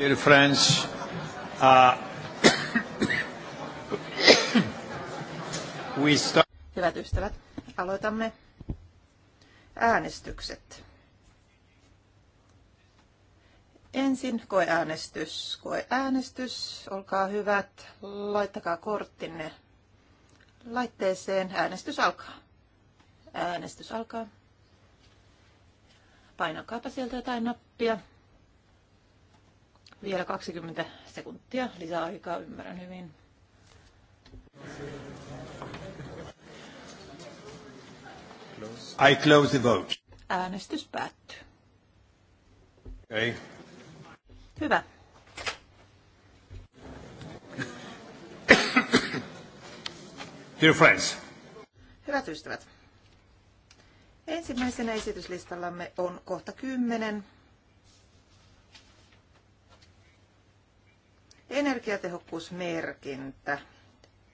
Dear friends, uh, we start... Hyvät ystävät, aloitamme äänestykset. Ensin koeäänestys. Koeäänestys, olkaa hyvät, laittakaa korttinne laitteeseen. Äänestys alkaa. Äänestys alkaa. Painakaapa sieltä jotain nappia. Vielä 20 sekuntia lisää aikaa, ymmärrän hyvin. I close the vote. Äänestys päättyy. Okay. Hyvä. Dear friends. Hyvät ystävät. Ensimmäisenä esityslistallamme on kohta 10. Energiatehokkuusmerkintä.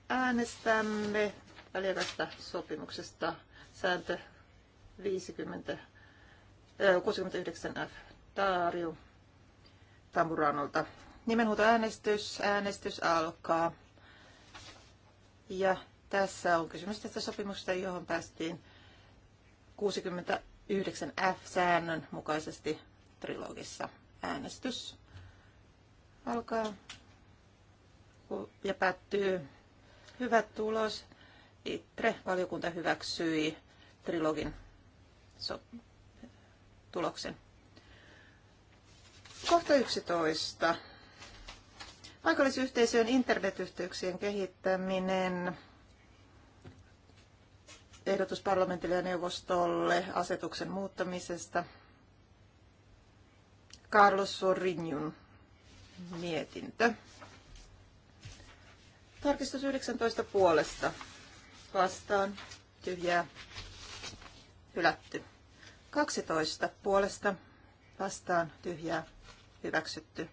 Äänestämme väliaikaisesta sopimuksesta sääntö 50, 69F Taariu Tamuranolta. Nimenhuuto äänestys, äänestys alkaa. Ja tässä on kysymys tästä sopimuksesta, johon päästiin 69F-säännön mukaisesti trilogissa. Äänestys alkaa ja päättyy hyvä tulos. ITRE-valiokunta hyväksyi trilogin so- tuloksen. Kohta 11. Paikallisyhteisöjen internetyhteyksien kehittäminen. Ehdotus parlamentille ja neuvostolle asetuksen muuttamisesta. Carlos Sorinjun mietintö. Tarkistus 19 puolesta. Vastaan. Tyhjää. Hylätty. 12 puolesta. Vastaan. Tyhjää. Hyväksytty.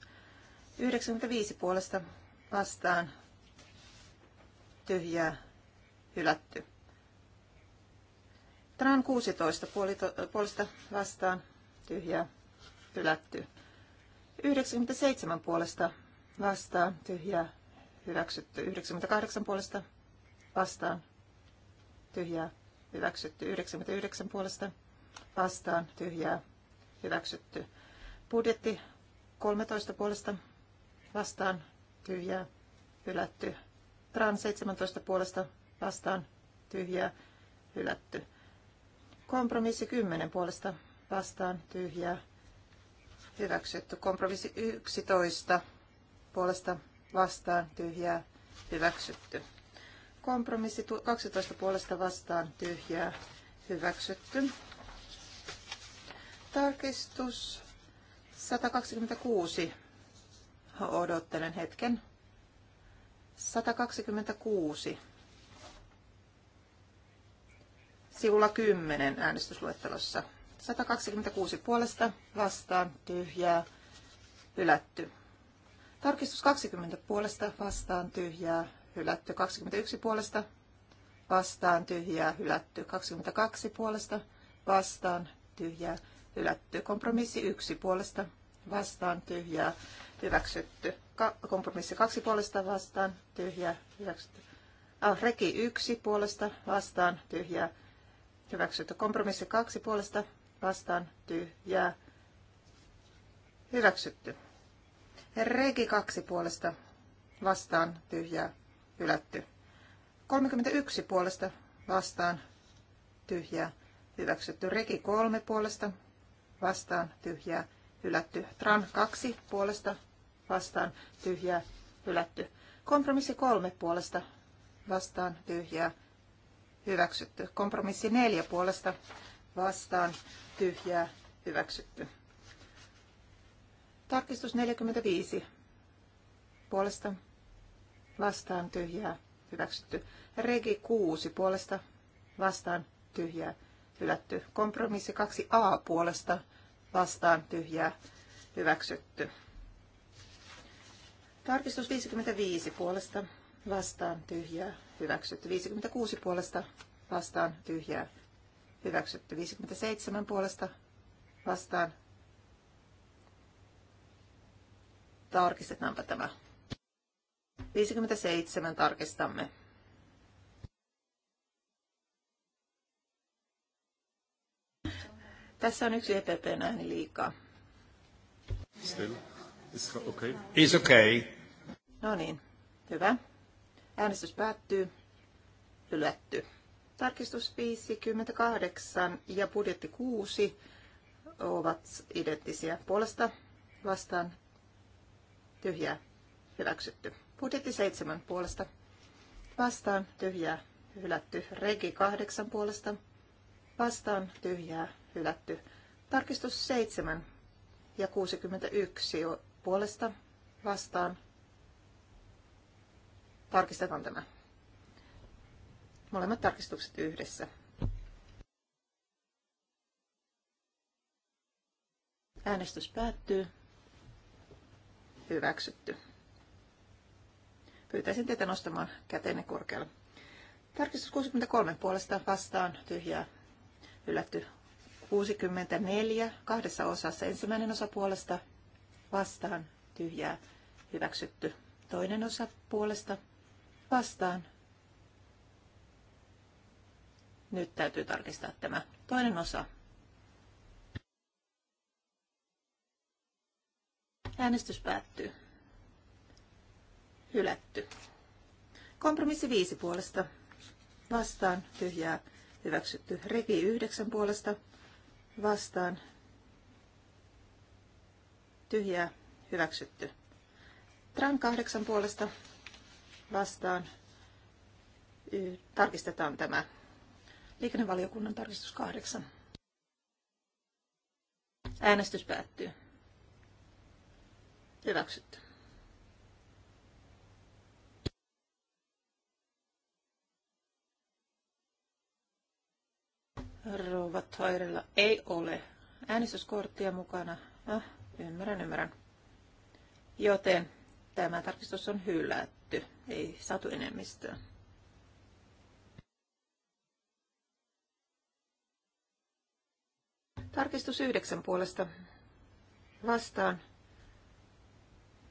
95 puolesta. Vastaan. Tyhjää. Hylätty. Tran 16 puolesta vastaan. Tyhjää. Hylätty. 97 puolesta vastaan. Tyhjää hyväksytty 98 puolesta vastaan, tyhjää, hyväksytty 99 puolesta vastaan, tyhjää, hyväksytty. Budjetti 13 puolesta vastaan, tyhjää, hylätty. Trans 17 puolesta vastaan, tyhjää, hylätty. Kompromissi 10 puolesta vastaan, tyhjää, hyväksytty. Kompromissi 11 puolesta vastaan tyhjää hyväksytty. Kompromissi 12 puolesta vastaan tyhjää hyväksytty. Tarkistus 126. Odottelen hetken. 126. Sivulla 10 äänestysluettelossa. 126 puolesta vastaan tyhjää hylätty. Tarkistus 20 puolesta vastaan tyhjää hylätty. 21 puolesta vastaan tyhjää hylätty. 22 puolesta vastaan tyhjää hylätty. Kompromissi 1 puolesta vastaan tyhjää hyväksytty. Ka- kompromissi 2 puolesta vastaan tyhjää hyväksytty. Ah, reki 1 puolesta vastaan tyhjää hyväksytty. Kompromissi 2 puolesta vastaan tyhjää hyväksytty. Regi 2 puolesta vastaan tyhjää hylätty. 31 puolesta vastaan tyhjää hyväksytty. Regi 3 puolesta vastaan tyhjää hylätty. Tran 2 puolesta vastaan tyhjää hylätty. Kompromissi 3 puolesta vastaan tyhjää hyväksytty. Kompromissi 4 puolesta vastaan tyhjää hyväksytty. Tarkistus 45. Puolesta vastaan tyhjää hyväksytty. Regi 6 puolesta vastaan tyhjää hylätty. Kompromissi 2a puolesta vastaan tyhjää hyväksytty. Tarkistus 55 puolesta vastaan tyhjää hyväksytty. 56 puolesta vastaan tyhjää hyväksytty. 57 puolesta vastaan Tarkistetaanpa tämä. 57 tarkistamme. Tässä on yksi EPP ääni liikaa. Still. It's okay. It's okay. No niin, hyvä. Äänestys päättyy. Hylätty. Tarkistus 58 ja budjetti 6 ovat identtisiä puolesta vastaan tyhjää, hyväksytty. Budjetti 7 puolesta, vastaan, tyhjää, hylätty. Regi 8 puolesta, vastaan, tyhjää, hylätty. Tarkistus 7 ja 61 puolesta, vastaan. Tarkistetaan tämä. Molemmat tarkistukset yhdessä. Äänestys päättyy hyväksytty. Pyytäisin teitä nostamaan käteenne korkealle. Tarkistus 63 puolesta vastaan tyhjää hylätty 64 kahdessa osassa. Ensimmäinen osa puolesta vastaan tyhjää hyväksytty. Toinen osa puolesta vastaan. Nyt täytyy tarkistaa tämä toinen osa Äänestys päättyy. Hylätty. Kompromissi 5 puolesta. Vastaan tyhjää. Hyväksytty. Revi 9 puolesta. Vastaan tyhjää. Hyväksytty. Tran 8 puolesta. Vastaan. Tarkistetaan tämä. Liikennevaliokunnan tarkistus 8. Äänestys päättyy. Hyväksytty. Rouva Tairella ei ole äänestyskorttia mukana. Ah, ymmärrän, ymmärrän. Joten tämä tarkistus on hylätty, ei saatu enemmistöä. Tarkistus yhdeksän puolesta vastaan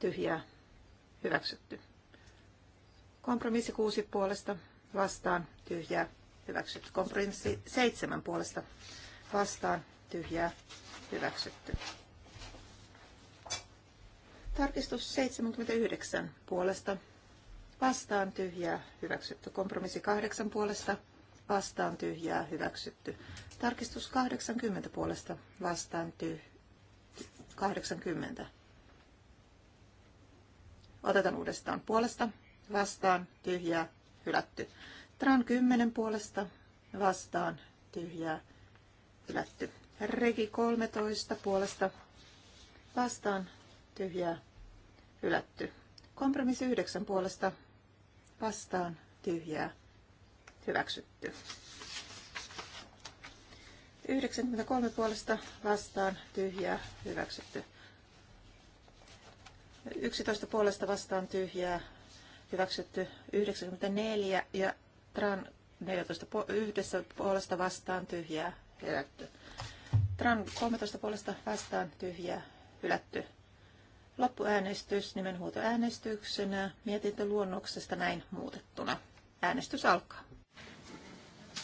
tyhjää hyväksytty. Kompromissi kuusi puolesta vastaan tyhjää hyväksytty. Kompromissi seitsemän puolesta vastaan tyhjää hyväksytty. Tarkistus 79 puolesta vastaan tyhjää hyväksytty. Kompromissi kahdeksan puolesta vastaan tyhjää hyväksytty. Tarkistus 80 puolesta vastaan tyhjää 80 Otetaan uudestaan puolesta, vastaan, tyhjää, hylätty. Tran 10 puolesta, vastaan, tyhjää, hylätty. Regi 13 puolesta, vastaan, tyhjää, hylätty. Kompromissi 9 puolesta, vastaan, tyhjää, hyväksytty. 93 puolesta vastaan, tyhjää, hyväksytty. 11 puolesta vastaan tyhjää, hyväksytty 94 ja Tran 14 yhdessä puolesta vastaan tyhjää, hylätty. Tran 13 puolesta vastaan tyhjää, hylätty. Loppuäänestys nimenhuutoäänestyksenä luonnoksesta näin muutettuna. Äänestys alkaa.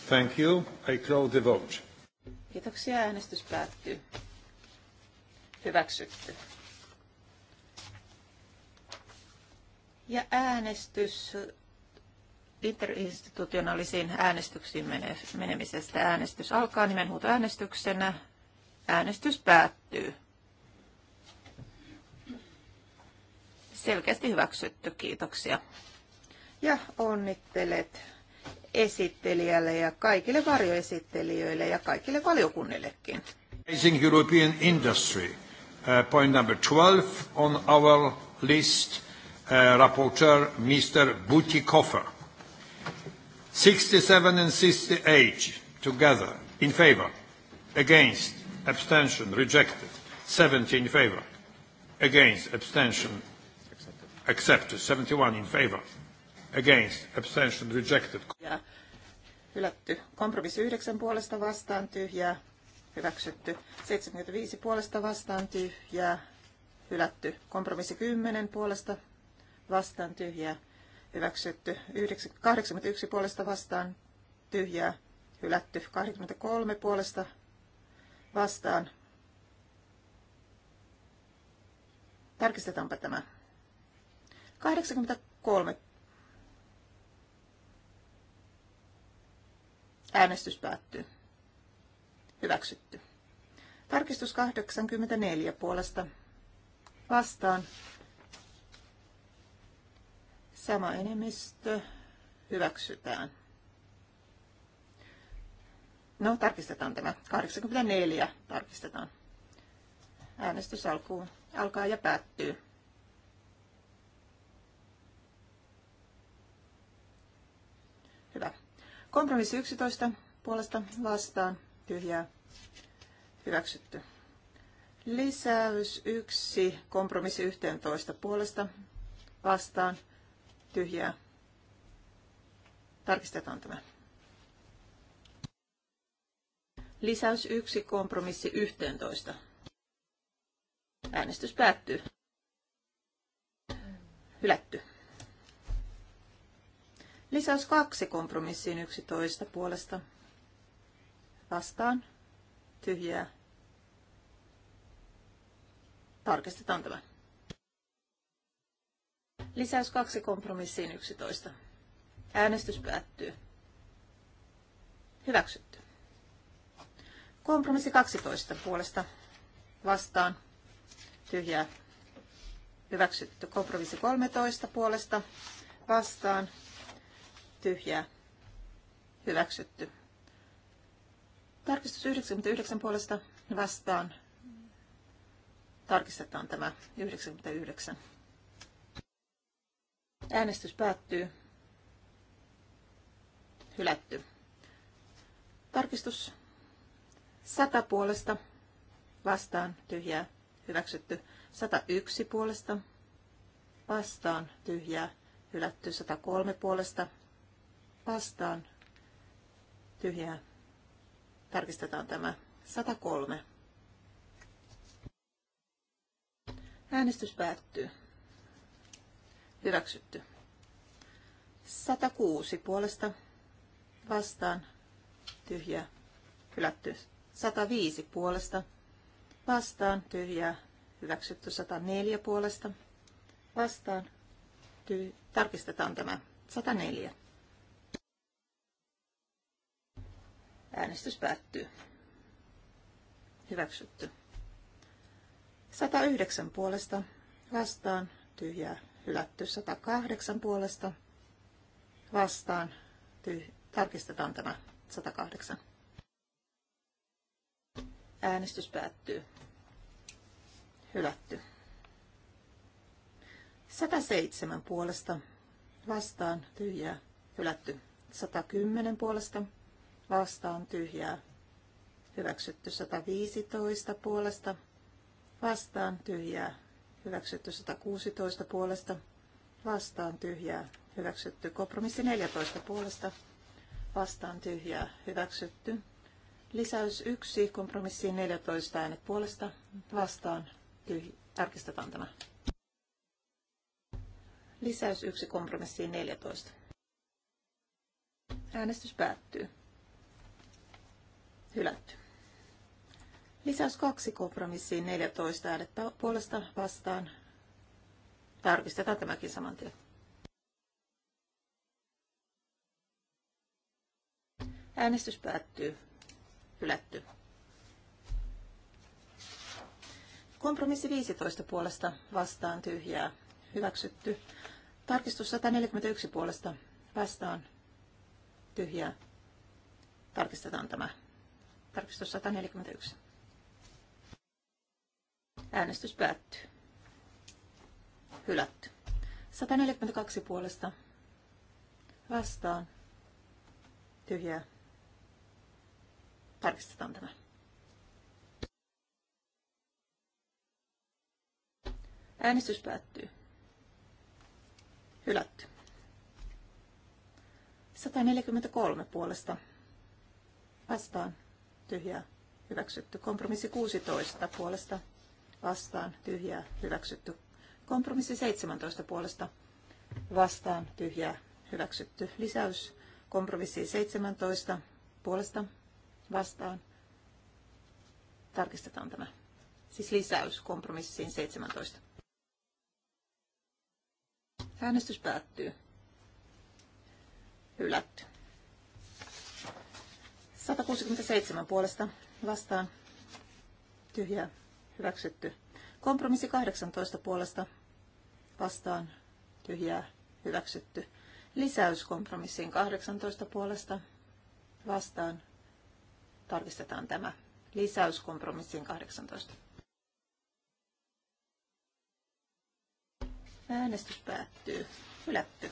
Thank you. I close the vote. Kiitoksia. Äänestys päättyy. Hyväksytty. Ja äänestys interinstitutionaalisiin äänestyksiin menemisestä äänestys alkaa nimenhuutoäänestyksenä. Äänestys päättyy. Selkeästi hyväksytty, kiitoksia. Ja onnittelet esittelijälle ja kaikille varjoesittelijöille ja kaikille valiokunnillekin. European Industry, uh, point number 12 on our list – uh, eh, rapporteur, Mr. Butikoffer. 67 and 68 together, in favor, against, abstention, rejected. 70 in favor, against, abstention, accepted. 71 in favor, against, abstention, rejected. Ja, hylätty. Kompromissi 9 puolesta vastaan, tyhjää, hyväksytty. 75 puolesta vastaan, tyhjää, hylätty. Kompromissi 10 puolesta vastaan tyhjää hyväksytty. 81 puolesta vastaan tyhjää hylätty. 83 puolesta vastaan. Tarkistetaanpa tämä. 83 Äänestys päättyy. Hyväksytty. Tarkistus 84 puolesta. Vastaan. Sama enemmistö hyväksytään. No, tarkistetaan tämä. 84 tarkistetaan. Äänestys alkuun alkaa ja päättyy. Hyvä. Kompromissi 11 puolesta vastaan. Tyhjää. Hyväksytty. Lisäys 1. Kompromissi 11 puolesta vastaan tyhjää. Tarkistetaan tämä. Lisäys 1, kompromissi 11. Äänestys päättyy. Hylätty. Lisäys 2 kompromissiin 11 puolesta. Vastaan. Tyhjää. Tarkistetaan tämä. Lisäys 2 kompromissiin 11. Äänestys päättyy. Hyväksytty. Kompromissi 12 puolesta vastaan tyhjää. Hyväksytty. Kompromissi 13 puolesta vastaan tyhjää. Hyväksytty. Tarkistus 99 puolesta vastaan. Tarkistetaan tämä 99. Äänestys päättyy. Hylätty. Tarkistus 100 puolesta vastaan tyhjää hyväksytty. 101 puolesta vastaan tyhjää hylätty. 103 puolesta vastaan tyhjää. Tarkistetaan tämä 103. Äänestys päättyy. Hyväksytty. 106 puolesta vastaan. Tyhjä. Hylätty. 105 puolesta vastaan. Tyhjä. Hyväksytty. 104 puolesta vastaan. Tyh... Tarkistetaan tämä. 104. Äänestys päättyy. Hyväksytty. 109 puolesta vastaan tyhjää hylätty 108 puolesta vastaan. Tyh- tarkistetaan tämä 108. Äänestys päättyy. Hylätty. 107 puolesta vastaan tyhjää. Hylätty. 110 puolesta vastaan tyhjää. Hyväksytty 115 puolesta vastaan tyhjää hyväksytty 116 puolesta, vastaan tyhjää, hyväksytty kompromissi 14 puolesta, vastaan tyhjää, hyväksytty. Lisäys 1, kompromissiin 14 äänet puolesta, vastaan tyhjää, tarkistetaan tämä. Lisäys 1, kompromissiin 14. Äänestys päättyy. Hylätty. Lisäys 2 kompromissiin 14 äänettä puolesta vastaan. Tarkistetaan tämäkin saman tien. Äänestys päättyy. Hylätty. Kompromissi 15 puolesta vastaan tyhjää. Hyväksytty. Tarkistus 141 puolesta vastaan tyhjää. Tarkistetaan tämä. Tarkistus 141. Äänestys päättyy. Hylätty. 142 puolesta. Vastaan. Tyhjää. Tarkistetaan tämä. Äänestys päättyy. Hylätty. 143 puolesta. Vastaan. Tyhjää. Hyväksytty. Kompromissi 16 puolesta vastaan tyhjää hyväksytty. Kompromissi 17 puolesta vastaan tyhjää hyväksytty. Lisäys kompromissi 17 puolesta vastaan. Tarkistetaan tämä. Siis lisäys kompromissiin 17. Äänestys päättyy. Hylätty. 167 puolesta vastaan. Tyhjää hyväksytty. Kompromissi 18 puolesta vastaan tyhjää hyväksytty. Lisäys kompromissiin 18 puolesta vastaan. Tarkistetaan tämä. Lisäys kompromissiin 18. Äänestys päättyy. Hylätty.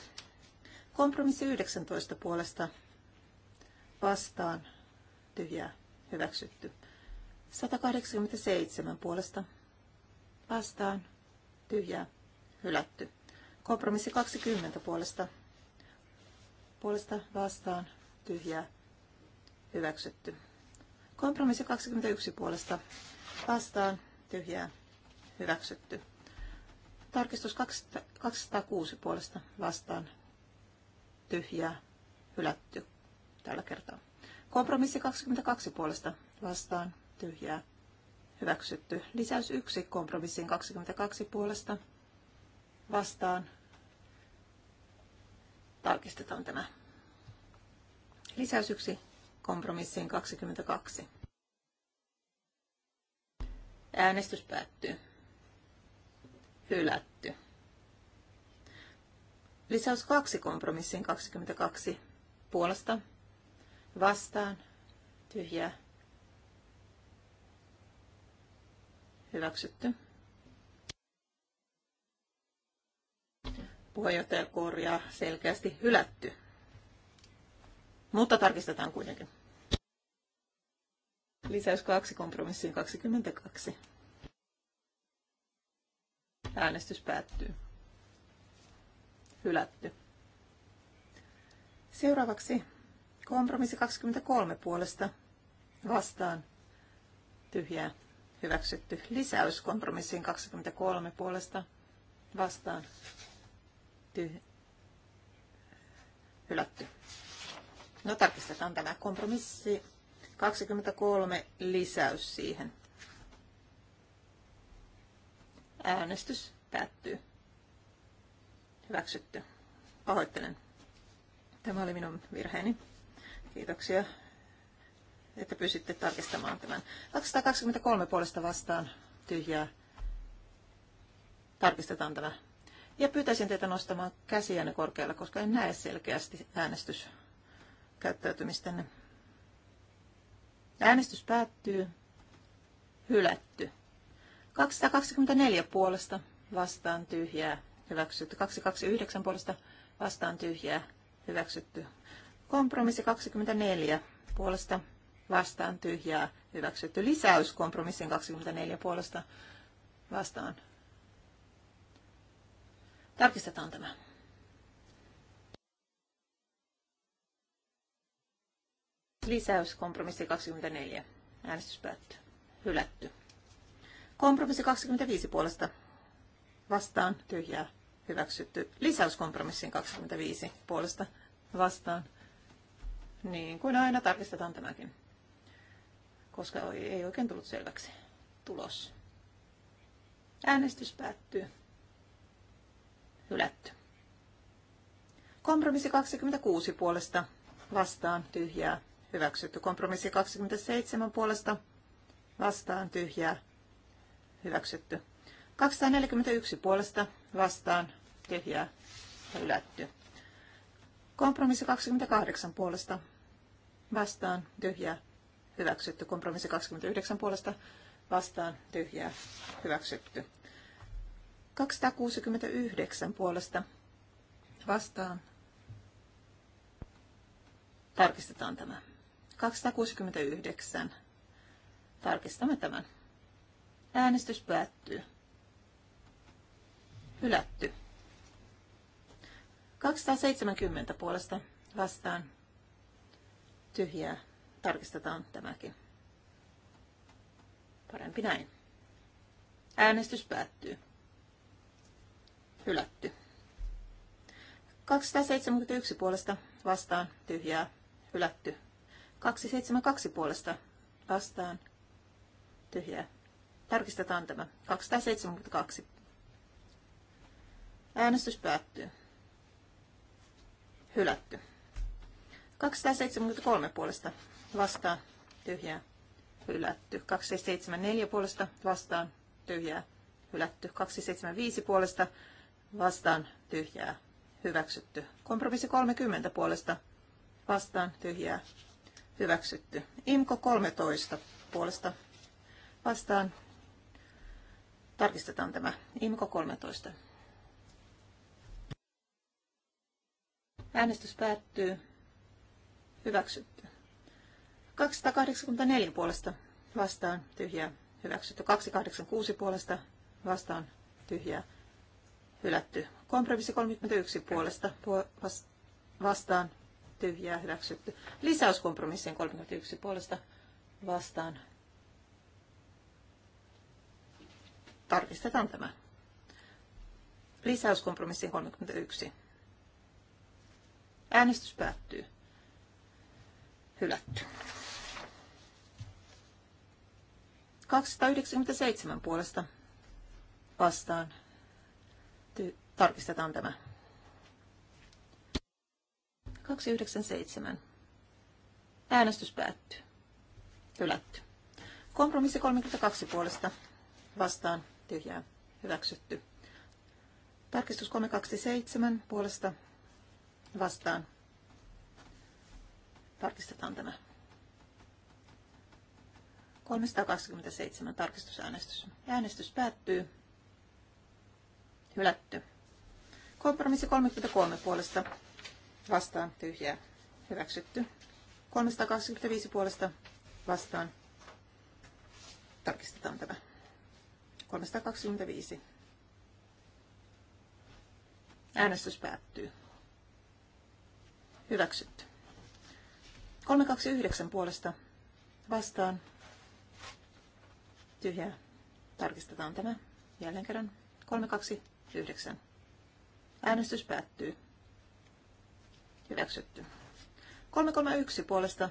Kompromissi 19 puolesta vastaan tyhjää hyväksytty. 187 puolesta vastaan tyhjää hylätty. Kompromissi 20 puolesta, puolesta vastaan tyhjää hyväksytty. Kompromissi 21 puolesta vastaan tyhjää hyväksytty. Tarkistus 206 puolesta vastaan tyhjää hylätty tällä kertaa. Kompromissi 22 puolesta vastaan tyhjää hyväksytty. Lisäys 1 kompromissiin 22 puolesta vastaan. Tarkistetaan tämä. Lisäys 1 kompromissiin 22. Äänestys päättyy. Hylätty. Lisäys 2 kompromissiin 22 puolesta vastaan tyhjää Hyväksytty. Puheenjohtaja selkeästi hylätty. Mutta tarkistetaan kuitenkin. Lisäys 2 kompromissiin 22. Äänestys päättyy. Hylätty. Seuraavaksi kompromissi 23 puolesta vastaan tyhjää hyväksytty. Lisäys kompromissiin 23 puolesta vastaan tyh- hylätty. No tarkistetaan tämä kompromissi. 23 lisäys siihen. Äänestys päättyy. Hyväksytty. Pahoittelen. Tämä oli minun virheeni. Kiitoksia että pysytte tarkistamaan tämän. 223 puolesta vastaan tyhjää. Tarkistetaan tämä. Ja pyytäisin teitä nostamaan käsiänne korkealla, koska en näe selkeästi äänestyskäyttäytymistänne. Äänestys päättyy. Hylätty. 224 puolesta vastaan tyhjää. Hyväksytty. 229 puolesta vastaan tyhjää. Hyväksytty. Kompromissi 24 puolesta vastaan tyhjää hyväksytty. Lisäys kompromissin 24 puolesta vastaan. Tarkistetaan tämä. Lisäys kompromissi 24. Äänestys päättyy. Hylätty. Kompromissi 25 puolesta vastaan tyhjää hyväksytty. Lisäys kompromissin 25 puolesta vastaan. Niin kuin aina tarkistetaan tämäkin koska ei oikein tullut selväksi tulos. Äänestys päättyy. Hylätty. Kompromissi 26 puolesta vastaan tyhjää hyväksytty. Kompromissi 27 puolesta vastaan tyhjää hyväksytty. 241 puolesta vastaan tyhjää hylätty. Kompromissi 28 puolesta vastaan tyhjää hyväksytty. Kompromissi 29 puolesta vastaan tyhjää hyväksytty. 269 puolesta vastaan. Tarkistetaan tämä. 269. Tarkistamme tämän. Äänestys päättyy. Hylätty. 270 puolesta vastaan. Tyhjää Tarkistetaan tämäkin. Parempi näin. Äänestys päättyy. Hylätty. 271 puolesta vastaan tyhjää. Hylätty. 272 puolesta vastaan tyhjää. Tarkistetaan tämä. 272. Äänestys päättyy. Hylätty. 273 puolesta vastaan tyhjää hylätty. 274 puolesta vastaan tyhjää hylätty. 275 puolesta vastaan tyhjää hyväksytty. Kompromissi 30 puolesta vastaan tyhjää hyväksytty. Imko 13 puolesta vastaan. Tarkistetaan tämä Imko 13. Äänestys päättyy. Hyväksytty. 284 puolesta vastaan tyhjää hyväksytty. 286 puolesta vastaan tyhjää hylätty. Kompromissi 31 puolesta vastaan tyhjää hyväksytty. Lisäyskompromissin 31 puolesta vastaan. Tarkistetaan tämä. Lisäyskompromissin 31. Äänestys päättyy. Hylätty. 297 puolesta vastaan. Ty- tarkistetaan tämä. 297. Äänestys päättyy. Hylätty. Kompromissi 32 puolesta vastaan tyhjää hyväksytty. Tarkistus 327 puolesta vastaan. Tarkistetaan tämä. 327 tarkistusäänestys. Äänestys päättyy. Hylätty. Kompromissi 33 puolesta vastaan tyhjää. Hyväksytty. 325 puolesta vastaan. Tarkistetaan tämä. 325. Äänestys päättyy. Hyväksytty. 329 puolesta vastaan tyhjää. Tarkistetaan tämä jälleen kerran. 329. Äänestys päättyy. Hyväksytty. 331 puolesta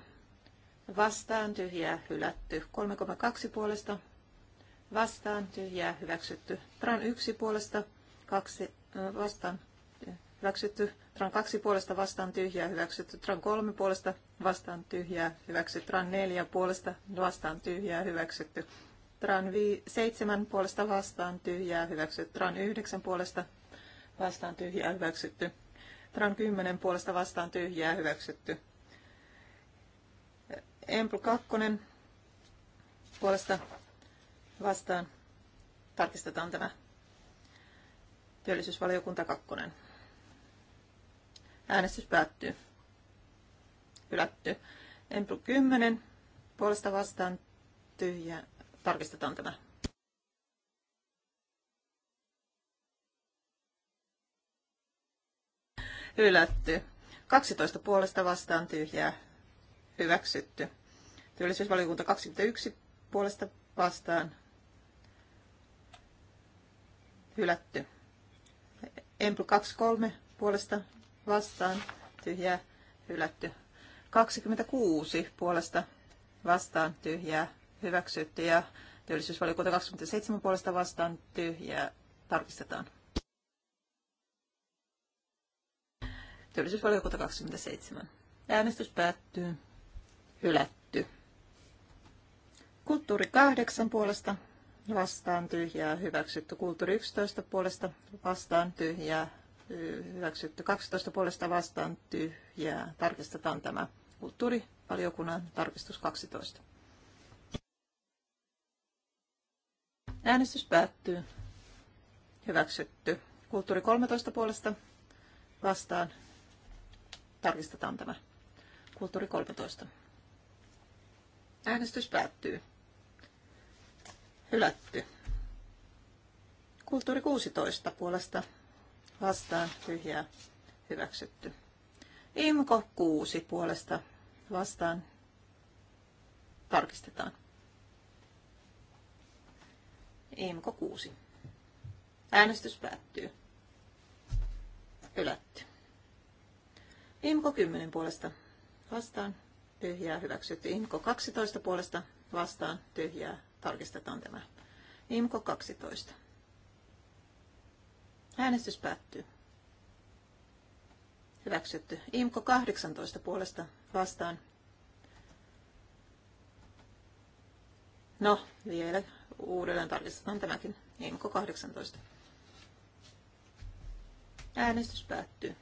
vastaan tyhjää hylätty. 332 puolesta vastaan tyhjää hyväksytty. Tran 1 puolesta 2 vastaan hyväksytty. Tran 2 puolesta vastaan tyhjää hyväksytty. Tran 3 puolesta vastaan tyhjää hyväksytty. Tran 4 puolesta vastaan tyhjää hyväksytty. Tran 7 puolesta vastaan tyhjää hyväksytty. Tran 9 puolesta vastaan tyhjää hyväksytty. Tran 10 puolesta vastaan tyhjää hyväksytty. Empl 2 puolesta vastaan. Tarkistetaan tämä työllisyysvaliokunta 2. Äänestys päättyy. Hylätty. Empl 10 puolesta vastaan tyhjää tarkistetaan tämä. Hylätty. 12 puolesta vastaan tyhjää. Hyväksytty. Työllisyysvaliokunta 21 puolesta vastaan. Hylätty. Empl 23 puolesta vastaan. Tyhjää. Hylätty. 26 puolesta vastaan tyhjää hyväksytty ja työllisyysvaliokunta 27 puolesta vastaan tyhjää tarkistetaan. Työllisyysvaliokunta 27. Äänestys päättyy. Hylätty. Kulttuuri 8 puolesta vastaan tyhjää hyväksytty. Kulttuuri 11 puolesta vastaan tyhjää hyväksytty. 12 puolesta vastaan tyhjää. Tarkistetaan tämä kulttuurivaliokunnan tarkistus 12. Äänestys päättyy. Hyväksytty. Kulttuuri 13 puolesta vastaan. Tarkistetaan tämä. Kulttuuri 13. Äänestys päättyy. Hylätty. Kulttuuri 16 puolesta vastaan tyhjää hyväksytty. Imko 6 puolesta vastaan tarkistetaan. Imko 6. Äänestys päättyy. Ylätty. Imko 10 puolesta vastaan. Tyhjää hyväksytty. Imko 12 puolesta vastaan. Tyhjää. Tarkistetaan tämä. Imko 12. Äänestys päättyy. Hyväksytty. Imko 18 puolesta vastaan. No, vielä uudelleen tarkistetaan tämäkin. Imko 18. Äänestys päättyy.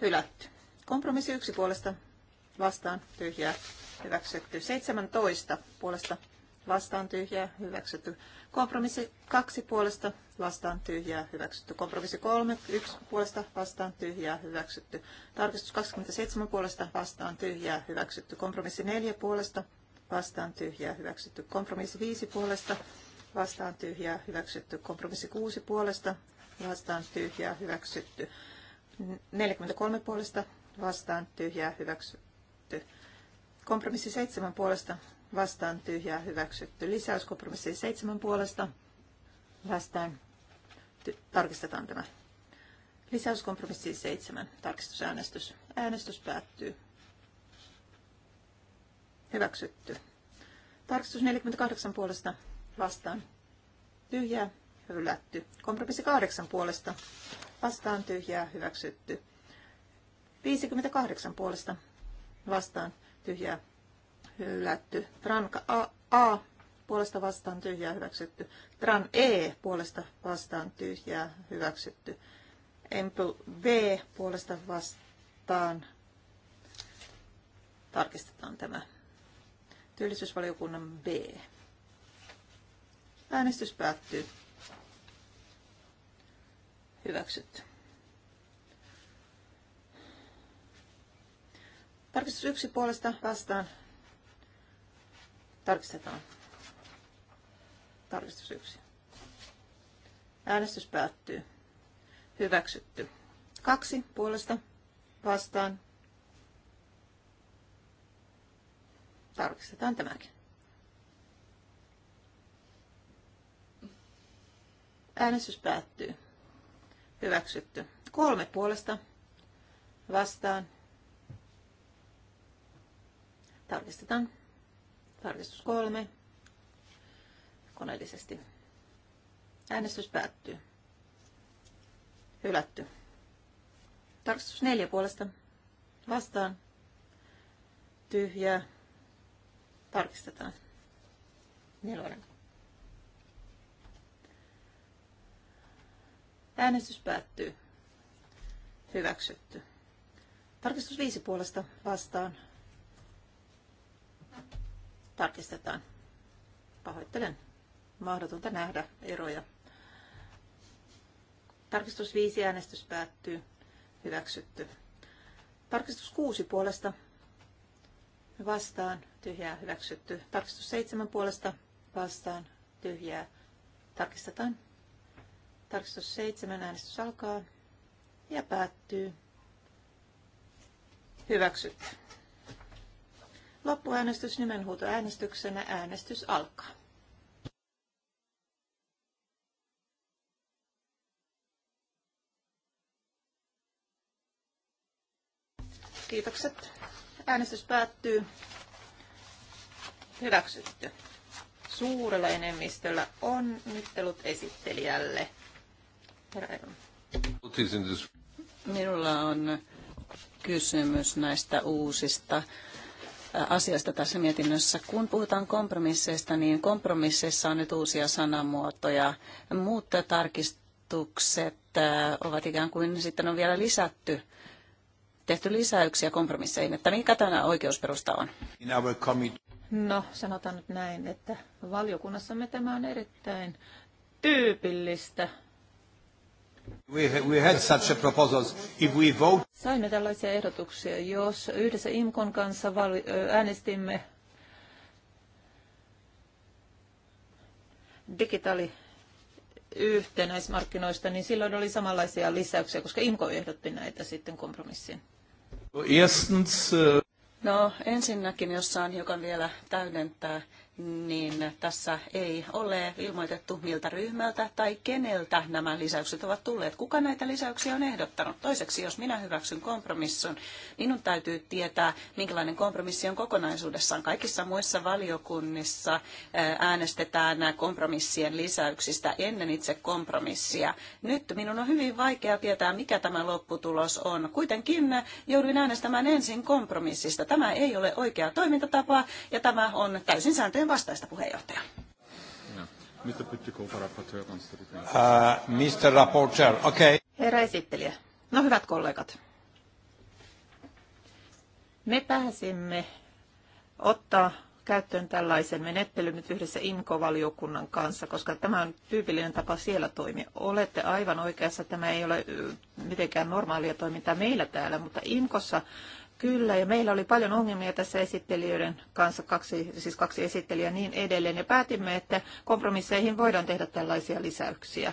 Hylätty. Kompromissi yksi puolesta vastaan tyhjää hyväksytty. 17 puolesta vastaan tyhjää hyväksytty. Kompromissi kaksi puolesta vastaan tyhjää hyväksytty. Kompromissi kolme yksi puolesta vastaan tyhjää hyväksytty. Tarkistus 27 puolesta vastaan tyhjää hyväksytty. Kompromissi neljä puolesta vastaan tyhjää hyväksytty. Kompromissi 5 puolesta vastaan tyhjää hyväksytty. Kompromissi 6 puolesta vastaan tyhjää hyväksytty. 43 puolesta vastaan tyhjää hyväksytty. Kompromissi 7 puolesta vastaan tyhjää hyväksytty. Lisäys kompromissi 7 puolesta vastaan tarkistetaan tämä. Lisäyskompromissi 7. Tarkistusäänestys. Äänestys päättyy. Hyväksytty. Tarkistus 48 puolesta vastaan. Tyhjää. Hylätty. Kompromissi 8 puolesta vastaan. Tyhjää. Hyväksytty. 58 puolesta vastaan. Tyhjää. Hylätty. Tranka A, A puolesta vastaan tyhjää hyväksytty. Tran E puolesta vastaan tyhjää hyväksytty. Empl V puolesta vastaan. Tarkistetaan tämä. Työllisyysvaliokunnan B. Äänestys päättyy. Hyväksytty. Tarkistus yksi puolesta vastaan. Tarkistetaan. Tarkistus yksi. Äänestys päättyy. Hyväksytty. Kaksi puolesta vastaan. Tarkistetaan tämäkin. Äänestys päättyy. Hyväksytty. Kolme puolesta vastaan. Tarkistetaan. Tarkistus kolme. Koneellisesti. Äänestys päättyy. Hylätty. Tarkistus neljä puolesta vastaan. Tyhjää. Tarkistetaan. Nelonen. Äänestys päättyy. Hyväksytty. Tarkistus viisi puolesta vastaan. Tarkistetaan. Pahoittelen. Mahdotonta nähdä eroja. Tarkistus 5 äänestys päättyy. Hyväksytty. Tarkistus 6 puolesta vastaan tyhjää hyväksytty. Tarkistus seitsemän puolesta vastaan tyhjää tarkistetaan. Tarkistus seitsemän äänestys alkaa ja päättyy. Hyväksytty. Loppuäänestys nimenhuutoäänestyksenä äänestys alkaa. Kiitokset. Äänestys päättyy. Hyväksytty. Suurella enemmistöllä onnittelut esittelijälle. Minulla on kysymys näistä uusista asiasta tässä mietinnössä. Kun puhutaan kompromisseista, niin kompromisseissa on nyt uusia sanamuotoja. Muut tarkistukset ovat ikään kuin sitten on vielä lisätty tehty lisäyksiä kompromisseihin, että mikä tämä oikeusperusta on? No, sanotaan nyt näin, että valiokunnassamme tämä on erittäin tyypillistä. We, had such a If we vote... Saimme tällaisia ehdotuksia, jos yhdessä IMKon kanssa vali, äänestimme digitaali yhtenäismarkkinoista, niin silloin oli samanlaisia lisäyksiä, koska IMKO ehdotti näitä sitten kompromissiin. Erstens, äh, No ensinnäkin, jos saan hiukan vielä täydentää niin tässä ei ole ilmoitettu miltä ryhmältä tai keneltä nämä lisäykset ovat tulleet. Kuka näitä lisäyksiä on ehdottanut? Toiseksi, jos minä hyväksyn kompromissun, minun täytyy tietää, minkälainen kompromissi on kokonaisuudessaan. Kaikissa muissa valiokunnissa äänestetään nämä kompromissien lisäyksistä ennen itse kompromissia. Nyt minun on hyvin vaikea tietää, mikä tämä lopputulos on. Kuitenkin jouduin äänestämään ensin kompromissista. Tämä ei ole oikea toimintatapa ja tämä on täysin sääntöjen sen vastaista puheenjohtaja. No. Mr. Uh, rapporteur, okay. Herra esittelijä. No hyvät kollegat. Me pääsimme ottaa käyttöön tällaisen menettelyn nyt yhdessä IMKO-valiokunnan kanssa, koska tämä on tyypillinen tapa siellä toimia. Olette aivan oikeassa, tämä ei ole mitenkään normaalia toimintaa meillä täällä, mutta IMKOssa Kyllä, ja meillä oli paljon ongelmia tässä esittelijöiden kanssa, kaksi, siis kaksi esittelijää niin edelleen, ja päätimme, että kompromisseihin voidaan tehdä tällaisia lisäyksiä.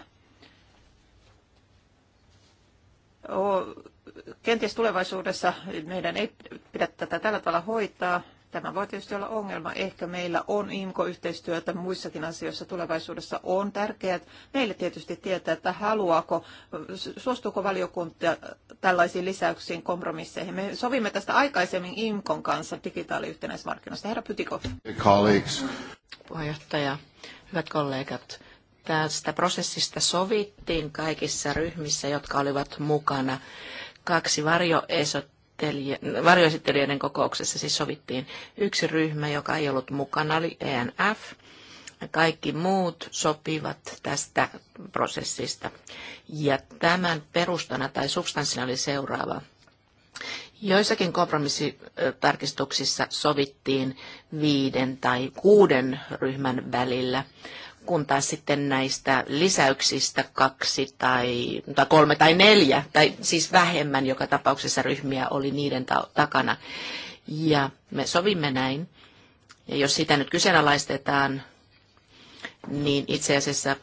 Kenties tulevaisuudessa meidän ei pidä tätä tällä tavalla hoitaa, Tämä voi tietysti olla ongelma. Ehkä meillä on IMKO-yhteistyötä muissakin asioissa tulevaisuudessa. On tärkeää meille tietysti tietää, että haluaako, suostuuko valiokunta tällaisiin lisäyksiin kompromisseihin. Me sovimme tästä aikaisemmin IMKON kanssa digitaaliyhtenäismarkkinoista. Herra Pytikov. Colleagues. Puheenjohtaja, hyvät kollegat. Tästä prosessista sovittiin kaikissa ryhmissä, jotka olivat mukana. Kaksi varjoesot varjoesittelijöiden kokouksessa siis sovittiin yksi ryhmä, joka ei ollut mukana, oli ENF. Kaikki muut sopivat tästä prosessista. Ja tämän perustana tai substanssina oli seuraava. Joissakin kompromissitarkistuksissa sovittiin viiden tai kuuden ryhmän välillä kun taas sitten näistä lisäyksistä kaksi tai, tai kolme tai neljä, tai siis vähemmän joka tapauksessa ryhmiä oli niiden ta- takana. Ja me sovimme näin. Ja jos sitä nyt kyseenalaistetaan, niin itse asiassa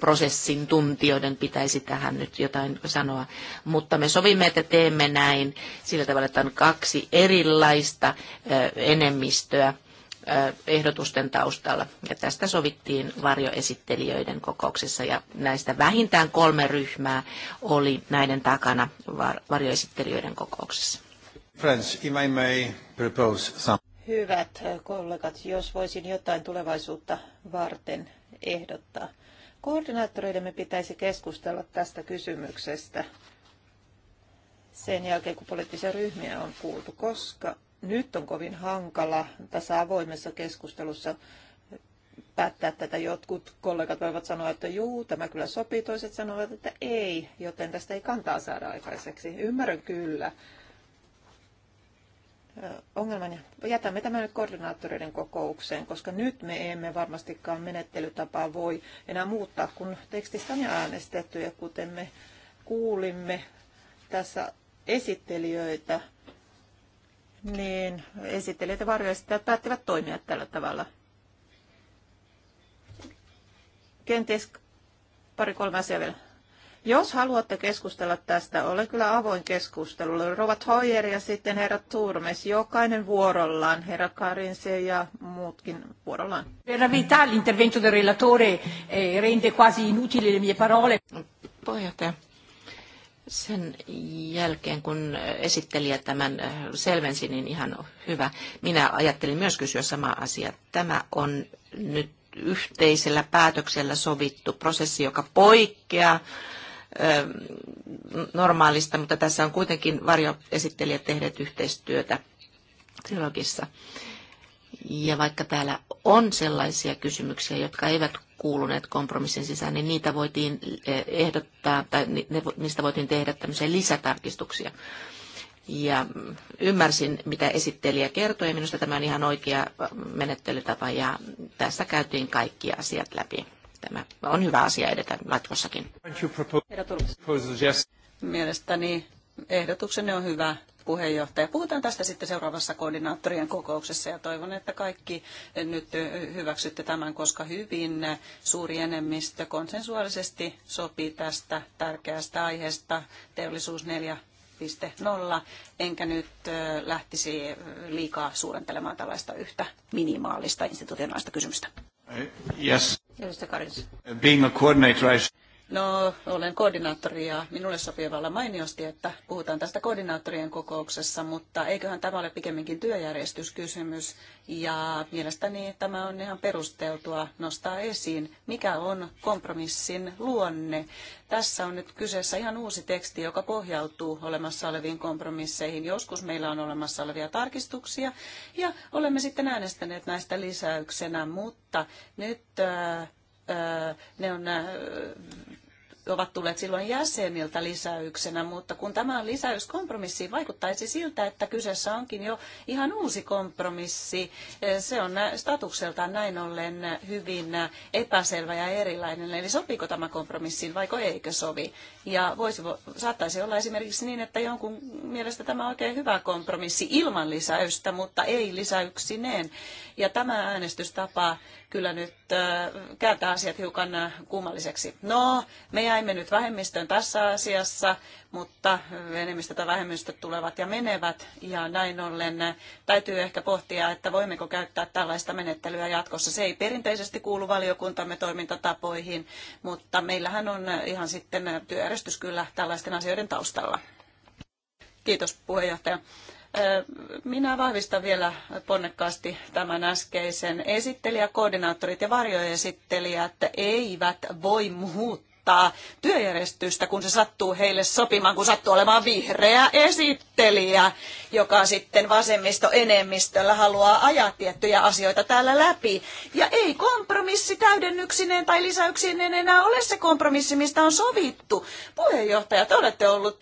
prosessin tuntijoiden pitäisi tähän nyt jotain sanoa. Mutta me sovimme, että teemme näin sillä tavalla, että on kaksi erilaista enemmistöä – ehdotusten taustalla. Ja tästä sovittiin varjoesittelijöiden kokouksessa ja näistä vähintään kolme ryhmää oli näiden takana varjoesittelijöiden kokouksessa. Friends, if I may propose some... Hyvät kollegat, jos voisin jotain tulevaisuutta varten ehdottaa. Koordinaattoreidemme pitäisi keskustella tästä kysymyksestä sen jälkeen, kun poliittisia ryhmiä on kuultu, koska nyt on kovin hankala tässä avoimessa keskustelussa päättää tätä. Jotkut kollegat voivat sanoa, että juu, tämä kyllä sopii, toiset sanovat, että ei, joten tästä ei kantaa saada aikaiseksi. Ymmärrän kyllä ongelman. Jätämme tämän nyt koordinaattoreiden kokoukseen, koska nyt me emme varmastikaan menettelytapaa voi enää muuttaa, kun tekstistä on jo äänestetty ja kuten me kuulimme tässä esittelijöitä, niin esittelijät ja varjoesittäjät päättivät toimia tällä tavalla. Kenties pari-kolme asiaa vielä. Jos haluatte keskustella tästä, ole kyllä avoin keskustelulle. Rovat Hoyer ja sitten herra Turmes, jokainen vuorollaan, herra Karinse ja muutkin vuorollaan. Per la verità l'intervento del relatore eh, rende quasi inutili le mie parole. Puheenjohtaja, sen jälkeen, kun esittelijä tämän äh, selvensi, niin ihan hyvä. Minä ajattelin myös kysyä sama asia. Tämä on nyt yhteisellä päätöksellä sovittu prosessi, joka poikkeaa äh, normaalista, mutta tässä on kuitenkin varjoesittelijät tehneet yhteistyötä trilogissa. Ja vaikka täällä on sellaisia kysymyksiä, jotka eivät kuuluneet kompromissin sisään, niin niitä voitiin eh, ehdottaa, tai niistä voitiin tehdä tämmöisiä lisätarkistuksia. Ja ymmärsin, mitä esittelijä kertoi, ja minusta tämä on ihan oikea menettelytapa, ja tässä käytiin kaikki asiat läpi. Tämä on hyvä asia edetä jatkossakin. Mielestäni ehdotuksenne on hyvä puheenjohtaja. Puhutaan tästä sitten seuraavassa koordinaattorien kokouksessa ja toivon, että kaikki nyt hyväksytte tämän, koska hyvin suuri enemmistö konsensuaalisesti sopii tästä tärkeästä aiheesta teollisuus 4 0, enkä nyt lähtisi liikaa suurentelemaan tällaista yhtä minimaalista institutionaalista kysymystä. Yes. Being a coordinator, I No, olen koordinaattori ja minulle sopii vallan mainiosti, että puhutaan tästä koordinaattorien kokouksessa, mutta eiköhän tämä ole pikemminkin työjärjestyskysymys ja mielestäni tämä on ihan perusteltua nostaa esiin, mikä on kompromissin luonne. Tässä on nyt kyseessä ihan uusi teksti, joka pohjautuu olemassa oleviin kompromisseihin. Joskus meillä on olemassa olevia tarkistuksia ja olemme sitten äänestäneet näistä lisäyksenä, mutta nyt äh, ne on ovat tulleet silloin jäseniltä lisäyksenä, mutta kun tämä on lisäys kompromissiin, vaikuttaisi siltä, että kyseessä onkin jo ihan uusi kompromissi. Se on statukselta näin ollen hyvin epäselvä ja erilainen, eli sopiiko tämä kompromissiin vai eikö sovi. Ja voisi, saattaisi olla esimerkiksi niin, että jonkun mielestä tämä on oikein hyvä kompromissi ilman lisäystä, mutta ei lisäyksineen. Ja tämä äänestystapa kyllä nyt kääntää asiat hiukan kummalliseksi. No, me jäimme nyt vähemmistöön tässä asiassa, mutta enemmistöt ja vähemmistöt tulevat ja menevät. Ja näin ollen täytyy ehkä pohtia, että voimmeko käyttää tällaista menettelyä jatkossa. Se ei perinteisesti kuulu valiokuntamme toimintatapoihin, mutta meillähän on ihan sitten työjärjestys kyllä tällaisten asioiden taustalla. Kiitos puheenjohtaja. Minä vahvistan vielä ponnekkaasti tämän äskeisen. Esittelijäkoordinaattorit ja varjoesittelijät eivät voi muuttaa muuttaa työjärjestystä, kun se sattuu heille sopimaan, kun sattuu olemaan vihreä esittelijä, joka sitten vasemmisto enemmistöllä haluaa ajaa tiettyjä asioita täällä läpi. Ja ei kompromissi täydennyksineen tai lisäyksineen enää ole se kompromissi, mistä on sovittu. Puheenjohtaja, te olette ollut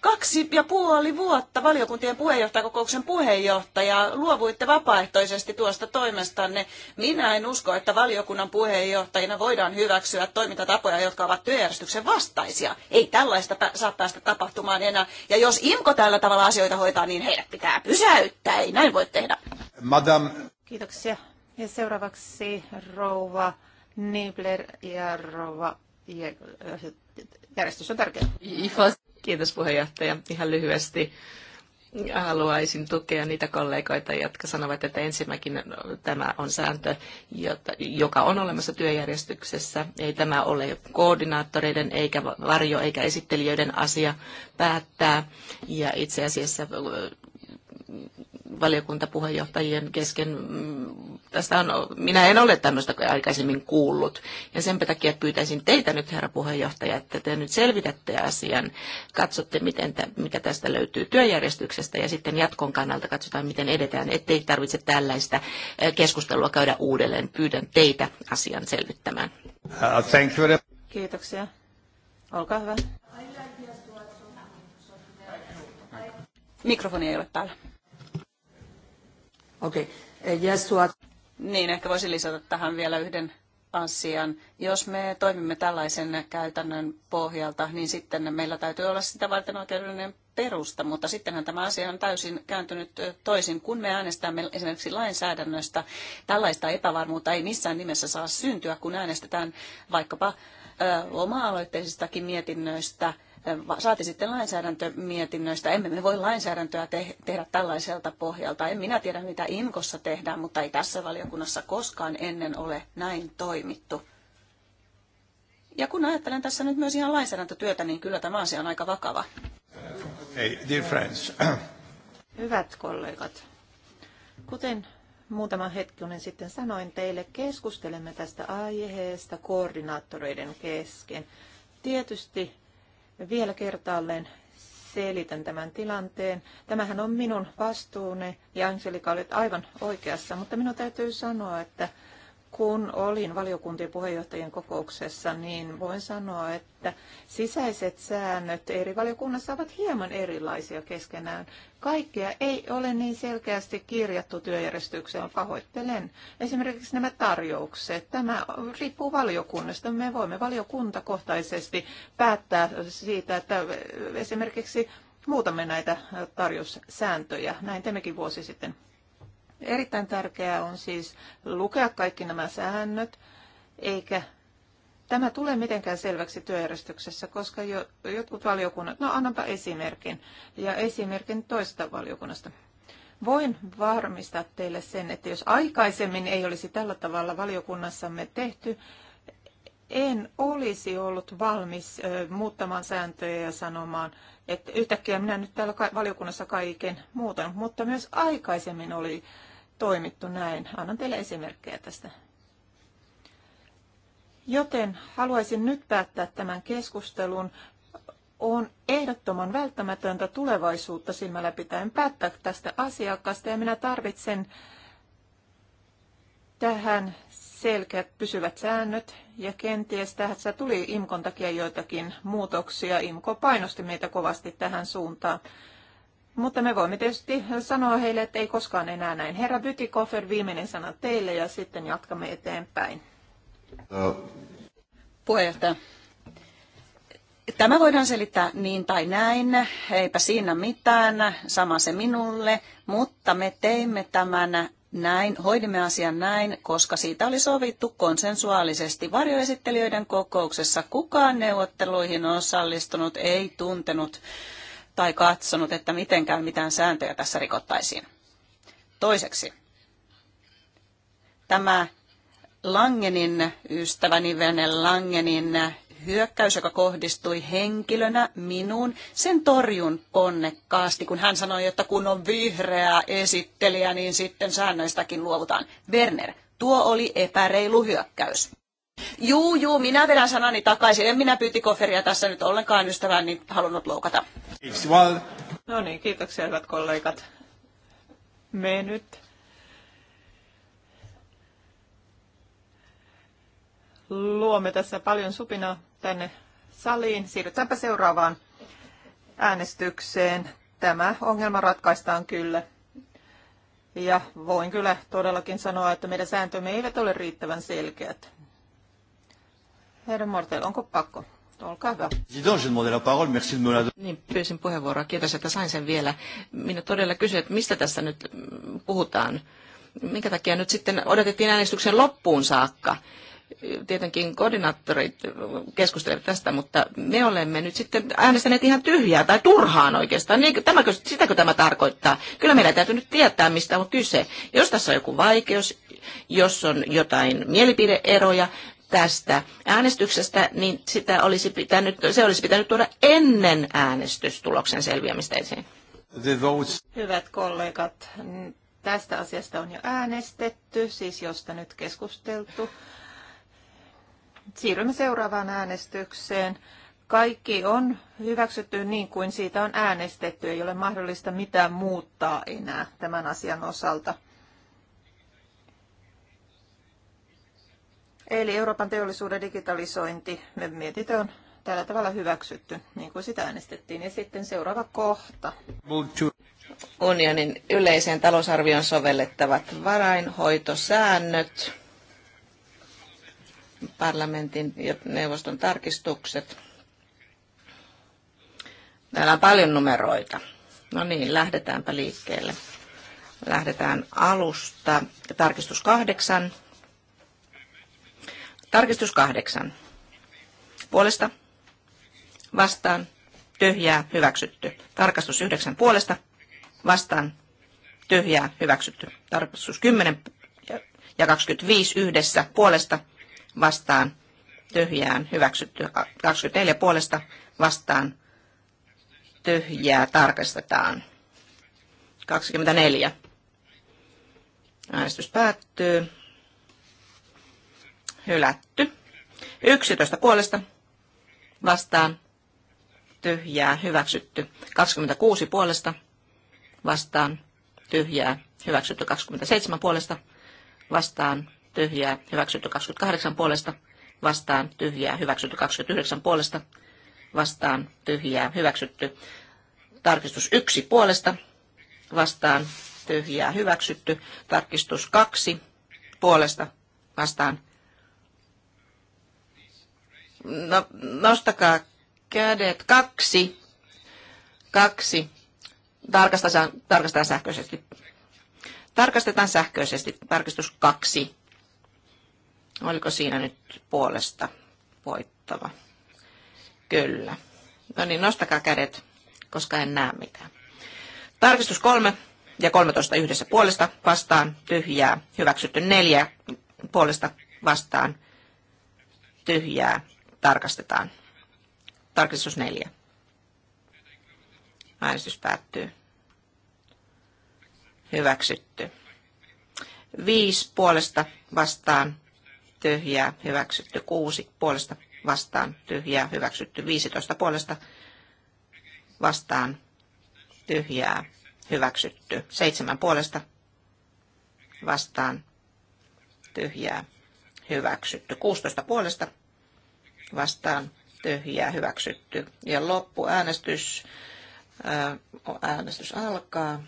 kaksi ja puoli vuotta valiokuntien puheenjohtajakokouksen puheenjohtaja. Luovuitte vapaaehtoisesti tuosta toimestanne. Minä en usko, että valiokunnan puheenjohtajina voidaan hyväksyä toimintatapoja, jotka ovat ovat työjärjestyksen vastaisia. Ei tällaista saa päästä tapahtumaan enää. Ja jos IMKO tällä tavalla asioita hoitaa, niin heidät pitää pysäyttää. Ei näin voi tehdä. Madame. Kiitoksia. Ja seuraavaksi rouva Nibler ja rouva järjestys on tärkeä. Kiitos puheenjohtaja. Ihan lyhyesti haluaisin tukea niitä kollegoita, jotka sanovat, että ensimmäkin tämä on sääntö, joka on olemassa työjärjestyksessä. Ei tämä ole koordinaattoreiden eikä varjo eikä esittelijöiden asia päättää. Ja itse asiassa valiokuntapuheenjohtajien kesken mm, tästä on, minä en ole tämmöistä aikaisemmin kuullut. Ja sen takia pyytäisin teitä nyt, herra puheenjohtaja, että te nyt selvitätte asian, katsotte, miten te, mikä tästä löytyy työjärjestyksestä ja sitten jatkon kannalta katsotaan, miten edetään, ettei tarvitse tällaista keskustelua käydä uudelleen. Pyydän teitä asian selvittämään. Uh, thank you. Kiitoksia. Olkaa hyvä. Mikrofoni ei ole päällä. Okei. Okay. Uh, yes, what... Niin, ehkä voisin lisätä tähän vielä yhden asian. Jos me toimimme tällaisen käytännön pohjalta, niin sitten meillä täytyy olla sitä varten oikeudellinen perusta, mutta sittenhän tämä asia on täysin kääntynyt toisin. Kun me äänestämme esimerkiksi lainsäädännöstä, tällaista epävarmuutta ei missään nimessä saa syntyä, kun äänestetään vaikkapa oma-aloitteisistakin mietinnöistä – saati sitten lainsäädäntömietinnöistä. Emme me voi lainsäädäntöä te- tehdä tällaiselta pohjalta. En minä tiedä, mitä Inkossa tehdään, mutta ei tässä valiokunnassa koskaan ennen ole näin toimittu. Ja kun ajattelen tässä nyt myös ihan lainsäädäntötyötä, niin kyllä tämä asia on aika vakava. Hey, dear friends. Hyvät kollegat, kuten muutama hetkinen sitten sanoin teille, keskustelemme tästä aiheesta koordinaattoreiden kesken. Tietysti vielä kertaalleen selitän tämän tilanteen. Tämähän on minun vastuuni ja Angelika olet aivan oikeassa, mutta minun täytyy sanoa, että kun olin valiokuntien puheenjohtajien kokouksessa, niin voin sanoa, että sisäiset säännöt eri valiokunnassa ovat hieman erilaisia keskenään. Kaikkea ei ole niin selkeästi kirjattu työjärjestykseen, pahoittelen. Esimerkiksi nämä tarjoukset, tämä riippuu valiokunnasta. Me voimme valiokuntakohtaisesti päättää siitä, että esimerkiksi muutamme näitä tarjoussääntöjä. Näin teimmekin vuosi sitten Erittäin tärkeää on siis lukea kaikki nämä säännöt, eikä tämä tule mitenkään selväksi työjärjestyksessä, koska jo, jotkut valiokunnat, no annanpa esimerkin, ja esimerkin toista valiokunnasta. Voin varmistaa teille sen, että jos aikaisemmin ei olisi tällä tavalla valiokunnassamme tehty, en olisi ollut valmis muuttamaan sääntöjä ja sanomaan, että yhtäkkiä minä nyt täällä valiokunnassa kaiken muutan, mutta myös aikaisemmin oli toimittu näin. Annan teille esimerkkejä tästä. Joten haluaisin nyt päättää tämän keskustelun. On ehdottoman välttämätöntä tulevaisuutta silmällä pitäen päättää tästä asiakasta ja minä tarvitsen tähän selkeät pysyvät säännöt ja kenties tässä tuli IMKon takia joitakin muutoksia. IMKO painosti meitä kovasti tähän suuntaan. Mutta me voimme tietysti sanoa heille, että ei koskaan enää näin. Herra Bytikofer, viimeinen sana teille ja sitten jatkamme eteenpäin. No. Puheenjohtaja. Tämä voidaan selittää niin tai näin, eipä siinä mitään, sama se minulle, mutta me teimme tämän näin, hoidimme asian näin, koska siitä oli sovittu konsensuaalisesti varjoesittelijöiden kokouksessa. Kukaan neuvotteluihin osallistunut ei tuntenut tai katsonut, että mitenkään mitään sääntöjä tässä rikottaisiin. Toiseksi, tämä Langenin ystäväni Vene Langenin hyökkäys, joka kohdistui henkilönä minuun, sen torjun ponnekkaasti, kun hän sanoi, että kun on vihreä esittelijä, niin sitten säännöistäkin luovutaan. Werner, tuo oli epäreilu hyökkäys. Juu, juu, minä vedän sanani takaisin. En minä pyytikoferia tässä nyt ollenkaan niin halunnut loukata. No niin, kiitoksia hyvät kollegat. Me nyt luomme tässä paljon supinaa tänne saliin. Siirrytäänpä seuraavaan äänestykseen. Tämä ongelma ratkaistaan kyllä. Ja voin kyllä todellakin sanoa, että meidän sääntömme eivät ole riittävän selkeät. Herra Mortel, onko pakko? Olkaa hyvä. Niin, pyysin puheenvuoroa. Kiitos, että sain sen vielä. Minä todella kysyn, että mistä tässä nyt mm, puhutaan? Minkä takia nyt sitten odotettiin äänestyksen loppuun saakka? Tietenkin koordinaattorit keskustelevat tästä, mutta me olemme nyt sitten äänestäneet ihan tyhjää tai turhaan oikeastaan. Niin, tämäkö, sitäkö tämä tarkoittaa? Kyllä meidän täytyy nyt tietää, mistä on kyse. Jos tässä on joku vaikeus, jos on jotain mielipideeroja, tästä äänestyksestä, niin sitä olisi pitänyt, se olisi pitänyt tuoda ennen äänestystuloksen selviämistä esiin. Hyvät kollegat, tästä asiasta on jo äänestetty, siis josta nyt keskusteltu. Siirrymme seuraavaan äänestykseen. Kaikki on hyväksytty niin kuin siitä on äänestetty. Ei ole mahdollista mitään muuttaa enää tämän asian osalta. Eli Euroopan teollisuuden digitalisointi, me mietitään on tällä tavalla hyväksytty, niin kuin sitä äänestettiin. Ja sitten seuraava kohta. Unionin yleiseen talousarvioon sovellettavat varainhoitosäännöt, parlamentin ja neuvoston tarkistukset. Täällä on paljon numeroita. No niin, lähdetäänpä liikkeelle. Lähdetään alusta. Tarkistus kahdeksan Tarkistus kahdeksan. Puolesta. Vastaan. Tyhjää. Hyväksytty. Tarkastus yhdeksän puolesta. Vastaan. Tyhjää. Hyväksytty. Tarkastus kymmenen ja 25 yhdessä puolesta. Vastaan. Tyhjään. Hyväksytty. 24 puolesta. Vastaan. Tyhjää. Tarkastetaan. 24. Äänestys päättyy hylätty. 11 puolesta vastaan tyhjää hyväksytty. 26 puolesta vastaan tyhjää hyväksytty. 27 puolesta vastaan tyhjää hyväksytty. 28 puolesta vastaan tyhjää hyväksytty. 29 puolesta vastaan tyhjää hyväksytty. Tarkistus 1 puolesta vastaan tyhjää hyväksytty. Tarkistus 2 puolesta vastaan No, nostakaa kädet. Kaksi. Kaksi. Tarkastetaan, tarkastetaan sähköisesti. Tarkastetaan sähköisesti. Tarkistus kaksi. Oliko siinä nyt puolesta voittava? Kyllä. No niin, nostakaa kädet, koska en näe mitään. Tarkistus kolme ja 13 yhdessä puolesta vastaan tyhjää. Hyväksytty neljä puolesta vastaan tyhjää tarkastetaan. Tarkistus neljä. Äänestys päättyy. Hyväksytty. Viisi puolesta vastaan tyhjää, hyväksytty. Kuusi puolesta vastaan tyhjää, hyväksytty. Viisitoista puolesta vastaan tyhjää, hyväksytty. Seitsemän puolesta vastaan tyhjää, hyväksytty. 16 puolesta vastaan tyhjää hyväksytty. Ja loppuäänestys, ää, äh, äänestys alkaa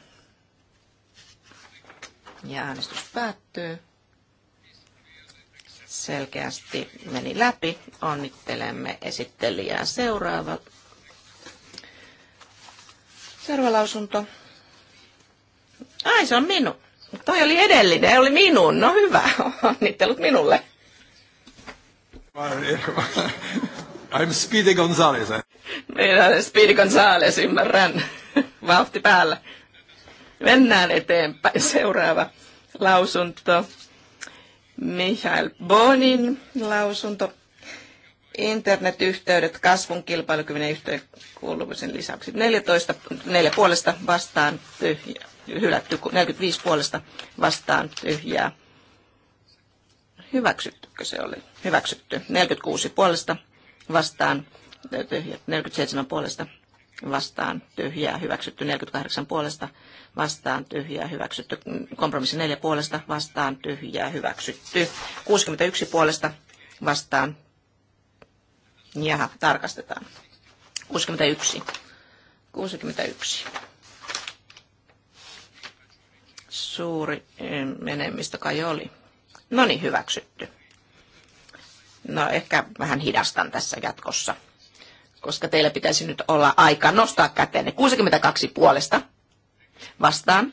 ja äänestys päättyy. Selkeästi meni läpi. Onnittelemme esittelijää seuraava. Seuraava lausunto. Ai, se on minun. Toi oli edellinen, oli minun. No hyvä, onnittelut minulle. I'm Speedy Gonzales. Niin, Speedy Gonzales, ymmärrän. Vauhti päällä. Mennään eteenpäin. Seuraava lausunto. Mihail Bonin lausunto. Internetyhteydet kasvun kilpailukyvyn yhteen lisäksi. 14, 4 puolesta vastaan tyhjää. Hylätty 45 puolesta vastaan tyhjää. Hyväksyttykö se oli? hyväksytty. 46 puolesta vastaan tyhjä, 47 puolesta vastaan tyhjää hyväksytty, 48 puolesta vastaan tyhjää hyväksytty, kompromissi 4 puolesta vastaan tyhjää hyväksytty, 61 puolesta vastaan, jaha, tarkastetaan, 61, 61. Suuri menemmistö eh, kai oli. No niin, hyväksytty. No ehkä vähän hidastan tässä jatkossa, koska teillä pitäisi nyt olla aika nostaa käteen. 62 puolesta vastaan,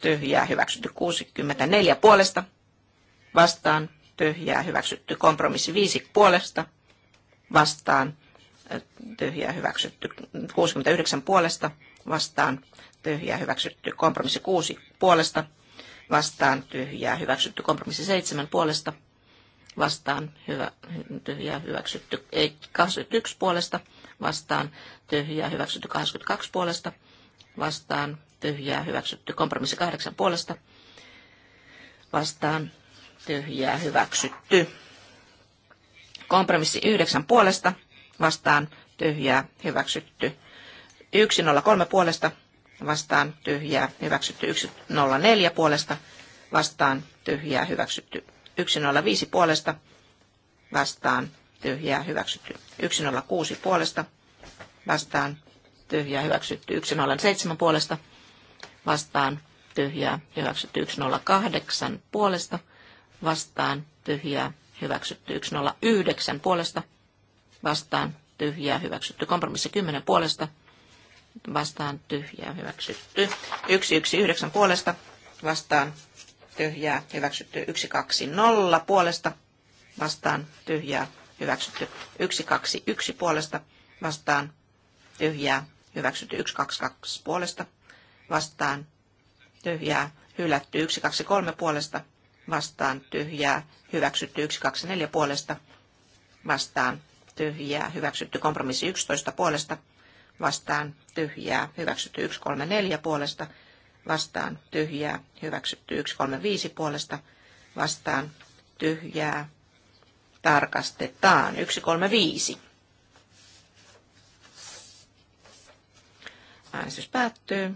tyhjää hyväksytty 64 puolesta vastaan, tyhjää hyväksytty kompromissi 5 puolesta vastaan, tyhjää hyväksytty 69 puolesta vastaan, tyhjää hyväksytty kompromissi 6 puolesta vastaan, tyhjää hyväksytty kompromissi 7 puolesta vastaan hyvä, tyhjää hyväksytty, ei 21 puolesta vastaan tyhjää hyväksytty 22 puolesta vastaan tyhjää hyväksytty kompromissi 8 puolesta vastaan tyhjää hyväksytty. Kompromissi 9 puolesta vastaan tyhjää hyväksytty. 103 puolesta vastaan tyhjää hyväksytty. 104 puolesta vastaan tyhjää hyväksytty. 105 puolesta vastaan tyhjää hyväksytty. 106 puolesta vastaan tyhjää hyväksytty. 107 puolesta vastaan tyhjää hyväksytty. 108 puolesta vastaan tyhjää hyväksytty. 109 puolesta vastaan tyhjää hyväksytty. Kompromissi 10 puolesta vastaan tyhjää hyväksytty. 119 puolesta vastaan tyhjää, hyväksytty 120 puolesta, vastaan tyhjää, hyväksytty 121 puolesta, vastaan tyhjää, hyväksytty 122 puolesta, vastaan tyhjää, hylätty 123 puolesta, vastaan tyhjää, hyväksytty 124 puolesta, vastaan tyhjää, hyväksytty kompromissi 11 puolesta, vastaan tyhjää, hyväksytty 134 puolesta, vastaan tyhjää, hyväksytty 135 puolesta vastaan tyhjää, tarkastetaan 135. Äänestys päättyy.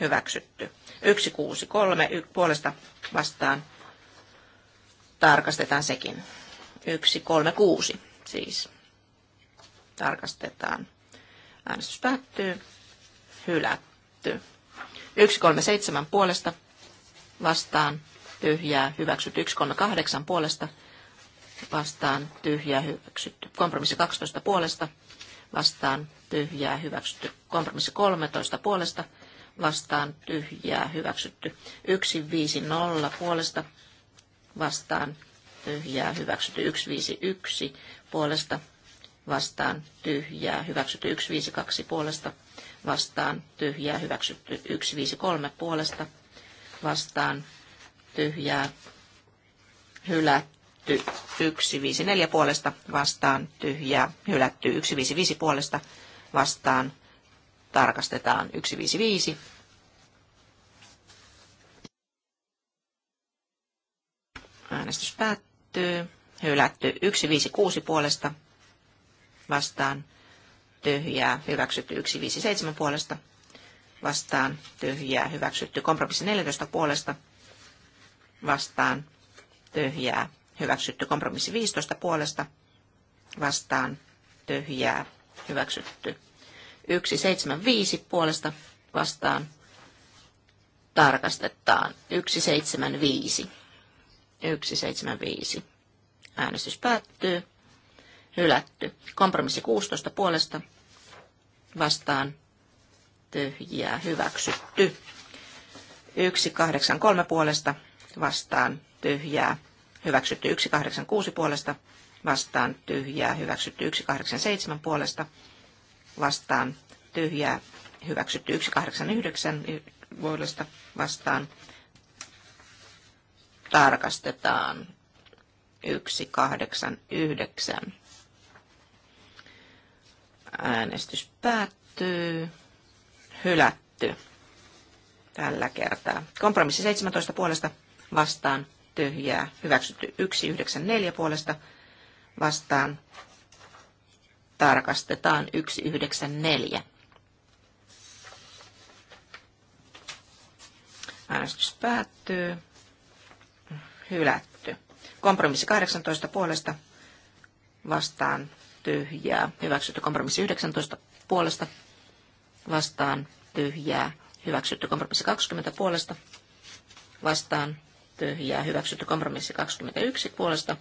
Hyväksytty. 163 puolesta vastaan tarkastetaan sekin. 136 siis tarkastetaan. Äänestys päättyy. Hylätty. 137 puolesta vastaan tyhjää hyväksytty. 138 puolesta vastaan tyhjää hyväksytty. Kompromissi 12 puolesta vastaan tyhjää hyväksytty. Kompromissi 13 puolesta vastaan tyhjää hyväksytty. 150 puolesta vastaan tyhjää hyväksytty. 151 puolesta vastaan tyhjää hyväksytty. 152 puolesta vastaan, vastaan tyhjää hyväksytty 153 puolesta vastaan tyhjää hylätty 154 puolesta vastaan tyhjää hylätty 155 puolesta vastaan tarkastetaan 155 Äänestys päättyy. Hylätty 156 puolesta vastaan tyhjää, hyväksytty 157 puolesta, vastaan tyhjää, hyväksytty kompromissi 14 puolesta, vastaan tyhjää, hyväksytty kompromissi 15 puolesta, vastaan tyhjää, hyväksytty 175 puolesta, vastaan tarkastetaan 175. 175. Äänestys päättyy. Hylätty. Kompromissi 16 puolesta vastaan tyhjiä hyväksytty. 183 puolesta vastaan tyhjää hyväksytty 186 puolesta vastaan tyhjää hyväksytty 187 puolesta vastaan tyhjää hyväksytty 189 puolesta vastaan tarkastetaan 189. Äänestys päättyy. Hylätty. Tällä kertaa. Kompromissi 17 puolesta vastaan tyhjää. Hyväksytty 194 puolesta vastaan. Tarkastetaan 194. Äänestys päättyy. Hylätty. Kompromissi 18 puolesta vastaan tyhjää, hyväksytty kompromissi 19 puolesta, vastaan tyhjää, hyväksytty kompromissi 20 puolesta, vastaan tyhjää, hyväksytty kompromissi 21 puolesta,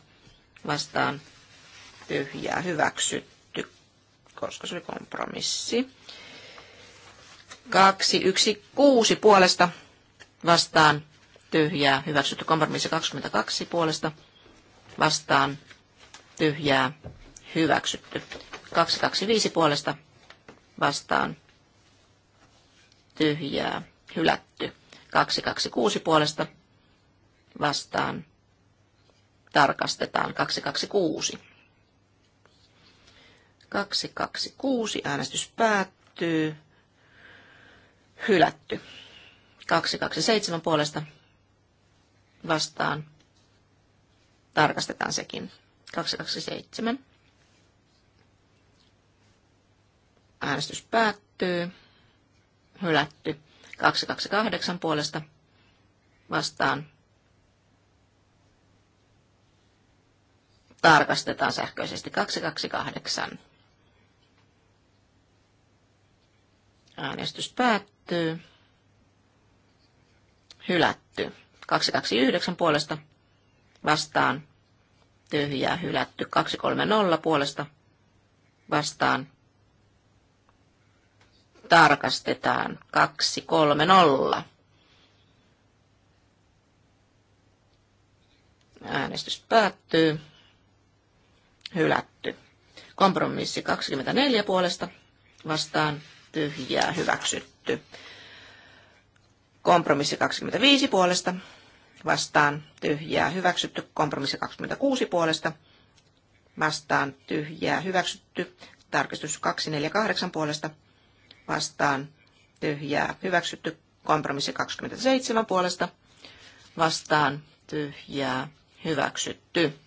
vastaan tyhjää, hyväksytty, koska se oli kompromissi. 6 puolesta, vastaan tyhjää, hyväksytty kompromissi 22 puolesta, vastaan tyhjää, hyväksytty. 225 puolesta vastaan tyhjää hylätty. 226 puolesta vastaan tarkastetaan 226. 226 äänestys päättyy. Hylätty. 227 puolesta vastaan tarkastetaan sekin. 227. Äänestys päättyy. Hylätty. 228 puolesta vastaan. Tarkastetaan sähköisesti 228. Äänestys päättyy. Hylätty. 229 puolesta vastaan. Tyhjää hylätty. 230 puolesta vastaan tarkastetaan. 0. Äänestys päättyy. Hylätty. Kompromissi 24 puolesta vastaan tyhjää hyväksytty. Kompromissi 25 puolesta vastaan tyhjää hyväksytty. Kompromissi 26 puolesta vastaan tyhjää hyväksytty. Tarkistus 248 puolesta vastaan tyhjää hyväksytty. Kompromissi 27 puolesta vastaan tyhjää hyväksytty.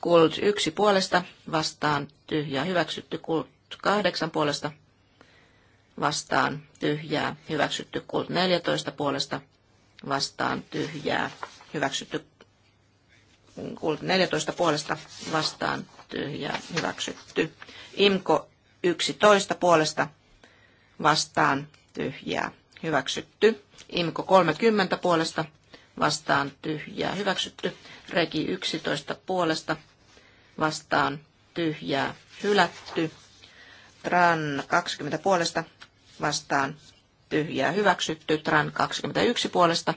Kult 1 puolesta vastaan tyhjää hyväksytty. Kult 8 puolesta vastaan tyhjää hyväksytty. Kult 14 puolesta vastaan tyhjää hyväksytty. Kult 14 puolesta vastaan tyhjää hyväksytty. Imko 11 puolesta vastaan tyhjää hyväksytty. Imko 30 puolesta vastaan tyhjää hyväksytty. Regi 11 puolesta vastaan tyhjää hylätty. Tran 20 puolesta vastaan tyhjää hyväksytty. Tran 21 puolesta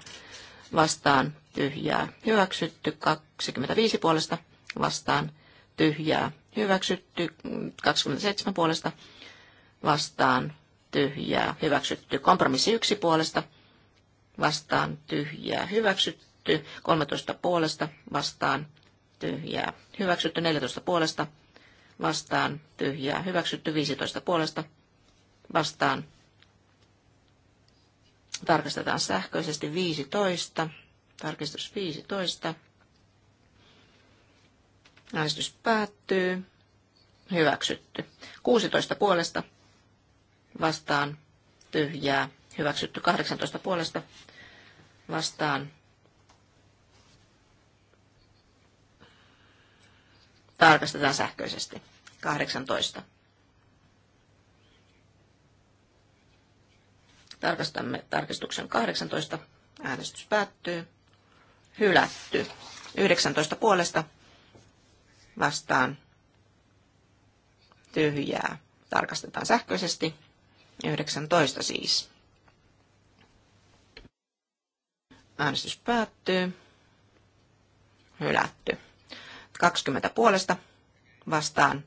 vastaan tyhjää hyväksytty. 25 puolesta vastaan tyhjää hyväksytty. 27 puolesta vastaan tyhjää, hyväksytty. Kompromissi yksi puolesta, vastaan tyhjää, hyväksytty. 13 puolesta, vastaan tyhjää, hyväksytty. 14 puolesta, vastaan tyhjää, hyväksytty. 15 puolesta, vastaan tarkistetaan sähköisesti 15, tarkistus 15. Äänestys päättyy. Hyväksytty. 16 puolesta vastaan tyhjää hyväksytty 18 puolesta vastaan tarkastetaan sähköisesti 18. Tarkastamme tarkistuksen 18. Äänestys päättyy. Hylätty. 19 puolesta vastaan tyhjää. Tarkastetaan sähköisesti. 19 siis. Äänestys päättyy. Hylätty. 20 puolesta vastaan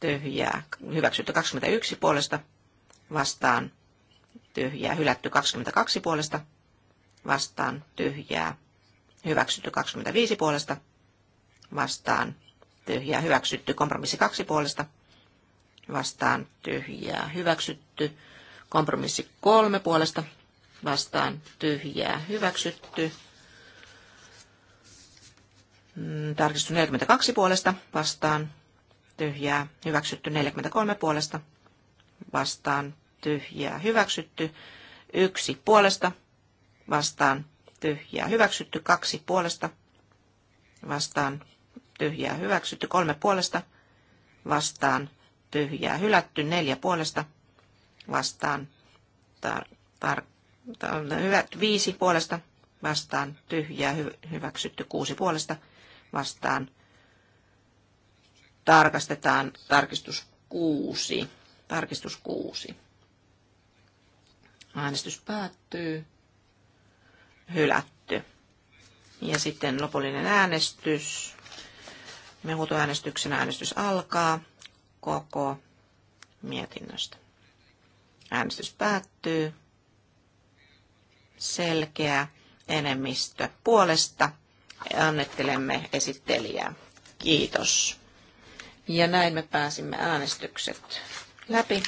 tyhjää. Hyväksytty 21 puolesta vastaan tyhjää. Hylätty 22 puolesta vastaan tyhjää. Hyväksytty 25 puolesta vastaan tyhjää. Hyväksytty kompromissi 2 puolesta vastaan tyhjää hyväksytty. Kompromissi kolme puolesta vastaan tyhjää hyväksytty. Mm, tarkistus 42 puolesta vastaan tyhjää hyväksytty. 43 puolesta vastaan tyhjää hyväksytty. Yksi puolesta vastaan tyhjää hyväksytty. Kaksi puolesta vastaan tyhjää hyväksytty. Kolme puolesta vastaan tyhjää hylätty, neljä puolesta vastaan, tar, tar, tar, hyvä, viisi puolesta vastaan, tyhjää hy, hyväksytty, kuusi puolesta vastaan, tarkastetaan tarkistus kuusi, tarkistus kuusi. Äänestys päättyy, hylätty. Ja sitten lopullinen äänestys. Mehutoäänestyksen äänestys alkaa koko mietinnöstä. Äänestys päättyy. Selkeä enemmistö puolesta. Annettelemme esittelijää. Kiitos. Ja näin me pääsimme äänestykset läpi.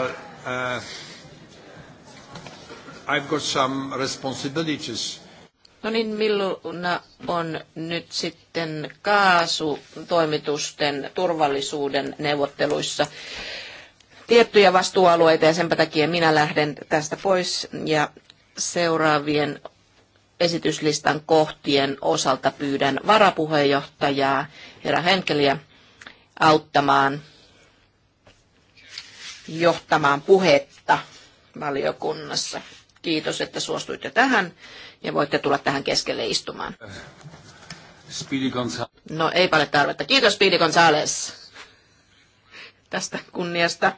well, uh, I've got some responsibilities. No niin, milloin on nyt sitten kaasutoimitusten turvallisuuden neuvotteluissa tiettyjä vastuualueita ja sen takia minä lähden tästä pois ja seuraavien esityslistan kohtien osalta pyydän varapuheenjohtajaa herra Henkeliä auttamaan johtamaan puhetta valiokunnassa. Kiitos, että suostuitte tähän ja voitte tulla tähän keskelle istumaan. No ei paljon tarvetta. Kiitos Speedy Gonzales tästä kunniasta.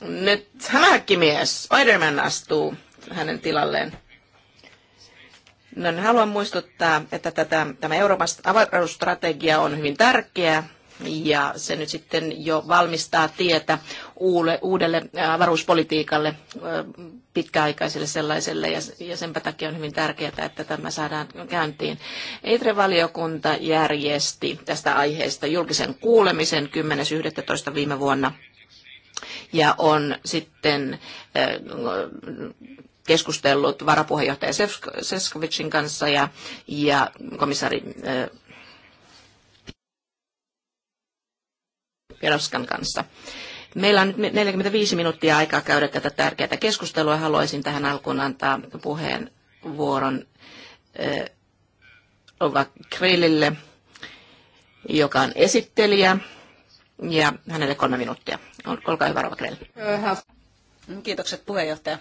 Nyt hämähäkkimies Spider-Man astuu hänen tilalleen. No, haluan muistuttaa, että tätä, tämä Euroopan avaruusstrategia on hyvin tärkeä ja se nyt sitten jo valmistaa tietä uudelle avaruuspolitiikalle, pitkäaikaiselle sellaiselle, ja senpä takia on hyvin tärkeää, että tämä saadaan käyntiin. eitre e valiokunta järjesti tästä aiheesta julkisen kuulemisen 10.11. viime vuonna, ja on sitten keskustellut varapuheenjohtaja Seskovicin kanssa ja, ja komissaari Ranskan kanssa. Meillä on nyt 45 minuuttia aikaa käydä tätä tärkeää keskustelua. Haluaisin tähän alkuun antaa puheenvuoron eh, Ova Krillille, joka on esittelijä, ja hänelle kolme minuuttia. Olkaa hyvä, Ova Krill. Kiitokset puheenjohtaja.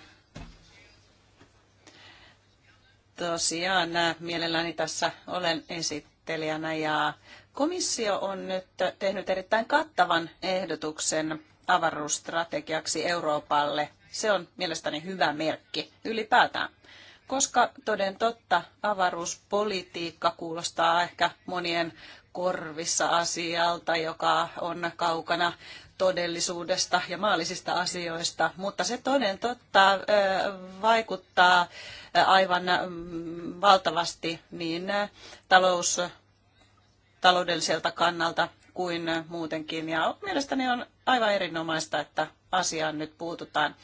Tosiaan eh, mielelläni tässä olen esittelijänä ja Komissio on nyt tehnyt erittäin kattavan ehdotuksen avaruusstrategiaksi Euroopalle. Se on mielestäni hyvä merkki ylipäätään, koska toden totta avaruuspolitiikka kuulostaa ehkä monien korvissa asialta, joka on kaukana todellisuudesta ja maallisista asioista, mutta se toden totta vaikuttaa aivan valtavasti niin talous taloudelliselta kannalta kuin muutenkin. Ja mielestäni on aivan erinomaista, että asiaan nyt puututaan.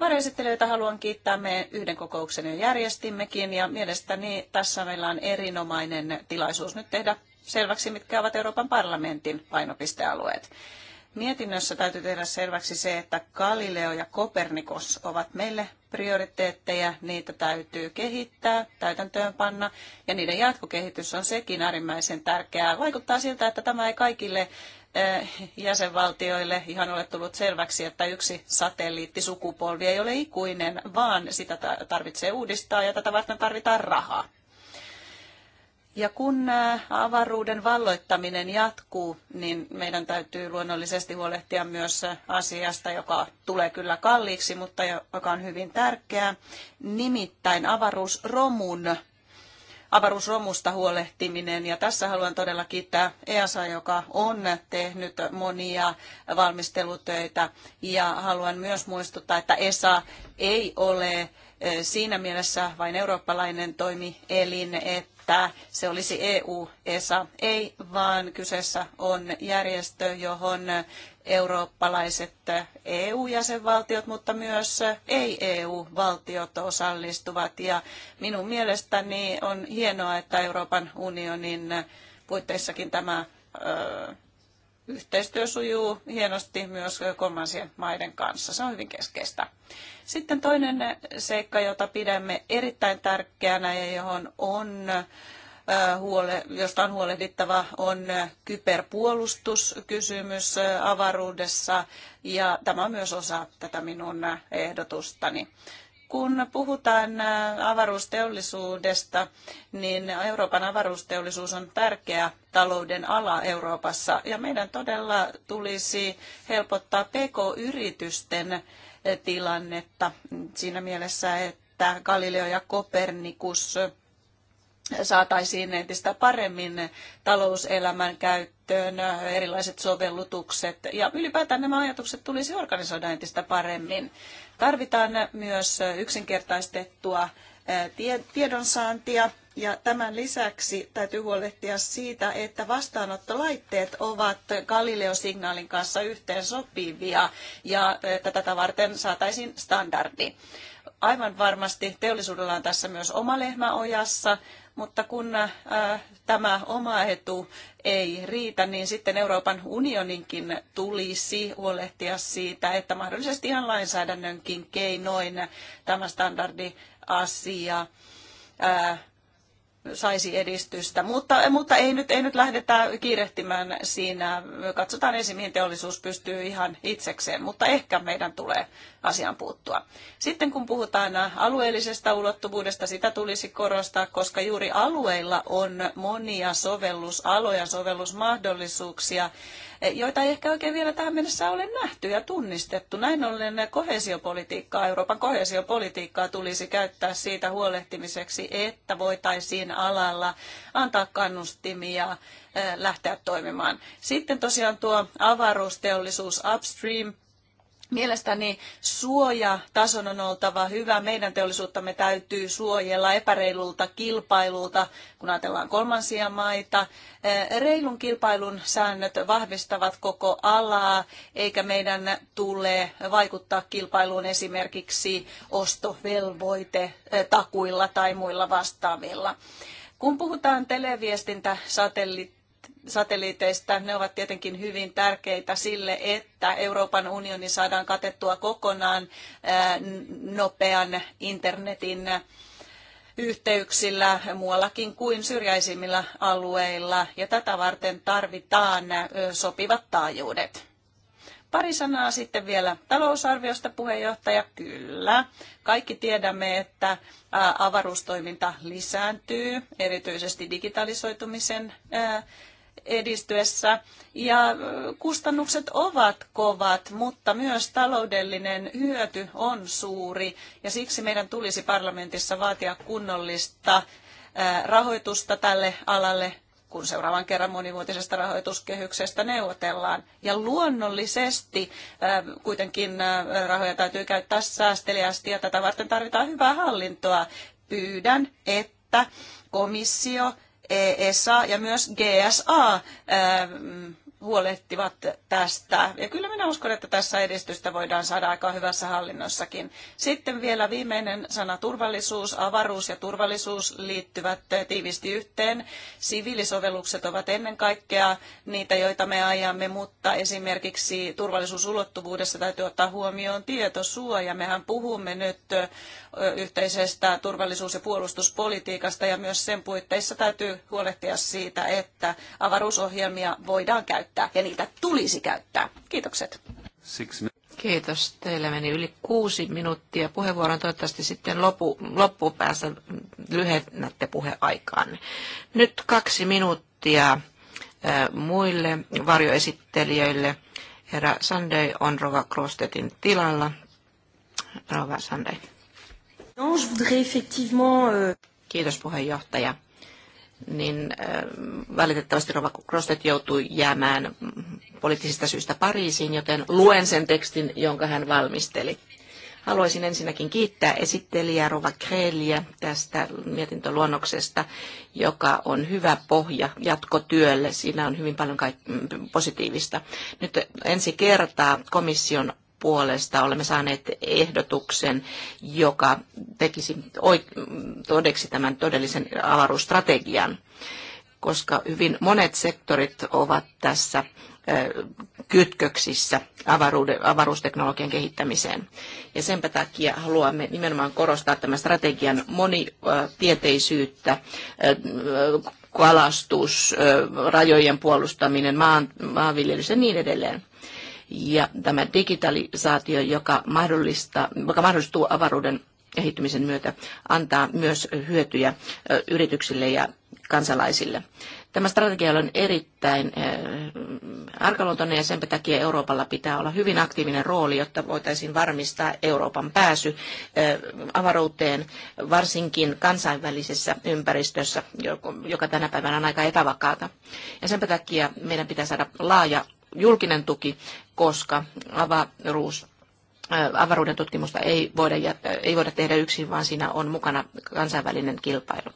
Varjoesittelijöitä haluan kiittää. Me yhden kokouksen jo järjestimmekin ja mielestäni tässä meillä on erinomainen tilaisuus nyt tehdä selväksi, mitkä ovat Euroopan parlamentin painopistealueet. Mietinnössä täytyy tehdä selväksi se, että Galileo ja Kopernikos ovat meille prioriteetteja, niitä täytyy kehittää, täytäntöönpanna ja niiden jatkokehitys on sekin äärimmäisen tärkeää. Vaikuttaa siltä, että tämä ei kaikille eh, jäsenvaltioille ihan ole tullut selväksi, että yksi satelliittisukupolvi ei ole ikuinen, vaan sitä tarvitsee uudistaa ja tätä varten tarvitaan rahaa. Ja kun avaruuden valloittaminen jatkuu, niin meidän täytyy luonnollisesti huolehtia myös asiasta, joka tulee kyllä kalliiksi, mutta joka on hyvin tärkeää, nimittäin avaruusromun avaruusromusta huolehtiminen. Ja tässä haluan todella kiittää EASA, joka on tehnyt monia valmistelutöitä. Ja haluan myös muistuttaa, että ESA ei ole siinä mielessä vain eurooppalainen toimielin, että että se olisi EU-ESA. Ei, vaan kyseessä on järjestö, johon eurooppalaiset EU-jäsenvaltiot, mutta myös ei-EU-valtiot osallistuvat. Ja minun mielestäni on hienoa, että Euroopan unionin puitteissakin tämä yhteistyö sujuu hienosti myös kolmansien maiden kanssa. Se on hyvin keskeistä. Sitten toinen seikka, jota pidämme erittäin tärkeänä ja johon on huole, josta on huolehdittava, on kyberpuolustuskysymys avaruudessa, ja tämä on myös osa tätä minun ehdotustani kun puhutaan äh, avaruusteollisuudesta, niin Euroopan avaruusteollisuus on tärkeä talouden ala Euroopassa. Ja meidän todella tulisi helpottaa PK-yritysten äh, tilannetta siinä mielessä, että Galileo ja Kopernikus – saataisiin entistä paremmin talouselämän käyttöön, erilaiset sovellutukset ja ylipäätään nämä ajatukset tulisi organisoida entistä paremmin. Tarvitaan myös yksinkertaistettua tiedonsaantia ja tämän lisäksi täytyy huolehtia siitä, että vastaanottolaitteet ovat Galileo-signaalin kanssa yhteensopivia ja että tätä varten saataisiin standardi. Aivan varmasti teollisuudella on tässä myös oma lehmä ojassa, mutta kun äh, tämä oma etu ei riitä, niin sitten Euroopan unioninkin tulisi huolehtia siitä, että mahdollisesti ihan lainsäädännönkin keinoin tämä standardiasia äh, saisi edistystä, mutta, mutta ei, nyt, ei nyt lähdetä kiirehtimään siinä. Katsotaan ensin, mihin teollisuus pystyy ihan itsekseen, mutta ehkä meidän tulee asiaan puuttua. Sitten kun puhutaan alueellisesta ulottuvuudesta, sitä tulisi korostaa, koska juuri alueilla on monia sovellusaloja, sovellusmahdollisuuksia, joita ei ehkä oikein vielä tähän mennessä ole nähty ja tunnistettu. Näin ollen kohesiopolitiikkaa, Euroopan kohesiopolitiikkaa tulisi käyttää siitä huolehtimiseksi, että voitaisiin alalla antaa kannustimia eh, lähteä toimimaan. Sitten tosiaan tuo avaruusteollisuus upstream Mielestäni suojatason on oltava hyvä. Meidän teollisuuttamme täytyy suojella epäreilulta kilpailulta, kun ajatellaan kolmansia maita. Eh, reilun kilpailun säännöt vahvistavat koko alaa, eikä meidän tule vaikuttaa kilpailuun esimerkiksi ostovelvoite eh, takuilla tai muilla vastaavilla. Kun puhutaan televiestintä, satelliitti, satelliiteista. Ne ovat tietenkin hyvin tärkeitä sille, että Euroopan unioni saadaan katettua kokonaan nopean internetin yhteyksillä muuallakin kuin syrjäisimmillä alueilla, ja tätä varten tarvitaan sopivat taajuudet. Pari sanaa sitten vielä talousarviosta, puheenjohtaja. Kyllä, kaikki tiedämme, että avaruustoiminta lisääntyy, erityisesti digitalisoitumisen edistyessä ja kustannukset ovat kovat, mutta myös taloudellinen hyöty on suuri ja siksi meidän tulisi parlamentissa vaatia kunnollista rahoitusta tälle alalle kun seuraavan kerran monivuotisesta rahoituskehyksestä neuvotellaan. Ja luonnollisesti kuitenkin rahoja täytyy käyttää säästeliästi ja tätä varten tarvitaan hyvää hallintoa. Pyydän, että komissio ESA ja myös GSA huolehtivat tästä. Ja kyllä minä uskon, että tässä edistystä voidaan saada aika hyvässä hallinnossakin. Sitten vielä viimeinen sana turvallisuus. Avaruus ja turvallisuus liittyvät tiivisti yhteen. Siviilisovellukset ovat ennen kaikkea niitä, joita me ajamme, mutta esimerkiksi turvallisuusulottuvuudessa täytyy ottaa huomioon tietosuoja. Mehän puhumme nyt yhteisestä turvallisuus- ja puolustuspolitiikasta ja myös sen puitteissa täytyy huolehtia siitä, että avaruusohjelmia voidaan käyttää ja niitä tulisi käyttää. Kiitokset. Kiitos. Teillä meni yli kuusi minuuttia puheenvuoron. Toivottavasti sitten lopu, loppupäässä lyhennätte puheaikaan. Nyt kaksi minuuttia äh, muille varjoesittelijöille. Herra Sunday on Rova Krostetin tilalla. Rova Sunday. Euh, Kiitos puheenjohtaja. Niin äh, valitettavasti Rova Krostet joutui jäämään poliittisista syistä Pariisiin, joten luen sen tekstin, jonka hän valmisteli. Haluaisin ensinnäkin kiittää esittelijää Rova Kreeliä tästä mietintöluonnoksesta, joka on hyvä pohja jatkotyölle. Siinä on hyvin paljon positiivista. Nyt ensi kertaa komission puolesta olemme saaneet ehdotuksen, joka tekisi todeksi tämän todellisen avaruusstrategian, koska hyvin monet sektorit ovat tässä kytköksissä avaruusteknologian kehittämiseen. Ja senpä takia haluamme nimenomaan korostaa tämän strategian monitieteisyyttä, kalastus, rajojen puolustaminen, maan, maanviljelys ja niin edelleen ja tämä digitalisaatio, joka, mahdollistaa, joka mahdollistuu avaruuden kehittymisen myötä, antaa myös hyötyjä yrityksille ja kansalaisille. Tämä strategia on erittäin arkaluontoinen ja sen takia Euroopalla pitää olla hyvin aktiivinen rooli, jotta voitaisiin varmistaa Euroopan pääsy avaruuteen, varsinkin kansainvälisessä ympäristössä, joka tänä päivänä on aika epävakaata. Ja sen takia meidän pitää saada laaja julkinen tuki koska avaruus avaruuden tutkimusta ei voida, ei voida tehdä yksin, vaan siinä on mukana kansainvälinen kilpailu.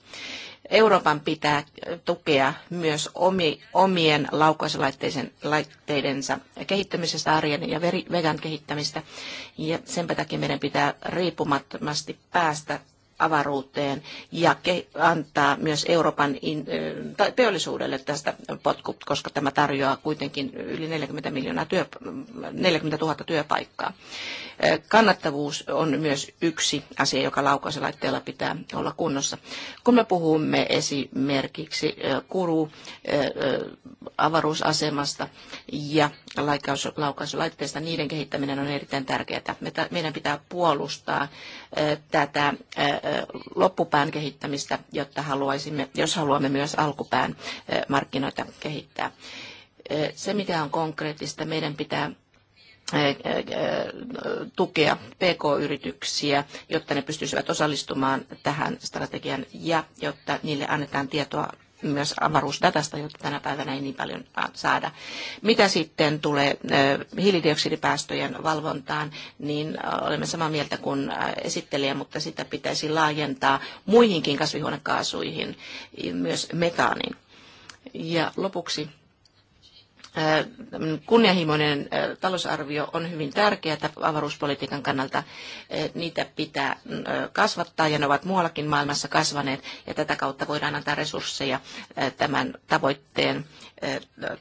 Euroopan pitää tukea myös omien laukaisulaitteidensa kehittämisestä, arjen ja vegan kehittämistä. Ja sen takia meidän pitää riippumattomasti päästä avaruuteen ja antaa myös Euroopan teollisuudelle tästä potkut, koska tämä tarjoaa kuitenkin yli 40, miljoonaa työ, 40 000 työpaikkaa. Kannattavuus on myös yksi asia, joka laukaisulaitteella pitää olla kunnossa. Kun me puhumme esimerkiksi kuru avaruusasemasta ja laukaisulaitteesta, niiden kehittäminen on erittäin tärkeää. Meidän pitää puolustaa tätä loppupään kehittämistä, jotta haluaisimme, jos haluamme myös alkupään markkinoita kehittää. Se, mikä on konkreettista, meidän pitää tukea PK-yrityksiä, jotta ne pystyisivät osallistumaan tähän strategian ja jotta niille annetaan tietoa myös avaruusdatasta, jota tänä päivänä ei niin paljon saada. Mitä sitten tulee hiilidioksidipäästöjen valvontaan, niin olemme samaa mieltä kuin esittelijä, mutta sitä pitäisi laajentaa muihinkin kasvihuonekaasuihin, myös metaaniin. Ja lopuksi kunnianhimoinen talousarvio on hyvin tärkeä avaruuspolitiikan kannalta. Niitä pitää mm, kasvattaa ja ne ovat muuallakin maailmassa kasvaneet ja tätä kautta voidaan antaa resursseja tämän tavoitteen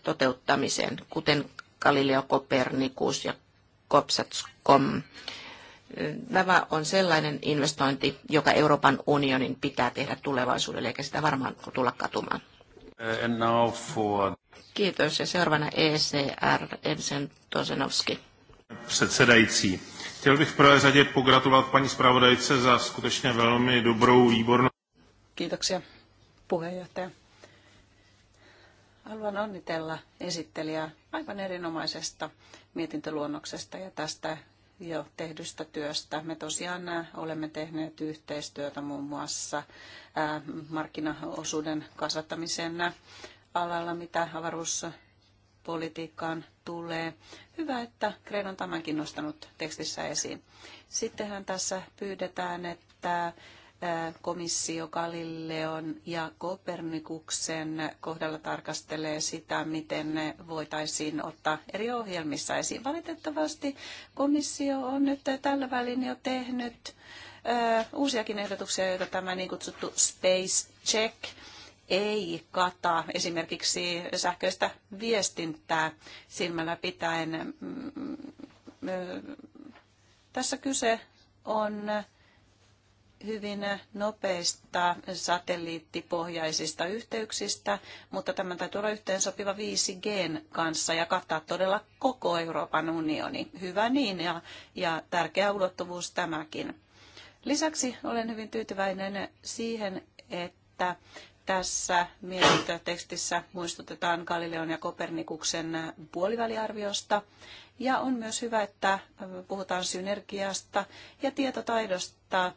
toteuttamiseen, kuten Galileo Copernicus ja Copsatscom. Tämä on sellainen investointi, joka Euroopan unionin pitää tehdä tulevaisuudelle, eikä sitä varmaan tulla katumaan. Eh, and now for... Kiitos. Ja seuraavana ECR, Evsen Tosenovski. Předsedající. Chtěl bych v prvé řadě pogratulovat paní zpravodajce za skutečně velmi dobrou, výbornou... Kiitoksia, puheenjohtaja. Haluan onnitella esittelijää aivan erinomaisesta mietintöluonnoksesta ja tästä jo tehdystä työstä. Me tosiaan olemme tehneet yhteistyötä muun muassa markkinaosuuden kasvattamisen alalla, mitä avaruuspolitiikkaan tulee. Hyvä, että on tämänkin nostanut tekstissä esiin. Sittenhän tässä pyydetään, että komissio Galileon ja Kopernikuksen kohdalla tarkastelee sitä, miten ne voitaisiin ottaa eri ohjelmissa esiin. Valitettavasti komissio on nyt tällä välin jo tehnyt uusiakin ehdotuksia, joita tämä niin kutsuttu Space Check ei kata esimerkiksi sähköistä viestintää silmällä pitäen. Mm, mm, mm, tässä kyse on hyvin nopeista satelliittipohjaisista yhteyksistä, mutta tämä täytyy olla yhteen sopiva 5Gn kanssa ja kattaa todella koko Euroopan unioni. Hyvä niin ja, ja tärkeä ulottuvuus tämäkin. Lisäksi olen hyvin tyytyväinen siihen, että tässä mietintötekstissä muistutetaan Galileon ja Kopernikuksen puoliväliarviosta. Ja on myös hyvä, että puhutaan synergiasta ja tietotaidosta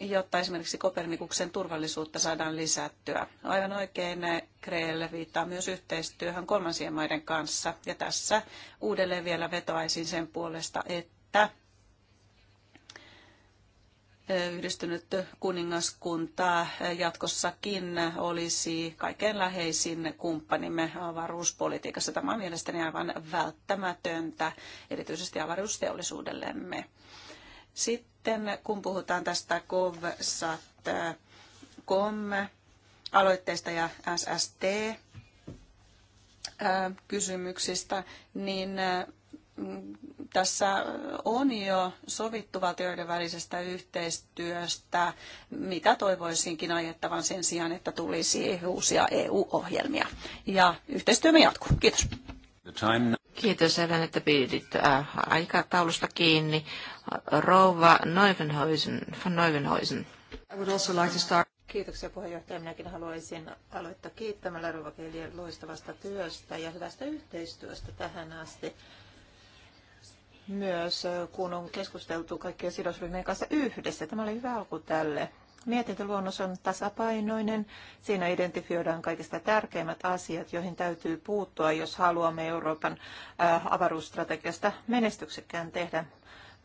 jotta esimerkiksi Kopernikuksen turvallisuutta saadaan lisättyä. Aivan oikein Kreel viittaa myös yhteistyöhön kolmansien maiden kanssa, ja tässä uudelleen vielä vetoaisin sen puolesta, että yhdistynyt kuningaskunta jatkossakin olisi kaikkein läheisin kumppanimme avaruuspolitiikassa. Tämä on mielestäni aivan välttämätöntä, erityisesti avaruusteollisuudellemme. Sitten sitten kun puhutaan tästä cov aloitteesta ja SST kysymyksistä, niin mm, tässä on jo sovittu valtioiden välisestä yhteistyöstä, mitä toivoisinkin ajettavan sen sijaan, että tulisi uusia EU-ohjelmia. Ja yhteistyömme jatkuu. Kiitos. Kiitos Evan, että pidit aikataulusta kiinni. Rouva Neuvenhuisen, von Neuvenhuisen. I would also like to start... Kiitoksia puheenjohtaja. Minäkin haluaisin aloittaa kiittämällä Rouva Keilien loistavasta työstä ja hyvästä yhteistyöstä tähän asti myös, kun on keskusteltu kaikkien sidosryhmien kanssa yhdessä. Tämä oli hyvä alku tälle. Mietintöluonnos on tasapainoinen. Siinä identifioidaan kaikista tärkeimmät asiat, joihin täytyy puuttua, jos haluamme Euroopan avaruusstrategiasta menestyksekkään tehdä.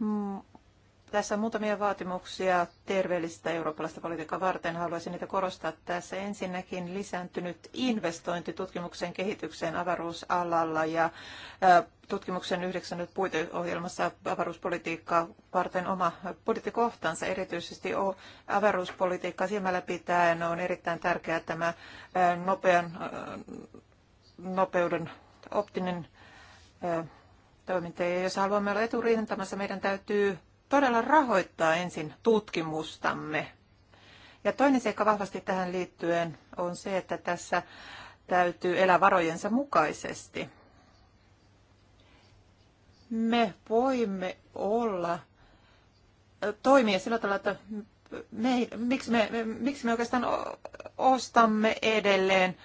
Mm, tässä on muutamia vaatimuksia terveellistä eurooppalaista politiikkaa varten. Haluaisin niitä korostaa tässä. Ensinnäkin lisääntynyt investointi tutkimukseen, kehitykseen avaruusalalla ja tutkimuksen 9. puiteohjelmassa avaruuspolitiikkaa varten oma budjettikohtansa, erityisesti avaruuspolitiikka silmällä pitäen on erittäin tärkeää tämä nopean, nopeuden optinen toimintaa. jos haluamme olla eturintamassa, meidän täytyy todella rahoittaa ensin tutkimustamme. Ja toinen seikka vahvasti tähän liittyen on se, että tässä täytyy elää varojensa mukaisesti. Me voimme olla toimia sillä tavalla, että me, miksi, me, miksi me oikeastaan ostamme edelleen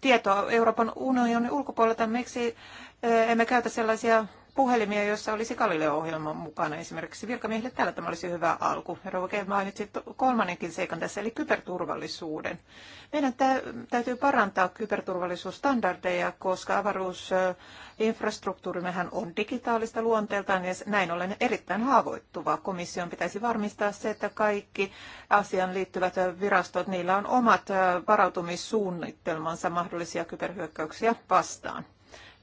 tietoa Euroopan unionin ulkopuolelta, miksi emme käytä sellaisia puhelimia, joissa olisi Galileo-ohjelma mukana esimerkiksi virkamiehille. Täällä tämä olisi hyvä alku. Roke mainitsi kolmannenkin seikan tässä, eli kyberturvallisuuden. Meidän täytyy parantaa kyberturvallisuusstandardeja, koska avaruusinfrastruktuurimehän on digitaalista luonteeltaan ja näin ollen erittäin haavoittuva. Komission pitäisi varmistaa se, että kaikki asian liittyvät virastot, niillä on omat varautumissuunnitelmansa mahdollisia kyberhyökkäyksiä vastaan.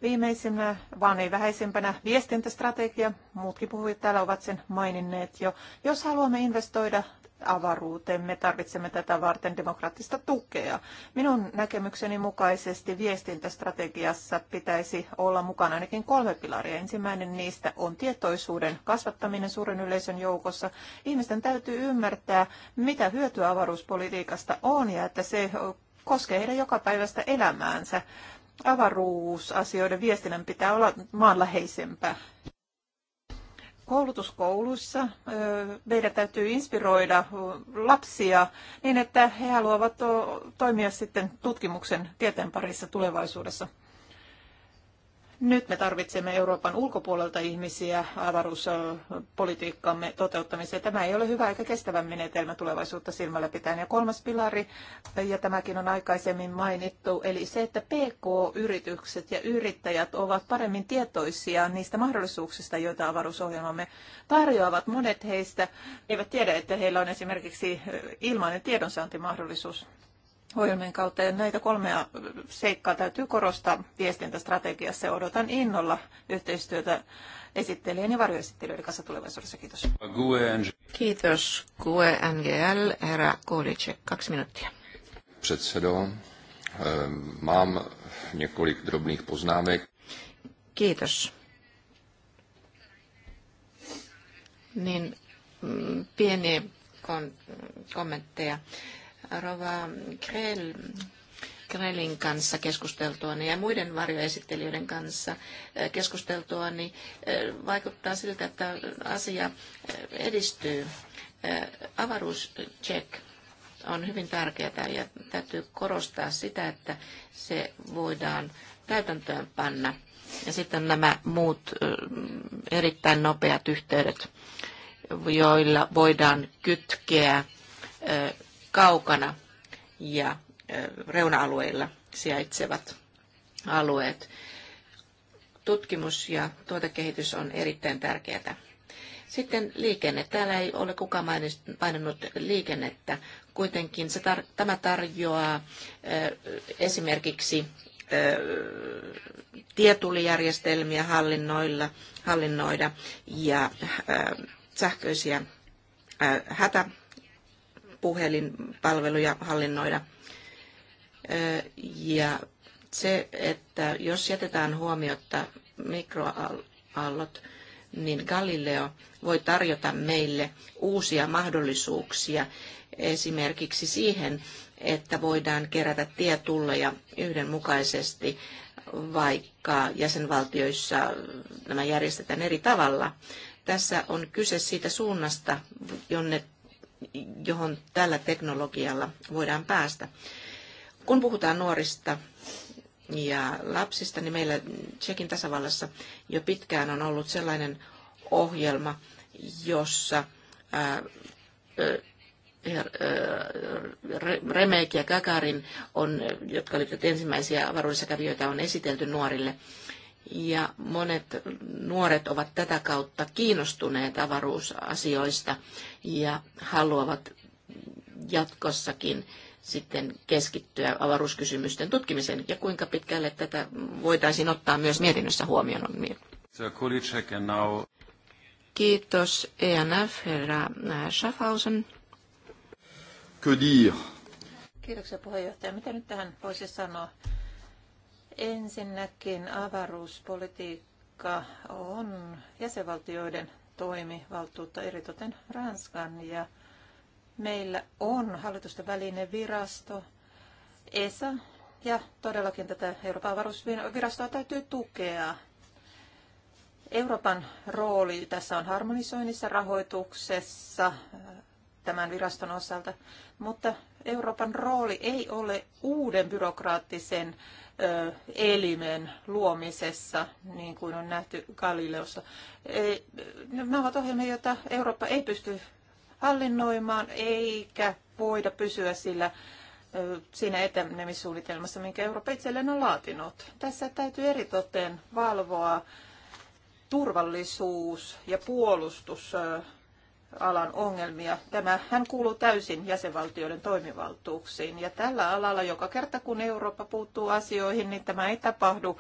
Viimeisimmä, vaan ei vähäisimpänä, viestintästrategia. Muutkin puhujat täällä ovat sen maininneet jo. Jos haluamme investoida avaruuteen, me tarvitsemme tätä varten demokraattista tukea. Minun näkemykseni mukaisesti viestintästrategiassa pitäisi olla mukana ainakin kolme pilaria. Ensimmäinen niistä on tietoisuuden kasvattaminen suuren yleisön joukossa. Ihmisten täytyy ymmärtää, mitä hyötyä avaruuspolitiikasta on ja että se koskee heidän jokapäiväistä elämäänsä avaruusasioiden viestinnän pitää olla maanläheisempää. Koulutuskouluissa meidän täytyy inspiroida lapsia niin, että he haluavat toimia sitten tutkimuksen tieteen parissa tulevaisuudessa. Nyt me tarvitsemme Euroopan ulkopuolelta ihmisiä avaruuspolitiikkamme toteuttamiseen. Tämä ei ole hyvä eikä kestävä menetelmä tulevaisuutta silmällä pitäen. Ja kolmas pilari, ja tämäkin on aikaisemmin mainittu, eli se, että PK-yritykset ja yrittäjät ovat paremmin tietoisia niistä mahdollisuuksista, joita avaruusohjelmamme tarjoavat. Monet heistä eivät tiedä, että heillä on esimerkiksi ilmainen tiedonsaantimahdollisuus ohjelmien kautta. Ja näitä kolmea seikkaa täytyy korostaa viestintästrategiassa ja odotan innolla yhteistyötä esittelijän ja varjoesittelijöiden kanssa tulevaisuudessa. Kiitos. Kiitos. Kue NGL, herra Kuulice, kaksi minuuttia. Předsedo, eh, mám několik drobných poznámek. Kiitos. Niin, mm, pieni kon- kommentteja. Rova Krell, kanssa keskusteltuani ja muiden varjoesittelijöiden kanssa eh, keskusteltuani eh, vaikuttaa siltä, että asia eh, edistyy. Avaruuscheck on hyvin tärkeää ja täytyy korostaa sitä, että se voidaan täytäntöön panna. Ja sitten nämä muut erittäin nopeat yhteydet, joilla voidaan kytkeä kaukana ja reuna-alueilla sijaitsevat alueet. Tutkimus ja tuotekehitys on erittäin tärkeää. Sitten liikenne. Täällä ei ole kukaan maininnut liikennettä. Kuitenkin se tar- tämä tarjoaa esimerkiksi tietulijärjestelmiä hallinnoilla, hallinnoida ja sähköisiä hätä puhelinpalveluja hallinnoida. Ja se, että jos jätetään huomiotta mikroaallot, niin Galileo voi tarjota meille uusia mahdollisuuksia esimerkiksi siihen, että voidaan kerätä tietulleja yhdenmukaisesti, vaikka jäsenvaltioissa nämä järjestetään eri tavalla. Tässä on kyse siitä suunnasta, jonne johon tällä teknologialla voidaan päästä. Kun puhutaan nuorista ja lapsista, niin meillä Tsekin tasavallassa jo pitkään on ollut sellainen ohjelma, jossa ää, Remek ja Gagarin, on, jotka olivat ensimmäisiä avaruudessa kävijöitä, on esitelty nuorille ja monet nuoret ovat tätä kautta kiinnostuneet avaruusasioista ja haluavat jatkossakin sitten keskittyä avaruuskysymysten tutkimiseen ja kuinka pitkälle tätä voitaisiin ottaa myös mietinnössä huomioon. Kiitos ENF, herra äh, Schaffhausen. Kiitoksia puheenjohtaja. Mitä nyt tähän voisi sanoa? Ensinnäkin avaruuspolitiikka on jäsenvaltioiden toimivaltuutta, eritoten Ranskan, ja meillä on hallitusten välinen virasto, ESA, ja todellakin tätä Euroopan avaruusvirastoa täytyy tukea. Euroopan rooli tässä on harmonisoinnissa, rahoituksessa äh, tämän viraston osalta, mutta Euroopan rooli ei ole uuden byrokraattisen elimen luomisessa, niin kuin on nähty Galileossa. E, nämä ovat ohjelmia, joita Eurooppa ei pysty hallinnoimaan eikä voida pysyä sillä siinä etenemissuunnitelmassa, minkä Eurooppa itselleen on laatinut. Tässä täytyy eritoten valvoa turvallisuus- ja puolustus alan ongelmia. Tämä hän kuuluu täysin jäsenvaltioiden toimivaltuuksiin. Ja tällä alalla joka kerta kun Eurooppa puuttuu asioihin, niin tämä ei tapahdu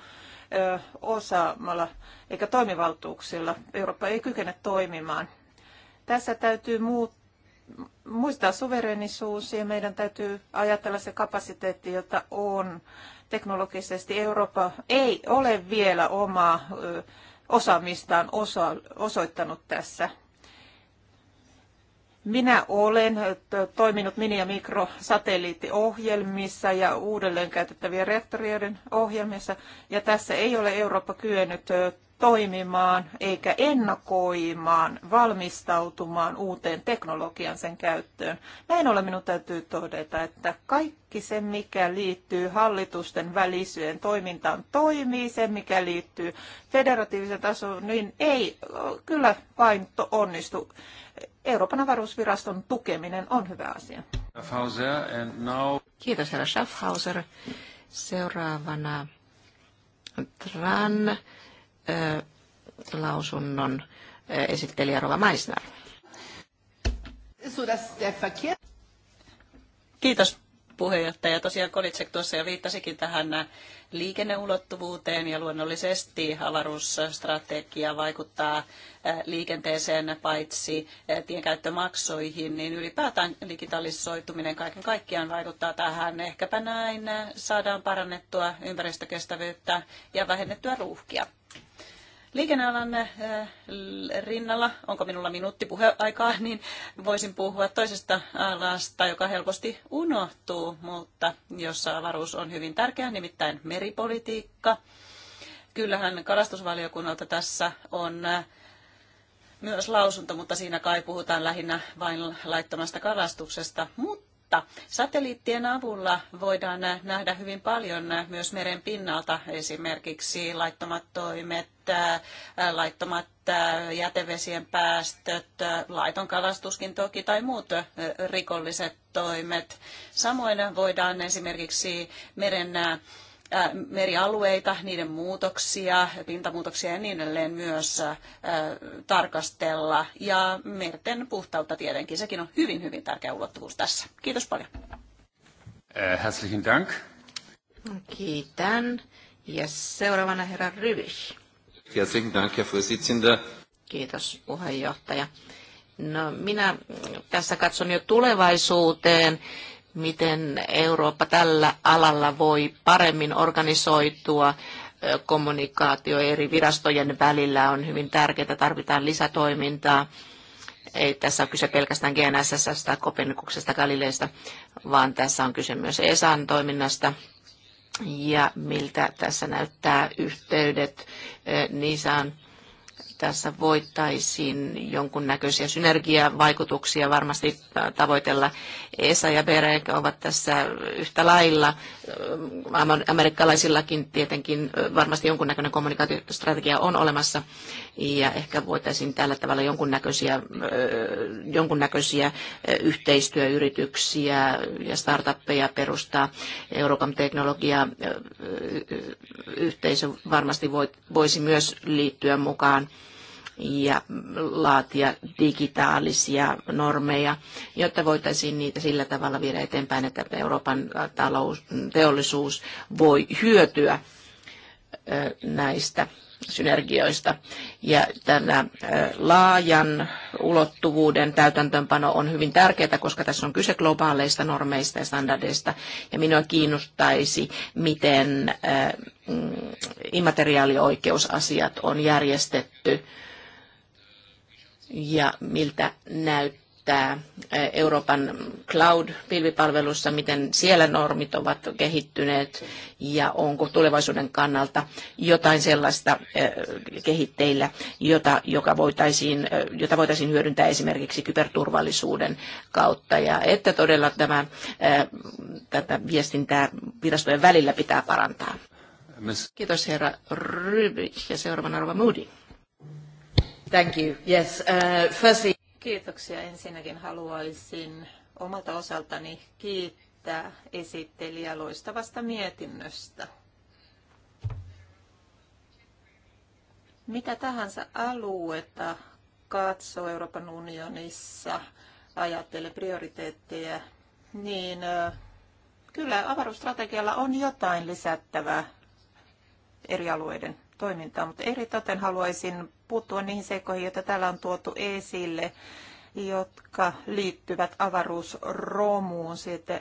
ö, osaamalla eikä toimivaltuuksilla. Eurooppa ei kykene toimimaan. Tässä täytyy muut, muistaa suverenisuus ja meidän täytyy ajatella se kapasiteetti, jota on. Teknologisesti Eurooppa ei ole vielä omaa osaamistaan osa, osoittanut tässä minä olen toiminut mini- ja mikrosatelliittiohjelmissa ja uudelleen käytettävien reaktorioiden ohjelmissa, ja tässä ei ole Eurooppa kyennyt toimimaan eikä ennakoimaan, valmistautumaan uuteen teknologian sen käyttöön. Näin ollen minun täytyy todeta, että kaikki se, mikä liittyy hallitusten välisyyden toimintaan, toimii. Se, mikä liittyy federatiivisen tasoon, niin ei kyllä vain onnistu. Euroopan avaruusviraston tukeminen on hyvä asia. Kiitos herra Schaffhauser. Seuraavana TRAN äh, lausunnon äh, esittelijä Rova Meisner. Kiitos puheenjohtaja. Tosiaan Kolitsek tuossa jo viittasikin tähän liikenneulottuvuuteen ja luonnollisesti avaruusstrategia vaikuttaa liikenteeseen paitsi tienkäyttömaksoihin, niin ylipäätään digitalisoituminen kaiken kaikkiaan vaikuttaa tähän. Ehkäpä näin saadaan parannettua ympäristökestävyyttä ja vähennettyä ruuhkia liikennealan äh, rinnalla, onko minulla minuutti puheaikaa, niin voisin puhua toisesta alasta, joka helposti unohtuu, mutta jossa avaruus on hyvin tärkeä, nimittäin meripolitiikka. Kyllähän kalastusvaliokunnalta tässä on äh, myös lausunto, mutta siinä kai puhutaan lähinnä vain laittomasta kalastuksesta. Mutta mutta satelliittien avulla voidaan nähdä hyvin paljon myös meren pinnalta esimerkiksi laittomat toimet, äh, laittomat äh, jätevesien päästöt, äh, laiton kalastuskin toki tai muut rikolliset toimet. Samoin voidaan esimerkiksi meren merialueita, niiden muutoksia, pintamuutoksia ja niin edelleen myös tarkastella. Ja merten puhtautta tietenkin, sekin on hyvin, hyvin tärkeä ulottuvuus tässä. Kiitos paljon. Herzlichen Dank. Kiitän. Ja seuraavana herra Rybisch. Herzlichen Dank, Herr Vorsitzender. Kiitos, puheenjohtaja. No, minä tässä katson jo tulevaisuuteen miten Eurooppa tällä alalla voi paremmin organisoitua. Kommunikaatio eri virastojen välillä on hyvin tärkeää, tarvitaan lisätoimintaa. Ei tässä ole kyse pelkästään GNSS, Kopenikuksesta, Galileista, vaan tässä on kyse myös ESAn toiminnasta ja miltä tässä näyttää yhteydet Nisaan tässä voittaisiin jonkunnäköisiä synergiavaikutuksia varmasti tavoitella. ESA ja BEREC ovat tässä yhtä lailla. Amerikkalaisillakin tietenkin varmasti jonkunnäköinen kommunikaatiostrategia on olemassa ja ehkä voitaisiin tällä tavalla jonkunnäköisiä, jonkunnäköisiä yhteistyöyrityksiä ja startuppeja perustaa. Euroopan teknologia yhteisö varmasti voisi myös liittyä mukaan ja laatia digitaalisia normeja, jotta voitaisiin niitä sillä tavalla viedä eteenpäin, että Euroopan talous, teollisuus voi hyötyä näistä synergioista. Ja tämä laajan ulottuvuuden täytäntöönpano on hyvin tärkeää, koska tässä on kyse globaaleista normeista ja standardeista. Ja minua kiinnostaisi, miten mm, immateriaalioikeusasiat on järjestetty ja miltä näyttää eh, Euroopan cloud-pilvipalvelussa, miten siellä normit ovat kehittyneet ja onko tulevaisuuden kannalta jotain sellaista eh, kehitteillä, jota, joka voitaisiin, eh, jota voitaisiin hyödyntää esimerkiksi kyberturvallisuuden kautta ja että todella tämä, tätä viestintää virastojen välillä pitää parantaa. Kiitos herra Ryby ja seuraavana Rova Moody. Thank you. Yes, uh, firstly... Kiitoksia. Ensinnäkin haluaisin omalta osaltani kiittää esittelijä loistavasta mietinnöstä. Mitä tahansa aluetta katsoo Euroopan unionissa, ajattelee prioriteetteja, niin uh, kyllä avaruusstrategialla on jotain lisättävää eri alueiden toimintaa, mutta eri toten haluaisin puuttua niihin seikkoihin, joita täällä on tuotu esille jotka liittyvät avaruusromuun.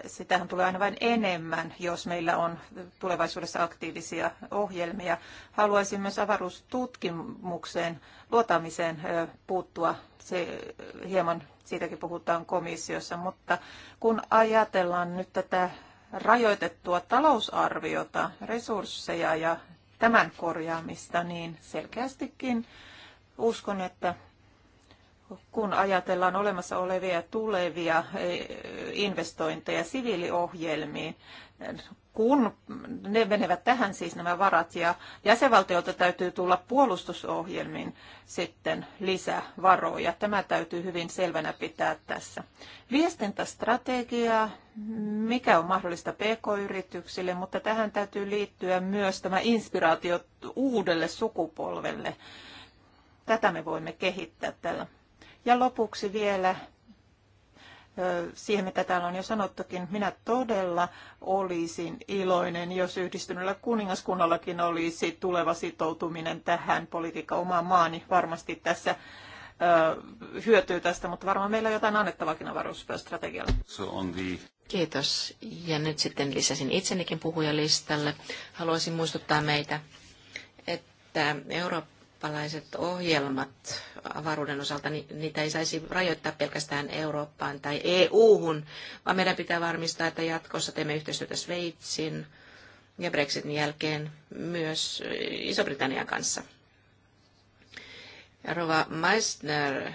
Sitähän tulee aina vain enemmän, jos meillä on tulevaisuudessa aktiivisia ohjelmia. Haluaisin myös avaruustutkimukseen luotamiseen puuttua. Se hieman siitäkin puhutaan komissiossa, mutta kun ajatellaan nyt tätä rajoitettua talousarviota, resursseja ja tämän korjaamista, niin selkeästikin uskon, että kun ajatellaan olemassa olevia ja tulevia eh, investointeja siviiliohjelmiin, kun ne menevät tähän siis nämä varat ja jäsenvaltiolta täytyy tulla puolustusohjelmiin sitten lisävaroja. Tämä täytyy hyvin selvänä pitää tässä. Viestintästrategiaa, mikä on mahdollista pk-yrityksille, mutta tähän täytyy liittyä myös tämä inspiraatio uudelle sukupolvelle. Tätä me voimme kehittää tällä ja lopuksi vielä siihen, mitä täällä on jo sanottukin, minä todella olisin iloinen, jos yhdistyneellä kuningaskunnallakin olisi tuleva sitoutuminen tähän politiikka omaan maani. Varmasti tässä hyötyy tästä, mutta varmaan meillä on jotain annettavakin avaruusstrategialla. So the... Kiitos. Ja nyt sitten lisäsin itsenikin puhujalistalle. Haluaisin muistuttaa meitä, että Eurooppa eurooppalaiset ohjelmat avaruuden osalta, niitä ei saisi rajoittaa pelkästään Eurooppaan tai EU-hun, vaan meidän pitää varmistaa, että jatkossa teemme yhteistyötä Sveitsin ja Brexitin jälkeen myös Iso-Britannian kanssa. Rova Meissner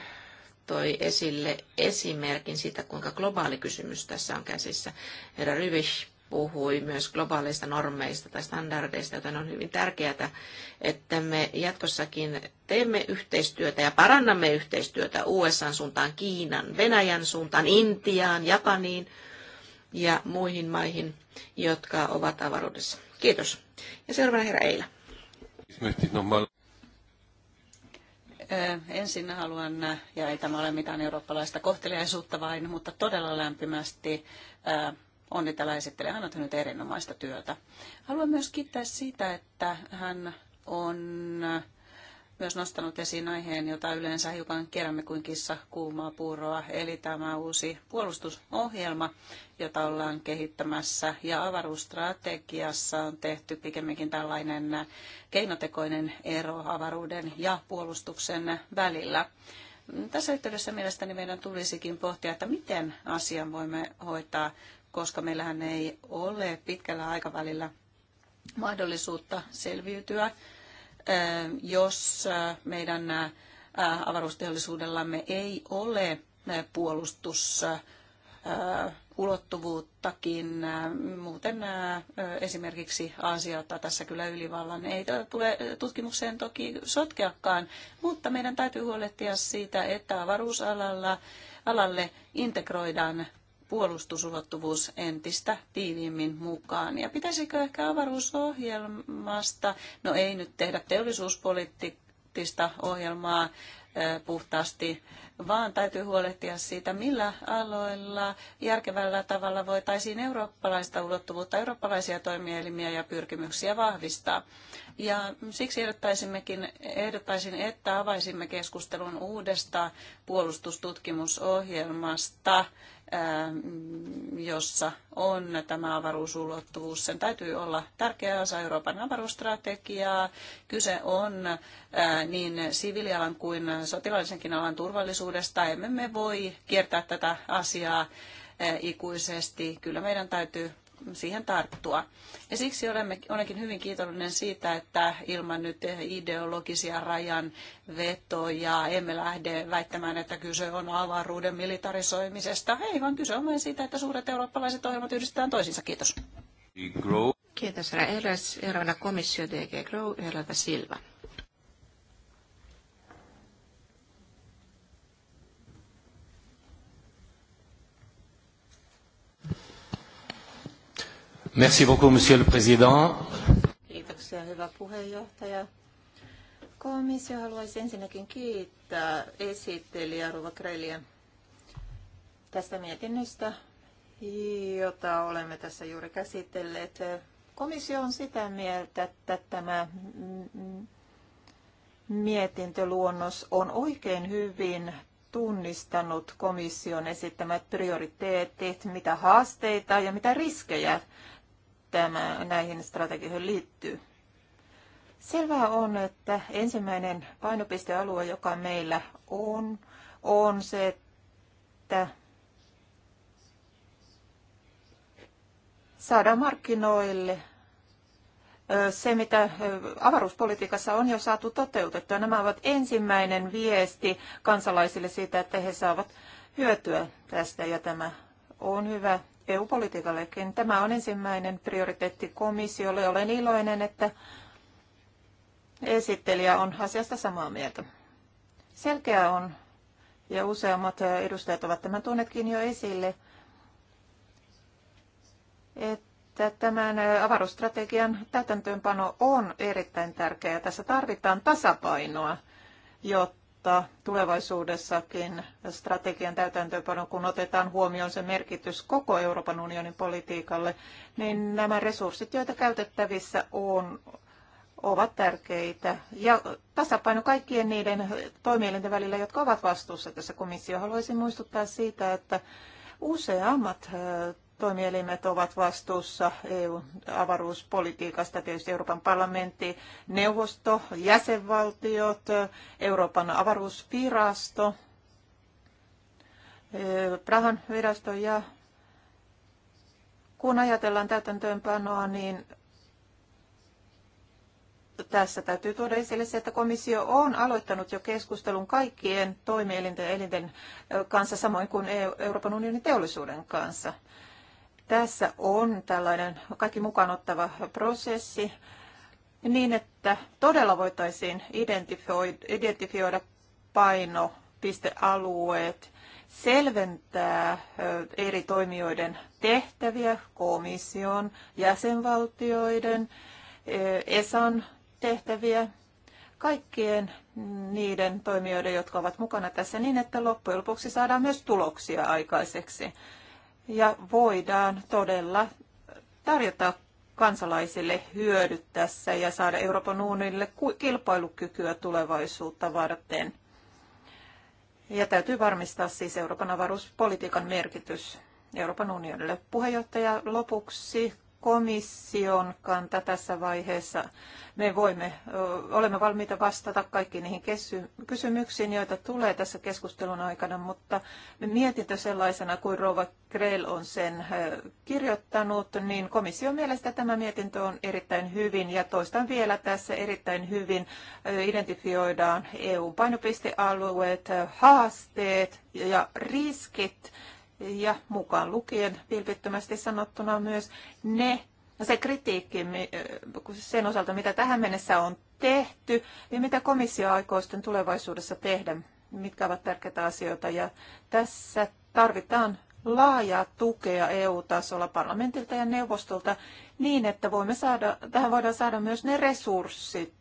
toi esille esimerkin siitä, kuinka globaali kysymys tässä on käsissä. Herra Ryvish puhui myös globaaleista normeista tai standardeista, joten on hyvin tärkeää, että me jatkossakin teemme yhteistyötä ja parannamme yhteistyötä USAn suuntaan, Kiinan, Venäjän suuntaan, Intiaan, Japaniin ja muihin maihin, jotka ovat avaruudessa. Kiitos. Ja seuraavana herra Eila. Ensin haluan, ja ei tämä ole mitään eurooppalaista kohteliaisuutta vain, mutta todella lämpimästi onnitella esittelijä. Hän on tehnyt erinomaista työtä. Haluan myös kiittää siitä, että hän on myös nostanut esiin aiheen, jota yleensä hiukan kerämme kuin kissa kuumaa puuroa, eli tämä uusi puolustusohjelma, jota ollaan kehittämässä. Ja avaruusstrategiassa on tehty pikemminkin tällainen keinotekoinen ero avaruuden ja puolustuksen välillä. Tässä yhteydessä mielestäni meidän tulisikin pohtia, että miten asian voimme hoitaa koska meillähän ei ole pitkällä aikavälillä mahdollisuutta selviytyä, jos meidän avaruusteollisuudellamme ei ole puolustusulottuvuuttakin. Muuten esimerkiksi Aasiota tässä kyllä ylivallan. Ei tule tutkimukseen toki sotkeakaan, mutta meidän täytyy huolehtia siitä, että avaruusalalla alalle integroidaan puolustusulottuvuus entistä tiiviimmin mukaan. Ja pitäisikö ehkä avaruusohjelmasta, no ei nyt tehdä teollisuuspoliittista ohjelmaa puhtaasti, vaan täytyy huolehtia siitä, millä aloilla järkevällä tavalla voitaisiin eurooppalaista ulottuvuutta, eurooppalaisia toimielimiä ja pyrkimyksiä vahvistaa. Ja siksi ehdottaisimmekin, ehdottaisin, että avaisimme keskustelun uudesta puolustustutkimusohjelmasta, Ähm, jossa on tämä avaruusulottuvuus. Sen täytyy olla tärkeä osa Euroopan avaruusstrategiaa. Kyse on äh, niin siviilialan kuin sotilaallisenkin alan turvallisuudesta. Emme me voi kiertää tätä asiaa äh, ikuisesti. Kyllä meidän täytyy siihen tarttua. Ja siksi olemme, olenkin hyvin kiitollinen siitä, että ilman nyt ideologisia rajan vetoja emme lähde väittämään, että kyse on avaruuden militarisoimisesta. Ei, vaan kyse on vain siitä, että suuret eurooppalaiset ohjelmat yhdistetään toisiinsa. Kiitos. Kiitos, herra Eräs. komissio DG Grow, herra Silva. Merci beaucoup, monsieur le président. Kiitoksia, hyvä puheenjohtaja. Komissio haluaisi ensinnäkin kiittää esittelijä Ruva Krelia tästä mietinnöstä, jota olemme tässä juuri käsitelleet. Komissio on sitä mieltä, että tämä mietintöluonnos on oikein hyvin tunnistanut komission esittämät prioriteetit, mitä haasteita ja mitä riskejä tämä näihin strategioihin liittyy. Selvää on, että ensimmäinen painopistealue, joka meillä on, on se, että saadaan markkinoille se, mitä avaruuspolitiikassa on jo saatu toteutettua. Nämä ovat ensimmäinen viesti kansalaisille siitä, että he saavat hyötyä tästä ja tämä on hyvä EU-politiikallekin. Tämä on ensimmäinen prioriteetti komissiolle. Olen iloinen, että esittelijä on asiasta samaa mieltä. Selkeää on, ja useammat edustajat ovat tämän tunnetkin jo esille, että tämän avaruusstrategian täytäntöönpano on erittäin tärkeää. Tässä tarvitaan tasapainoa, jotta vaikuttaa tulevaisuudessakin strategian täytäntöönpano, kun otetaan huomioon se merkitys koko Euroopan unionin politiikalle, niin nämä resurssit, joita käytettävissä on, ovat tärkeitä. Ja tasapaino kaikkien niiden toimielinten välillä, jotka ovat vastuussa tässä komissio. Haluaisin muistuttaa siitä, että useammat toimielimet ovat vastuussa EU-avaruuspolitiikasta, tietysti Euroopan parlamentti, neuvosto, jäsenvaltiot, Euroopan avaruusvirasto, e Prahan virasto ja kun ajatellaan täytäntöönpanoa, niin tässä täytyy tuoda esille se, että komissio on aloittanut jo keskustelun kaikkien toimielinten ja elinten kanssa, samoin kuin e Euroopan unionin teollisuuden kanssa. Tässä on tällainen kaikki mukaanottava prosessi niin, että todella voitaisiin identifioida painopistealueet, selventää eri toimijoiden tehtäviä, komission, jäsenvaltioiden, ESAn tehtäviä, kaikkien niiden toimijoiden, jotka ovat mukana tässä niin, että loppujen lopuksi saadaan myös tuloksia aikaiseksi ja voidaan todella tarjota kansalaisille hyödyt tässä ja saada Euroopan unionille kilpailukykyä tulevaisuutta varten. Ja täytyy varmistaa siis Euroopan avaruuspolitiikan merkitys Euroopan unionille. Puheenjohtaja lopuksi komission kanta tässä vaiheessa. Me voimme, olemme valmiita vastata kaikkiin niihin kysymyksiin, joita tulee tässä keskustelun aikana, mutta mietintö sellaisena kuin Rova Krell on sen kirjoittanut, niin komission mielestä tämä mietintö on erittäin hyvin ja toistan vielä tässä erittäin hyvin identifioidaan EU-painopistealueet, haasteet ja riskit, ja mukaan lukien vilpittömästi sanottuna myös ne, se kritiikki äh, sen osalta, mitä tähän mennessä on tehty ja mitä komissio aikoo sitten tulevaisuudessa tehdä, mitkä ovat tärkeitä asioita. Ja tässä tarvitaan laajaa tukea EU-tasolla parlamentilta ja neuvostolta niin, että voimme saada, tähän voidaan saada myös ne resurssit,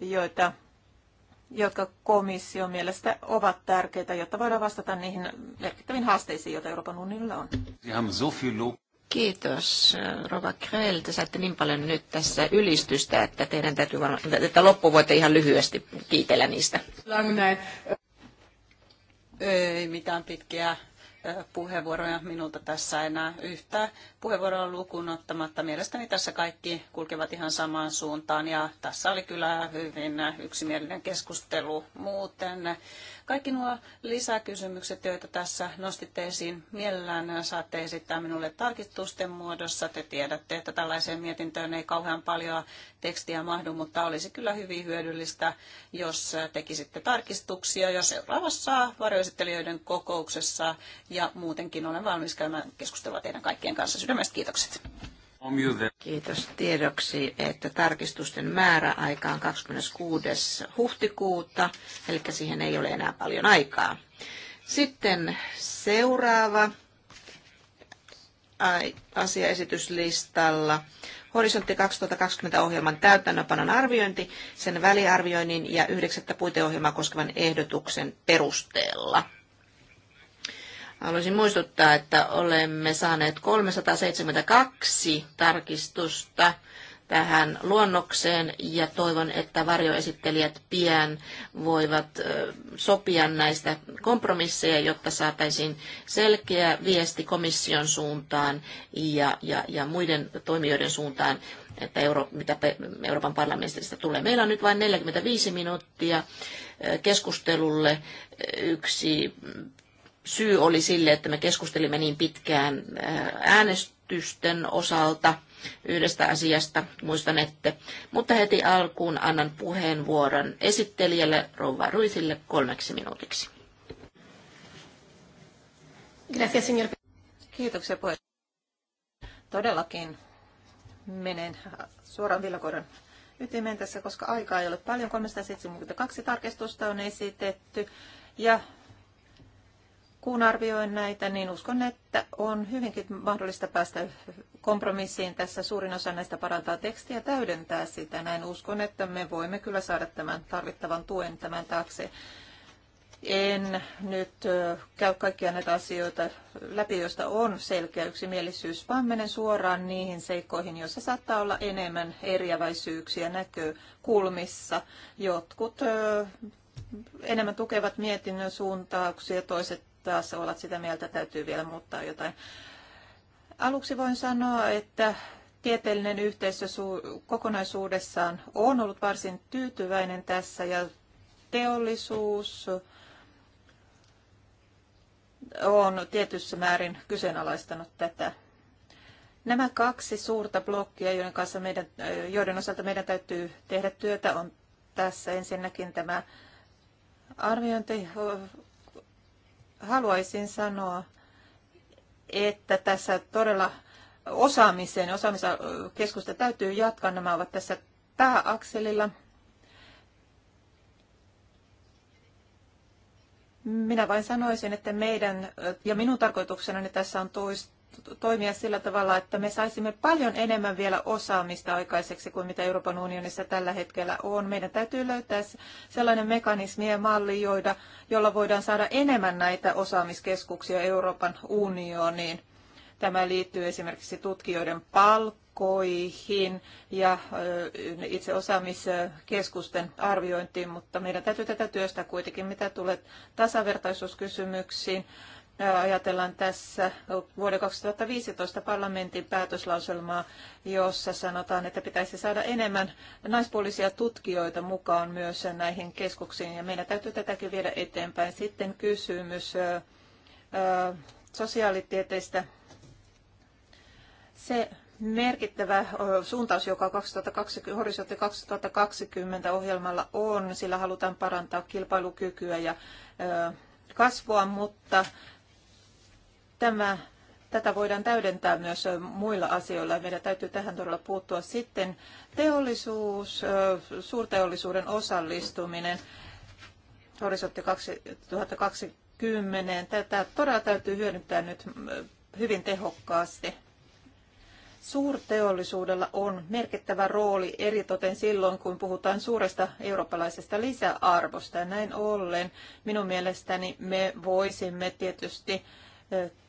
joita jotka komission mielestä ovat tärkeitä, jotta voidaan vastata niihin merkittäviin haasteisiin, joita Euroopan unionilla on. Kiitos, Rova Krell. Te saitte niin paljon nyt tässä ylistystä, että teidän täytyy varmaan, että voitte ihan lyhyesti kiitellä niistä. Ei mitään pitkiä puheenvuoroja minulta tässä enää yhtä puheenvuoroa lukuun ottamatta. Mielestäni tässä kaikki kulkevat ihan samaan suuntaan ja tässä oli kyllä hyvin yksimielinen keskustelu muuten. Kaikki nuo lisäkysymykset, joita tässä nostitte esiin, mielellään saatte esittää minulle tarkistusten muodossa. Te tiedätte, että tällaiseen mietintöön ei kauhean paljon tekstiä mahdu, mutta olisi kyllä hyvin hyödyllistä, jos tekisitte tarkistuksia jo seuraavassa varjoesittelijöiden kokouksessa. Ja muutenkin olen valmis käymään keskustelua teidän kaikkien kanssa. Sydämestä kiitokset. Kiitos tiedoksi, että tarkistusten määräaika on 26. huhtikuuta, eli siihen ei ole enää paljon aikaa. Sitten seuraava asiaesityslistalla Horisontti 2020 ohjelman täytäntöpanon arviointi, sen väliarvioinnin ja yhdeksättä puiteohjelmaa koskevan ehdotuksen perusteella. Haluaisin muistuttaa, että olemme saaneet 372 tarkistusta tähän luonnokseen ja toivon, että varjoesittelijät pian voivat sopia näistä kompromisseja, jotta saataisiin selkeä viesti komission suuntaan ja, ja, ja muiden toimijoiden suuntaan, että Euro, mitä Euroopan parlamentista tulee. Meillä on nyt vain 45 minuuttia keskustelulle. Yksi syy oli sille, että me keskustelimme niin pitkään äänestysten osalta – yhdestä asiasta, ette. Mutta heti alkuun annan puheenvuoron esittelijälle Rouva Ruisille kolmeksi minuutiksi. Gracias, señor. Kiitoksia puheenjohtaja. Todellakin menen suoraan villakoiran ytimeen tässä, koska aikaa ei ole paljon. 372 tarkistusta on esitetty ja kun arvioin näitä, niin uskon, että on hyvinkin mahdollista päästä kompromissiin tässä. Suurin osa näistä parantaa tekstiä ja täydentää sitä. Näin uskon, että me voimme kyllä saada tämän tarvittavan tuen tämän taakse. En nyt käy kaikkia näitä asioita läpi, joista on selkeä yksimielisyys, vaan menen suoraan niihin seikkoihin, joissa saattaa olla enemmän eriäväisyyksiä näkökulmissa. Jotkut enemmän tukevat mietinnön suuntauksia, toiset taas ovat sitä mieltä, että täytyy vielä muuttaa jotain. Aluksi voin sanoa, että tieteellinen yhteisö kokonaisuudessaan on ollut varsin tyytyväinen tässä ja teollisuus on tietyssä määrin kyseenalaistanut tätä. Nämä kaksi suurta blokkia, joiden, kanssa meidän, joiden osalta meidän täytyy tehdä työtä, on tässä ensinnäkin tämä arviointi haluaisin sanoa, että tässä todella osaamisen, osaamiskeskusta täytyy jatkaa. Nämä ovat tässä pääakselilla. Minä vain sanoisin, että meidän ja minun tarkoituksenani niin tässä on toista toimia sillä tavalla, että me saisimme paljon enemmän vielä osaamista aikaiseksi kuin mitä Euroopan unionissa tällä hetkellä on. Meidän täytyy löytää sellainen mekanismi ja malli, jolla voidaan saada enemmän näitä osaamiskeskuksia Euroopan unioniin. Tämä liittyy esimerkiksi tutkijoiden palkkoihin ja itse osaamiskeskusten arviointiin, mutta meidän täytyy tätä työstää kuitenkin, mitä tulee tasavertaisuuskysymyksiin. Ajatellaan tässä vuoden 2015 parlamentin päätöslauselmaa, jossa sanotaan, että pitäisi saada enemmän naispuolisia tutkijoita mukaan myös näihin keskuksiin, ja meidän täytyy tätäkin viedä eteenpäin. Sitten kysymys sosiaalitieteistä. Se merkittävä suuntaus, joka 2020, horisontti 2020 ohjelmalla on. Sillä halutaan parantaa kilpailukykyä ja kasvua, mutta tämä, tätä voidaan täydentää myös muilla asioilla. Meidän täytyy tähän todella puuttua sitten. Teollisuus, suurteollisuuden osallistuminen, horisontti 2020, tätä todella täytyy hyödyntää nyt hyvin tehokkaasti. Suurteollisuudella on merkittävä rooli eritoten silloin, kun puhutaan suuresta eurooppalaisesta lisäarvosta. Ja näin ollen minun mielestäni me voisimme tietysti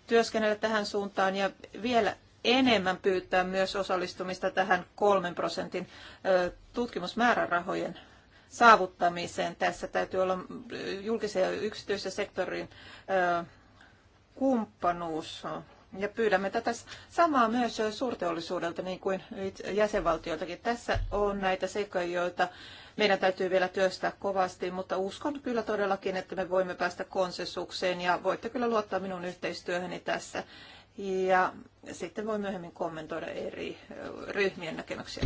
työskennellä tähän suuntaan ja vielä enemmän pyytää myös osallistumista tähän kolmen prosentin tutkimusmäärärahojen saavuttamiseen. Tässä täytyy olla julkisen ja yksityisen sektorin kumppanuus. Ja pyydämme tätä samaa myös suurteollisuudelta, niin kuin jäsenvaltioiltakin. Tässä on näitä seikkoja, joita meidän täytyy vielä työstää kovasti, mutta uskon kyllä todellakin, että me voimme päästä konsensukseen ja voitte kyllä luottaa minun yhteistyöhöni tässä. Ja sitten voi myöhemmin kommentoida eri ryhmien näkemyksiä.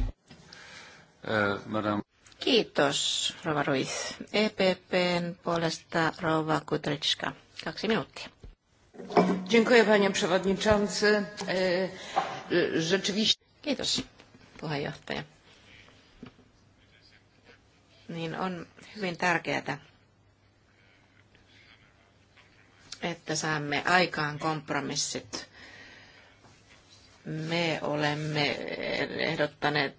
Äh, Kiitos, Rova Ruiz. EPPn puolesta Rova Kutritska. Kaksi minuuttia. Dziękuję, panie przewodniczący. E, rzeczywiście... Kiitos, puheenjohtaja niin on hyvin tärkeää, että saamme aikaan kompromissit. Me olemme ehdottaneet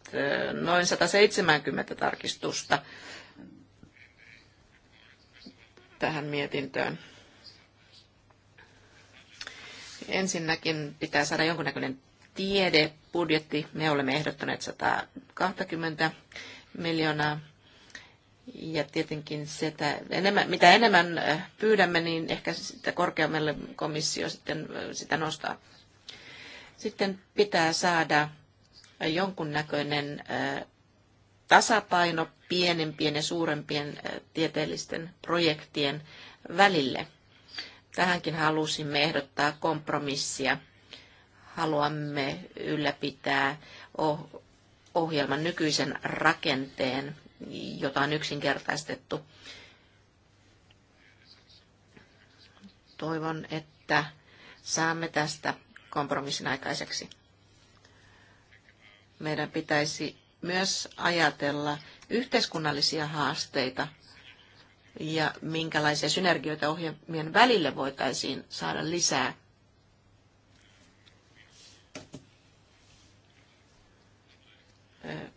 noin 170 tarkistusta tähän mietintöön. Ensinnäkin pitää saada jonkunnäköinen tiedebudjetti. Me olemme ehdottaneet 120 miljoonaa ja tietenkin sitä, enemmän, mitä enemmän äh, pyydämme, niin ehkä sitä korkeammalle komissio sitten äh, sitä nostaa. Sitten pitää saada jonkunnäköinen äh, tasapaino pienempien ja suurempien tieteellisten projektien välille. Tähänkin halusimme ehdottaa kompromissia. Haluamme ylläpitää ohjelman nykyisen rakenteen jota on yksinkertaistettu. Toivon, että saamme tästä kompromissin aikaiseksi. Meidän pitäisi myös ajatella yhteiskunnallisia haasteita ja minkälaisia synergioita ohjelmien välille voitaisiin saada lisää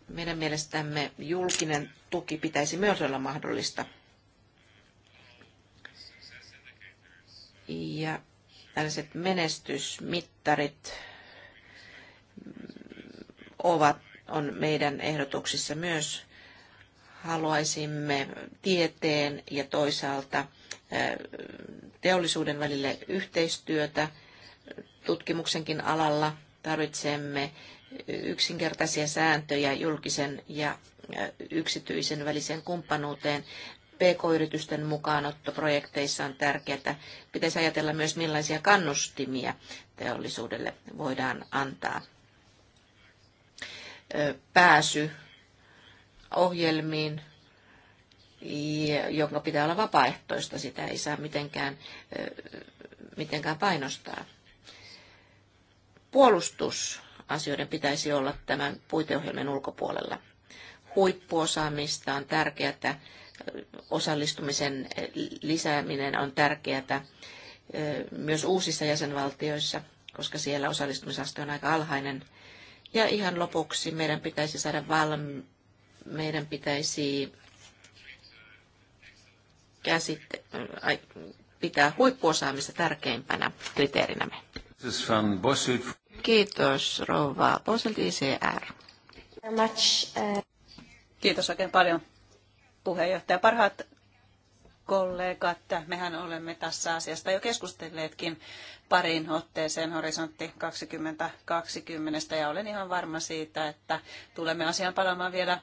Meidän mielestämme julkinen tuki pitäisi myös olla mahdollista. Ja tällaiset menestysmittarit ovat, on meidän ehdotuksissa myös. Haluaisimme tieteen ja toisaalta teollisuuden välille yhteistyötä tutkimuksenkin alalla. Tarvitsemme yksinkertaisia sääntöjä julkisen ja yksityisen väliseen kumppanuuteen. PK-yritysten mukaanottoprojekteissa projekteissa on tärkeää. Pitäisi ajatella myös, millaisia kannustimia teollisuudelle voidaan antaa. Pääsy ohjelmiin, jonka pitää olla vapaaehtoista, sitä ei saa mitenkään, mitenkään painostaa. Puolustus asioiden pitäisi olla tämän puiteohjelman ulkopuolella. Huippuosaamista on tärkeää, osallistumisen lisääminen on tärkeää eh, myös uusissa jäsenvaltioissa, koska siellä osallistumisaste on aika alhainen. Ja ihan lopuksi meidän pitäisi saada valmi, meidän pitäisi käsitte, pitää huippuosaamista tärkeimpänä kriteerinämme. Kiitos rouva Poselti ICR. Kiitos oikein paljon puheenjohtaja. Parhaat kollegat, mehän olemme tässä asiasta jo keskustelleetkin parin otteeseen Horisontti 2020 ja olen ihan varma siitä, että tulemme asiaan palaamaan vielä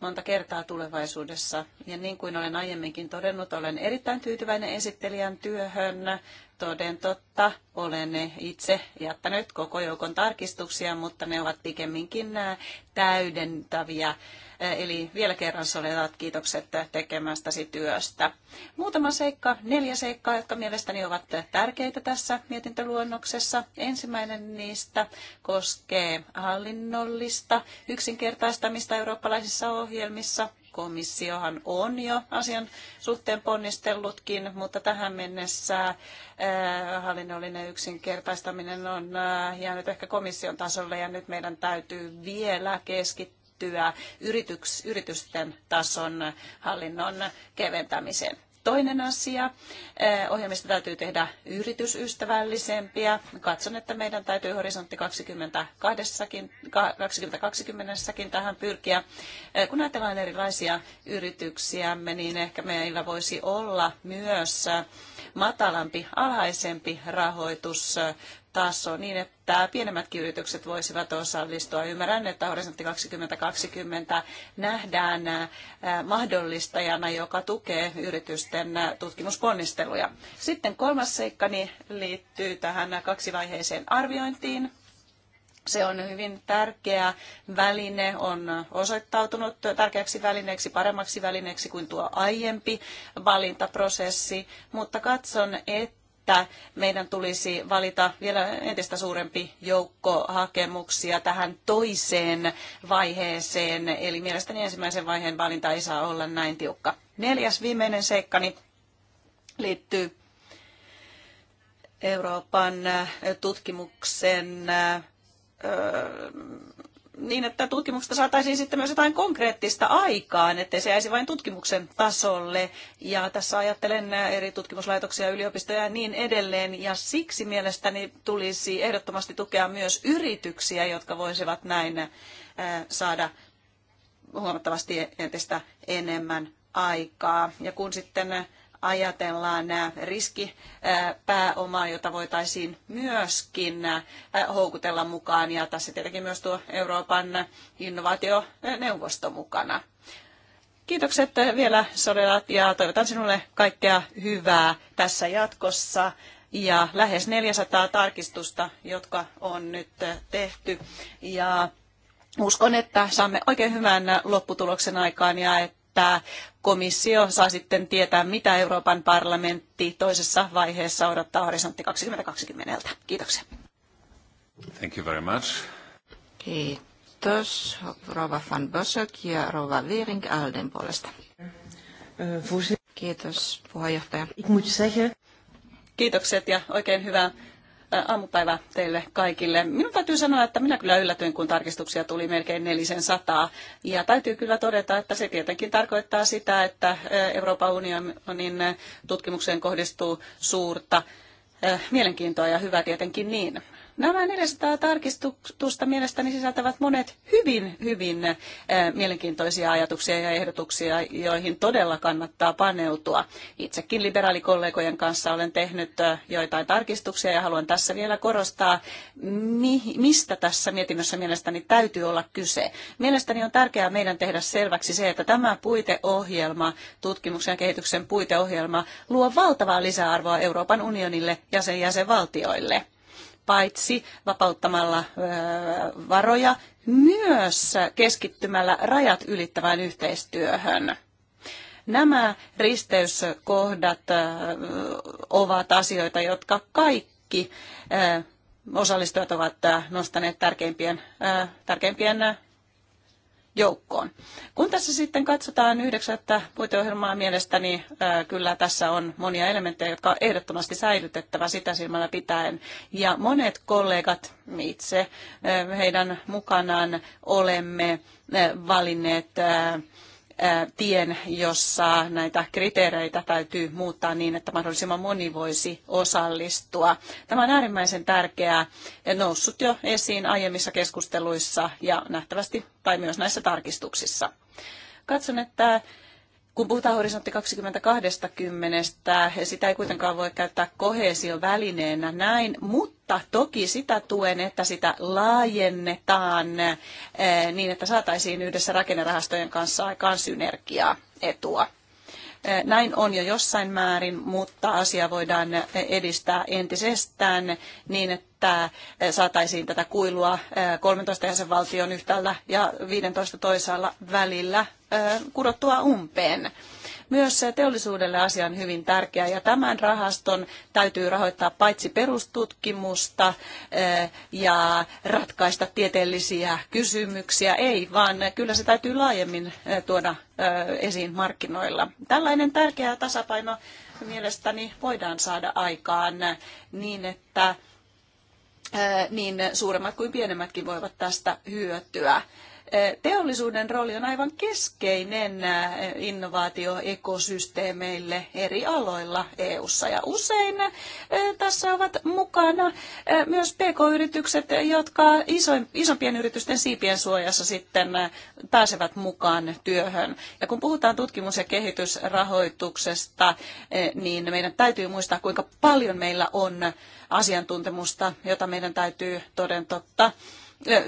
monta kertaa tulevaisuudessa. Ja niin kuin olen aiemminkin todennut, olen erittäin tyytyväinen esittelijän työhön toden totta olen itse jättänyt koko joukon tarkistuksia, mutta ne ovat pikemminkin äh, täydentäviä. Äh, eli vielä kerran soletat kiitokset tekemästäsi työstä. Muutama seikka, neljä seikkaa, jotka mielestäni ovat tärkeitä tässä mietintöluonnoksessa. Ensimmäinen niistä koskee hallinnollista yksinkertaistamista eurooppalaisissa ohjelmissa komissiohan on jo asian suhteen ponnistellutkin, mutta tähän mennessä äh, hallinnollinen yksinkertaistaminen on äh, jäänyt ehkä komission tasolle ja nyt meidän täytyy vielä keskittyä yritysten tason hallinnon keventämiseen. Toinen asia, eh, ohjelmista täytyy tehdä yritysystävällisempiä. Katson, että meidän täytyy horisontti 2020kin 2020 tähän pyrkiä. Eh, kun ajatellaan erilaisia yrityksiämme, niin ehkä meillä voisi olla myös matalampi, alhaisempi rahoitus on niin, että pienemmätkin yritykset voisivat osallistua. Ymmärrän, että Horisontti 2020 nähdään äh, mahdollistajana, joka tukee yritysten äh, tutkimusponnisteluja. Sitten kolmas seikkani liittyy tähän kaksivaiheiseen arviointiin. Se on hyvin tärkeä väline, on osoittautunut tärkeäksi välineeksi, paremmaksi välineeksi kuin tuo aiempi valintaprosessi, mutta katson, että että meidän tulisi valita vielä entistä suurempi joukko hakemuksia tähän toiseen vaiheeseen. Eli mielestäni ensimmäisen vaiheen valinta ei saa olla näin tiukka. Neljäs viimeinen seikkani liittyy Euroopan tutkimuksen niin, että tutkimuksesta saataisiin sitten myös jotain konkreettista aikaan, ettei se jäisi vain tutkimuksen tasolle. Ja tässä ajattelen eri tutkimuslaitoksia, yliopistoja ja niin edelleen. Ja siksi mielestäni tulisi ehdottomasti tukea myös yrityksiä, jotka voisivat näin saada huomattavasti entistä enemmän aikaa. Ja kun sitten ajatellaan nämä riskipääomaa, jota voitaisiin myöskin äh, houkutella mukaan ja tässä tietenkin myös tuo Euroopan innovaationeuvosto mukana. Kiitokset vielä Sodelat ja toivotan sinulle kaikkea hyvää tässä jatkossa ja lähes 400 tarkistusta, jotka on nyt tehty ja Uskon, että saamme oikein hyvän lopputuloksen aikaan ja että että komissio saa sitten tietää, mitä Euroopan parlamentti toisessa vaiheessa odottaa horisontti 2020. Kiitoksia. Thank you very much. Kiitos Rova van Bosok ja Rova Wiering Alden puolesta. Kiitos puheenjohtaja. Kiitokset ja oikein hyvää aamupäivä teille kaikille. Minun täytyy sanoa, että minä kyllä yllätyin, kun tarkistuksia tuli melkein nelisen sataa. Ja täytyy kyllä todeta, että se tietenkin tarkoittaa sitä, että Euroopan unionin tutkimukseen kohdistuu suurta mielenkiintoa ja hyvä tietenkin niin. Nämä 400 tarkistusta mielestäni sisältävät monet hyvin, hyvin eh, mielenkiintoisia ajatuksia ja ehdotuksia, joihin todella kannattaa paneutua. Itsekin liberaalikollegojen kanssa olen tehnyt eh, joitain tarkistuksia ja haluan tässä vielä korostaa, mistä tässä mietinnössä mielestäni täytyy olla kyse. Mielestäni on tärkeää meidän tehdä selväksi se, että tämä puiteohjelma, tutkimuksen ja kehityksen puiteohjelma, luo valtavaa lisäarvoa Euroopan unionille ja sen jäsenvaltioille paitsi vapauttamalla varoja, myös keskittymällä rajat ylittävään yhteistyöhön. Nämä risteyskohdat ovat asioita, jotka kaikki osallistujat ovat nostaneet tärkeimpien, tärkeimpien joukkoon. Kun tässä sitten katsotaan yhdeksättä puiteohjelmaa mielestäni, niin kyllä tässä on monia elementtejä, jotka on ehdottomasti säilytettävä sitä silmällä pitäen. Ja monet kollegat itse heidän mukanaan olemme valinneet tien, jossa näitä kriteereitä täytyy muuttaa niin, että mahdollisimman moni voisi osallistua. Tämä on äärimmäisen tärkeää ja noussut jo esiin aiemmissa keskusteluissa ja nähtävästi tai myös näissä tarkistuksissa. Katson, että kun puhutaan horisontti 2020, sitä ei kuitenkaan voi käyttää kohesiovälineenä näin, mutta toki sitä tuen, että sitä laajennetaan eh, niin, että saataisiin yhdessä rakennerahastojen kanssa aikaan synergiaa etua. Eh, näin on jo jossain määrin, mutta asia voidaan eh, edistää entisestään niin, että eh, saataisiin tätä kuilua 13 jäsenvaltion yhtäällä ja 15 toisaalla välillä kurottua umpeen. Myös teollisuudelle asia on hyvin tärkeä ja tämän rahaston täytyy rahoittaa paitsi perustutkimusta eh, ja ratkaista tieteellisiä kysymyksiä, ei, vaan kyllä se täytyy laajemmin eh, tuoda eh, esiin markkinoilla. Tällainen tärkeä tasapaino mielestäni voidaan saada aikaan niin, että niin suuremmat kuin pienemmätkin voivat tästä hyötyä teollisuuden rooli on aivan keskeinen innovaatioekosysteemeille eri aloilla EU:ssa ja usein tässä ovat mukana myös pk-yritykset, jotka isompien yritysten siipien suojassa sitten pääsevät mukaan työhön. Ja kun puhutaan tutkimus- ja kehitysrahoituksesta, niin meidän täytyy muistaa, kuinka paljon meillä on asiantuntemusta, jota meidän täytyy toden totta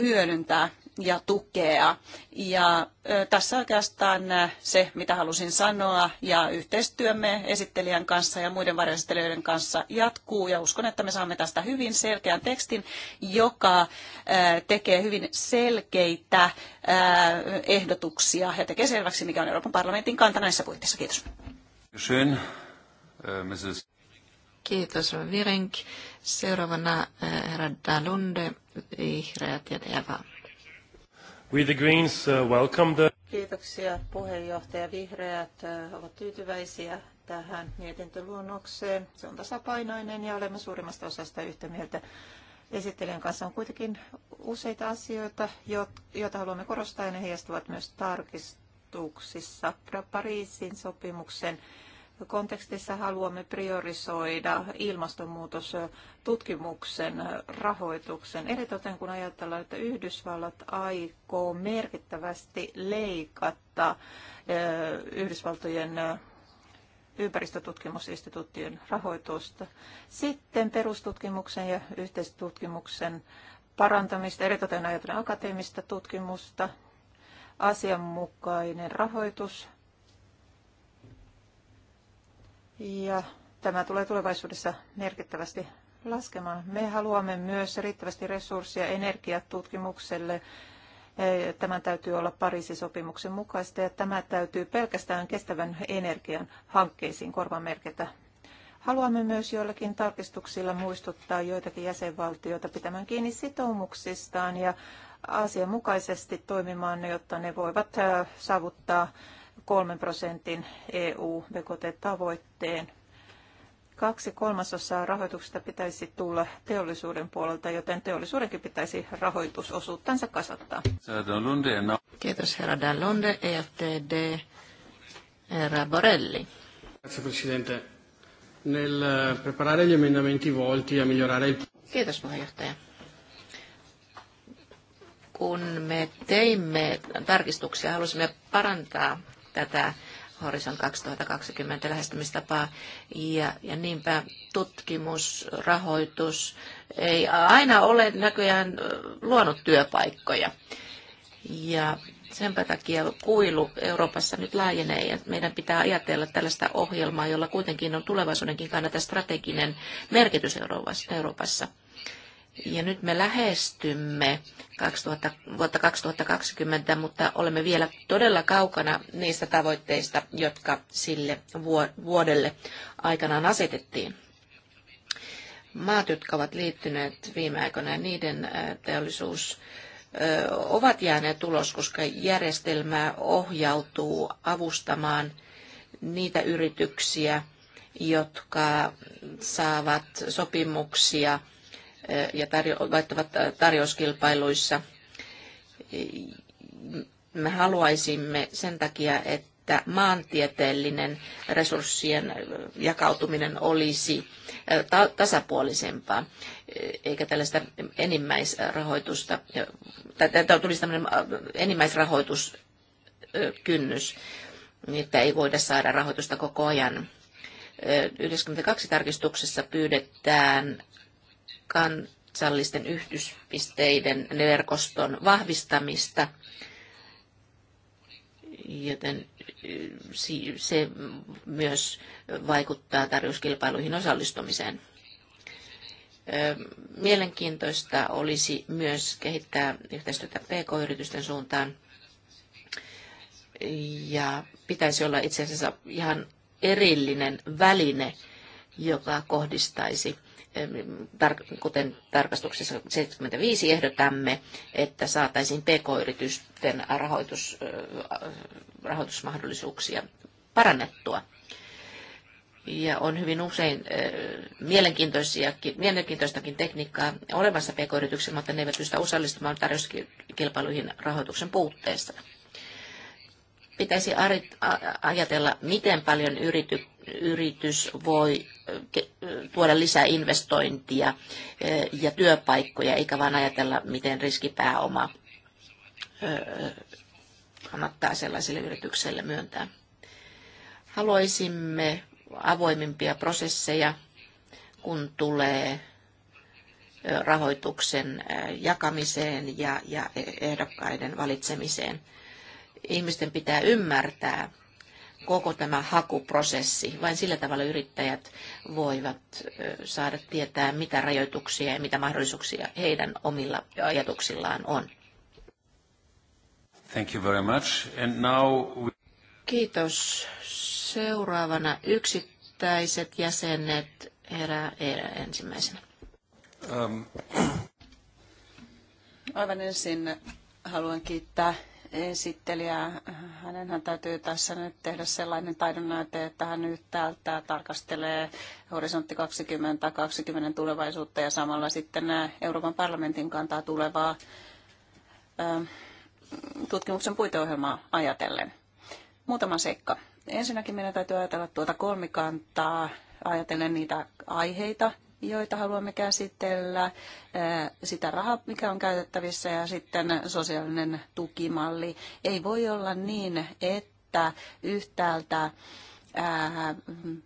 hyödyntää ja tukea. Ja tässä oikeastaan se, mitä halusin sanoa, ja yhteistyömme esittelijän kanssa ja muiden varjoesittelijöiden kanssa jatkuu, ja uskon, että me saamme tästä hyvin selkeän tekstin, joka tekee hyvin selkeitä ehdotuksia ja tekee selväksi, mikä on Euroopan parlamentin kanta näissä puitteissa. Kiitos. Schön, Mrs. Kiitos, Virink. Seuraavana herra Dalunde, vihreät ja Deva. We the Greens uh, welcome the... Kiitoksia puheenjohtaja. Vihreät uh, ovat tyytyväisiä tähän mietintöluonnokseen. Se on tasapainoinen ja olemme suurimmasta osasta yhtä mieltä. Esittelijän kanssa on kuitenkin useita asioita, joita haluamme korostaa ja ne heijastuvat myös tarkistuksissa. Pariisin sopimuksen kontekstissa haluamme priorisoida ilmastonmuutostutkimuksen rahoituksen. Eritoten kun ajatellaan, että Yhdysvallat aikoo merkittävästi leikata Yhdysvaltojen ympäristötutkimusinstituuttien rahoitusta. Sitten perustutkimuksen ja yhteistutkimuksen parantamista, eritoten ajatellen akateemista tutkimusta, asianmukainen rahoitus – ja tämä tulee tulevaisuudessa merkittävästi laskemaan. Me haluamme myös riittävästi resursseja energiatutkimukselle. E, tämän täytyy olla Pariisin sopimuksen mukaista ja tämä täytyy pelkästään kestävän energian hankkeisiin korvamerkitä. Haluamme myös joillakin tarkistuksilla muistuttaa joitakin jäsenvaltioita pitämään kiinni sitoumuksistaan ja asianmukaisesti toimimaan, jotta ne voivat e, saavuttaa kolmen prosentin EU-BKT-tavoitteen. Kaksi kolmasosaa rahoituksesta pitäisi tulla teollisuuden puolelta, joten teollisuudenkin pitäisi rahoitusosuuttansa kasvattaa. Kiitos herra Dallonde, EFTD, herra Borelli. Presidente. Nel eh, preparare gli emendamenti volti a migliorare il... Kiitos puheenjohtaja kun me teimme tarkistuksia, halusimme parantaa tätä Horizon 2020 lähestymistapaa ja, ja niinpä tutkimusrahoitus ei aina ole näköjään luonut työpaikkoja. Ja sen takia kuilu Euroopassa nyt laajenee ja meidän pitää ajatella tällaista ohjelmaa, jolla kuitenkin on tulevaisuudenkin kannalta strateginen merkitys Euroopassa. Ja nyt me lähestymme 2000, vuotta 2020, mutta olemme vielä todella kaukana niistä tavoitteista, jotka sille vuodelle aikanaan asetettiin. Maat, jotka ovat liittyneet viime aikoina niiden äh, teollisuus äh, ovat jääneet tulos, koska järjestelmä ohjautuu avustamaan niitä yrityksiä, jotka saavat sopimuksia – Eh, ja tarjo- vaihtavat eh, tarjouskilpailuissa. Me haluaisimme sen takia, että maantieteellinen resurssien eh, jakautuminen olisi ta- tasapuolisempaa, eikä tällaista enimmäisrahoitusta, tai tulisi tämmöinen enimmäisrahoituskynnys, että ei voida saada rahoitusta koko ajan. 92 tarkistuksessa pyydetään kansallisten yhdyspisteiden verkoston vahvistamista, joten se myös vaikuttaa tarjouskilpailuihin osallistumiseen. Mielenkiintoista olisi myös kehittää yhteistyötä PK-yritysten suuntaan ja pitäisi olla itse asiassa ihan erillinen väline, joka kohdistaisi kuten tarkastuksessa 75 ehdotamme, että saataisiin pk-yritysten rahoitus, rahoitusmahdollisuuksia parannettua. Ja on hyvin usein mielenkiintoistakin tekniikkaa olemassa pk-yrityksillä, mutta ne eivät pysty osallistumaan tarjouskilpailuihin rahoituksen puutteesta pitäisi ajatella, miten paljon yritykset yritys voi tuoda lisää investointia ja työpaikkoja, eikä vain ajatella, miten riskipääoma kannattaa sellaiselle yritykselle myöntää. Haluaisimme avoimimpia prosesseja, kun tulee rahoituksen jakamiseen ja, e-, ehdokkaiden valitsemiseen. Ihmisten pitää ymmärtää, koko tämä hakuprosessi. Vain sillä tavalla yrittäjät voivat saada tietää, mitä rajoituksia ja mitä mahdollisuuksia heidän omilla ajatuksillaan on. Thank you very much. And now we... Kiitos. Seuraavana yksittäiset jäsenet. herää Eera ensimmäisenä. Um. Aivan ensin haluan kiittää esittelijää. Hänenhän täytyy tässä nyt tehdä sellainen taidonnäyte, että hän nyt täältä tarkastelee horisontti 20 20 tulevaisuutta ja samalla sitten Euroopan parlamentin kantaa tulevaa tutkimuksen puiteohjelmaa ajatellen. Muutama seikka. Ensinnäkin meidän täytyy ajatella tuota kolmikantaa, ajatellen niitä aiheita, joita haluamme käsitellä, eh, sitä rahaa, mikä on käytettävissä ja sitten sosiaalinen tukimalli. Ei voi olla niin, että yhtäältä eh,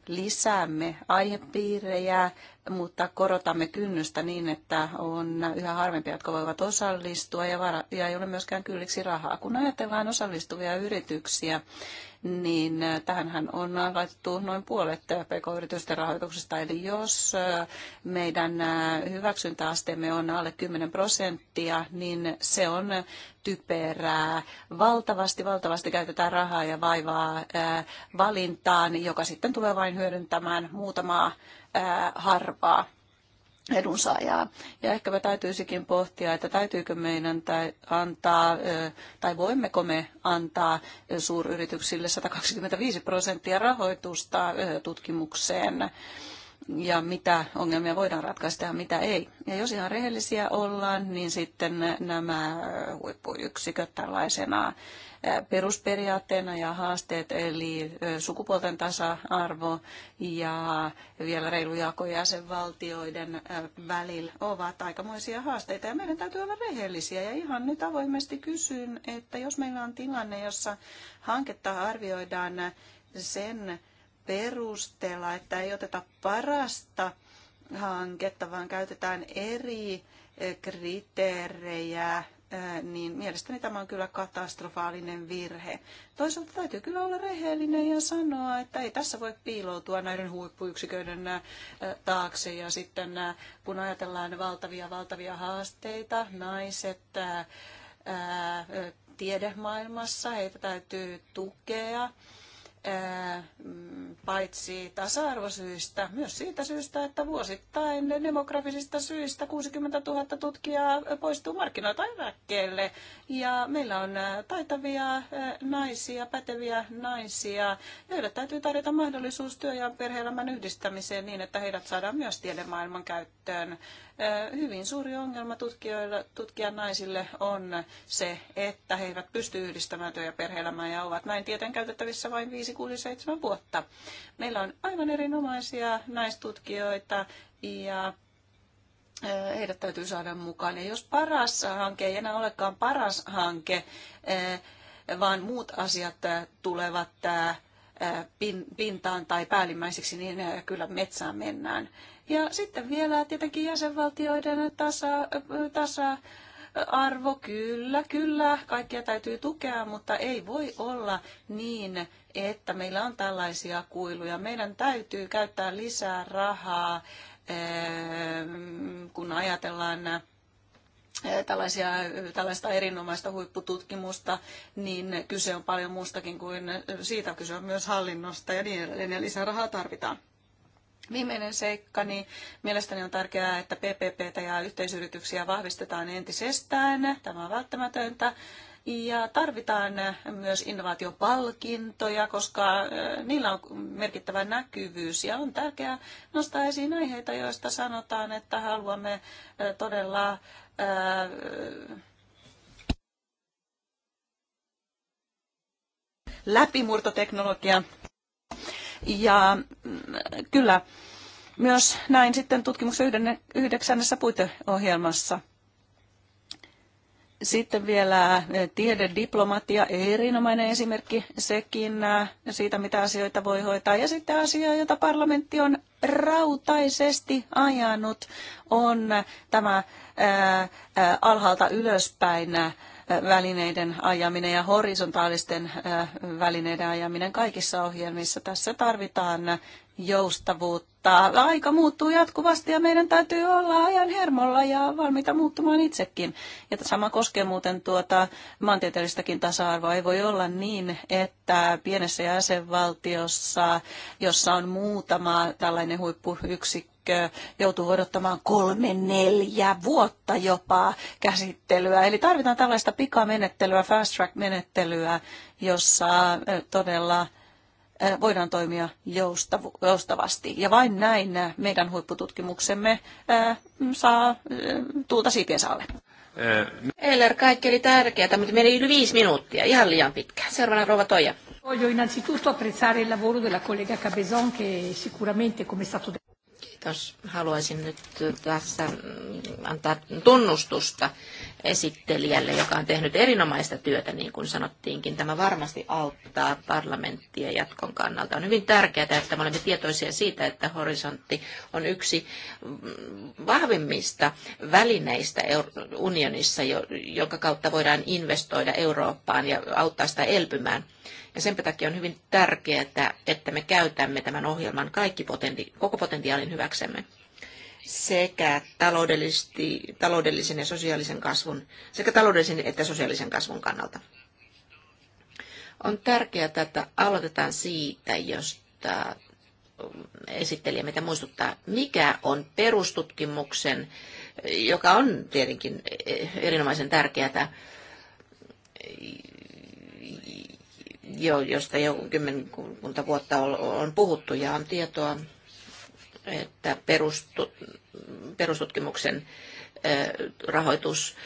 lisäämme aihepiirejä mutta korotamme kynnystä niin, että on yhä harvempia, jotka voivat osallistua ja, vara- ja ei ole myöskään kylliksi rahaa. Kun ajatellaan osallistuvia yrityksiä, niin äh, tähän on laitettu noin puolet pk-yritysten rahoituksesta. Eli jos äh, meidän äh, hyväksyntäasteemme on alle 10 prosenttia, niin se on typerää. Valtavasti, valtavasti käytetään rahaa ja vaivaa valintaan, joka sitten tulee vain hyödyntämään muutamaa harvaa edunsaajaa. Ja ehkä me täytyisikin pohtia, että täytyykö meidän tai antaa, tai voimmeko me antaa suuryrityksille 125 prosenttia rahoitusta tutkimukseen ja mitä ongelmia voidaan ratkaista ja mitä ei. Ja jos ihan rehellisiä ollaan, niin sitten nämä huippuyksiköt tällaisena perusperiaatteena ja haasteet, eli sukupuolten tasa-arvo ja vielä reilu jako jäsenvaltioiden välillä ovat aikamoisia haasteita. Ja meidän täytyy olla rehellisiä ja ihan nyt avoimesti kysyn, että jos meillä on tilanne, jossa hanketta arvioidaan sen perusteella, että ei oteta parasta hanketta, vaan käytetään eri kriteerejä niin mielestäni tämä on kyllä katastrofaalinen virhe. Toisaalta täytyy kyllä olla rehellinen ja sanoa, että ei tässä voi piiloutua näiden huippuyksiköiden taakse. Ja sitten kun ajatellaan valtavia, valtavia haasteita, naiset, tiedemaailmassa, heitä täytyy tukea Mm, paitsi tasa-arvosyistä, myös siitä syystä, että vuosittain demografisista syistä 60 000 tutkijaa poistuu markkinoilta eläkkeelle. Ja meillä on taitavia naisia, päteviä naisia, joille täytyy tarjota mahdollisuus työ- ja perhe-elämän yhdistämiseen niin, että heidät saadaan myös tiedemaailman käyttöön. Hyvin suuri ongelma tutkijoille, tutkijan naisille on se, että he eivät pysty yhdistämään työ- ja perhe-elämää ja ovat näin tieten käytettävissä vain 5 kuusi, seitsemän vuotta. Meillä on aivan erinomaisia naistutkijoita ja heidät täytyy saada mukaan. Ja jos paras hanke ei enää olekaan paras hanke, vaan muut asiat tulevat pintaan tai päällimmäiseksi, niin kyllä metsään mennään. Ja sitten vielä tietenkin jäsenvaltioiden tasa, tasa arvo, kyllä, kyllä, kaikkia täytyy tukea, mutta ei voi olla niin, että meillä on tällaisia kuiluja. Meidän täytyy käyttää lisää rahaa, ehm, kun ajatellaan eh, tällaisia, tällaista erinomaista huippututkimusta, niin kyse on paljon muustakin kuin siitä, kyse on myös hallinnosta ja niin edelleen, ja lisää rahaa tarvitaan. Viimeinen seikka, niin mielestäni on tärkeää, että PPPtä ja yhteisyrityksiä vahvistetaan entisestään. Tämä on välttämätöntä. Ja tarvitaan myös innovaatiopalkintoja, koska eh, niillä on merkittävä näkyvyys ja on tärkeää nostaa esiin aiheita, joista sanotaan, että haluamme eh, todella eh, läpimurtoteknologia ja mm, kyllä myös näin sitten tutkimuksen yhdeksännessä puiteohjelmassa. Sitten vielä eh, tiedediplomatia, erinomainen esimerkki sekin eh, siitä, mitä asioita voi hoitaa. Ja sitten asia, jota parlamentti on rautaisesti ajanut, on eh, tämä ää, ää, alhaalta ylöspäin ää, välineiden ajaminen ja horisontaalisten välineiden ajaminen kaikissa ohjelmissa. Tässä tarvitaan joustavuutta. Aika muuttuu jatkuvasti ja meidän täytyy olla ajan hermolla ja valmiita muuttumaan itsekin. Ja sama koskee muuten tuota maantieteellistäkin tasa-arvoa. Ei voi olla niin, että pienessä jäsenvaltiossa, jossa on muutama tällainen huippuyksikkö, joutuu odottamaan kolme, neljä vuotta jopa käsittelyä. Eli tarvitaan tällaista pikamenettelyä, fast track menettelyä, jossa todella voidaan toimia joustavasti. Ja vain näin meidän huippututkimuksemme saa tuulta siipiensä alle. Eller, kaikki oli tärkeää, mutta meni yli viisi minuuttia, ihan liian pitkä. Seuraavana rouva Toija. Voglio innanzitutto apprezzare il lavoro della collega Cabezon che sicuramente come è stato detto Kiitos. Haluaisin nyt tässä antaa tunnustusta esittelijälle, joka on tehnyt erinomaista työtä, niin kuin sanottiinkin. Tämä varmasti auttaa parlamenttia jatkon kannalta. On hyvin tärkeää, että me olemme tietoisia siitä, että horisontti on yksi vahvimmista välineistä unionissa, jonka kautta voidaan investoida Eurooppaan ja auttaa sitä elpymään. Ja sen takia on hyvin tärkeää, että me käytämme tämän ohjelman kaikki potenti- koko potentiaalin hyväksi hyväksemme sekä taloudellisesti, taloudellisen ja sosiaalisen kasvun, sekä taloudellisen että sosiaalisen kasvun kannalta. On tärkeää, että aloitetaan siitä, josta esittelijä meitä muistuttaa, mikä on perustutkimuksen, joka on tietenkin erinomaisen tärkeää, jo, josta jo kymmenkunta vuotta on puhuttu ja on tietoa että perustutkimuksen rahoitus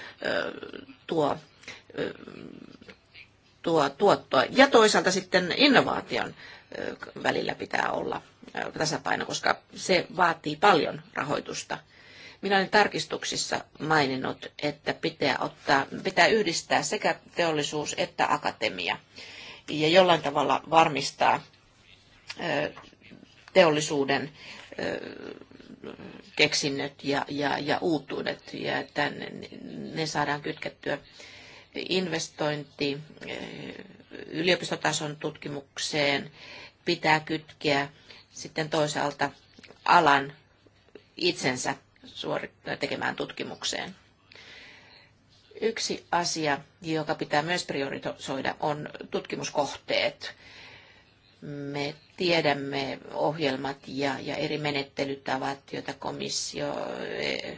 tuo, tuo tuottoa. Ja toisaalta sitten innovaation välillä pitää olla tasapaino, koska se vaatii paljon rahoitusta. Minä olen tarkistuksissa maininnut, että pitää, ottaa, pitää yhdistää sekä teollisuus että akatemia ja jollain tavalla varmistaa teollisuuden keksinnöt ja, ja, ja uutuudet, ja että ne saadaan kytkettyä investointi eh, yliopistotason tutkimukseen pitää kytkeä sitten toisaalta alan itsensä tekemään tutkimukseen. Yksi asia, joka pitää myös priorisoida, on tutkimuskohteet me tiedämme ohjelmat ja, ja eri menettelytavat, joita komissio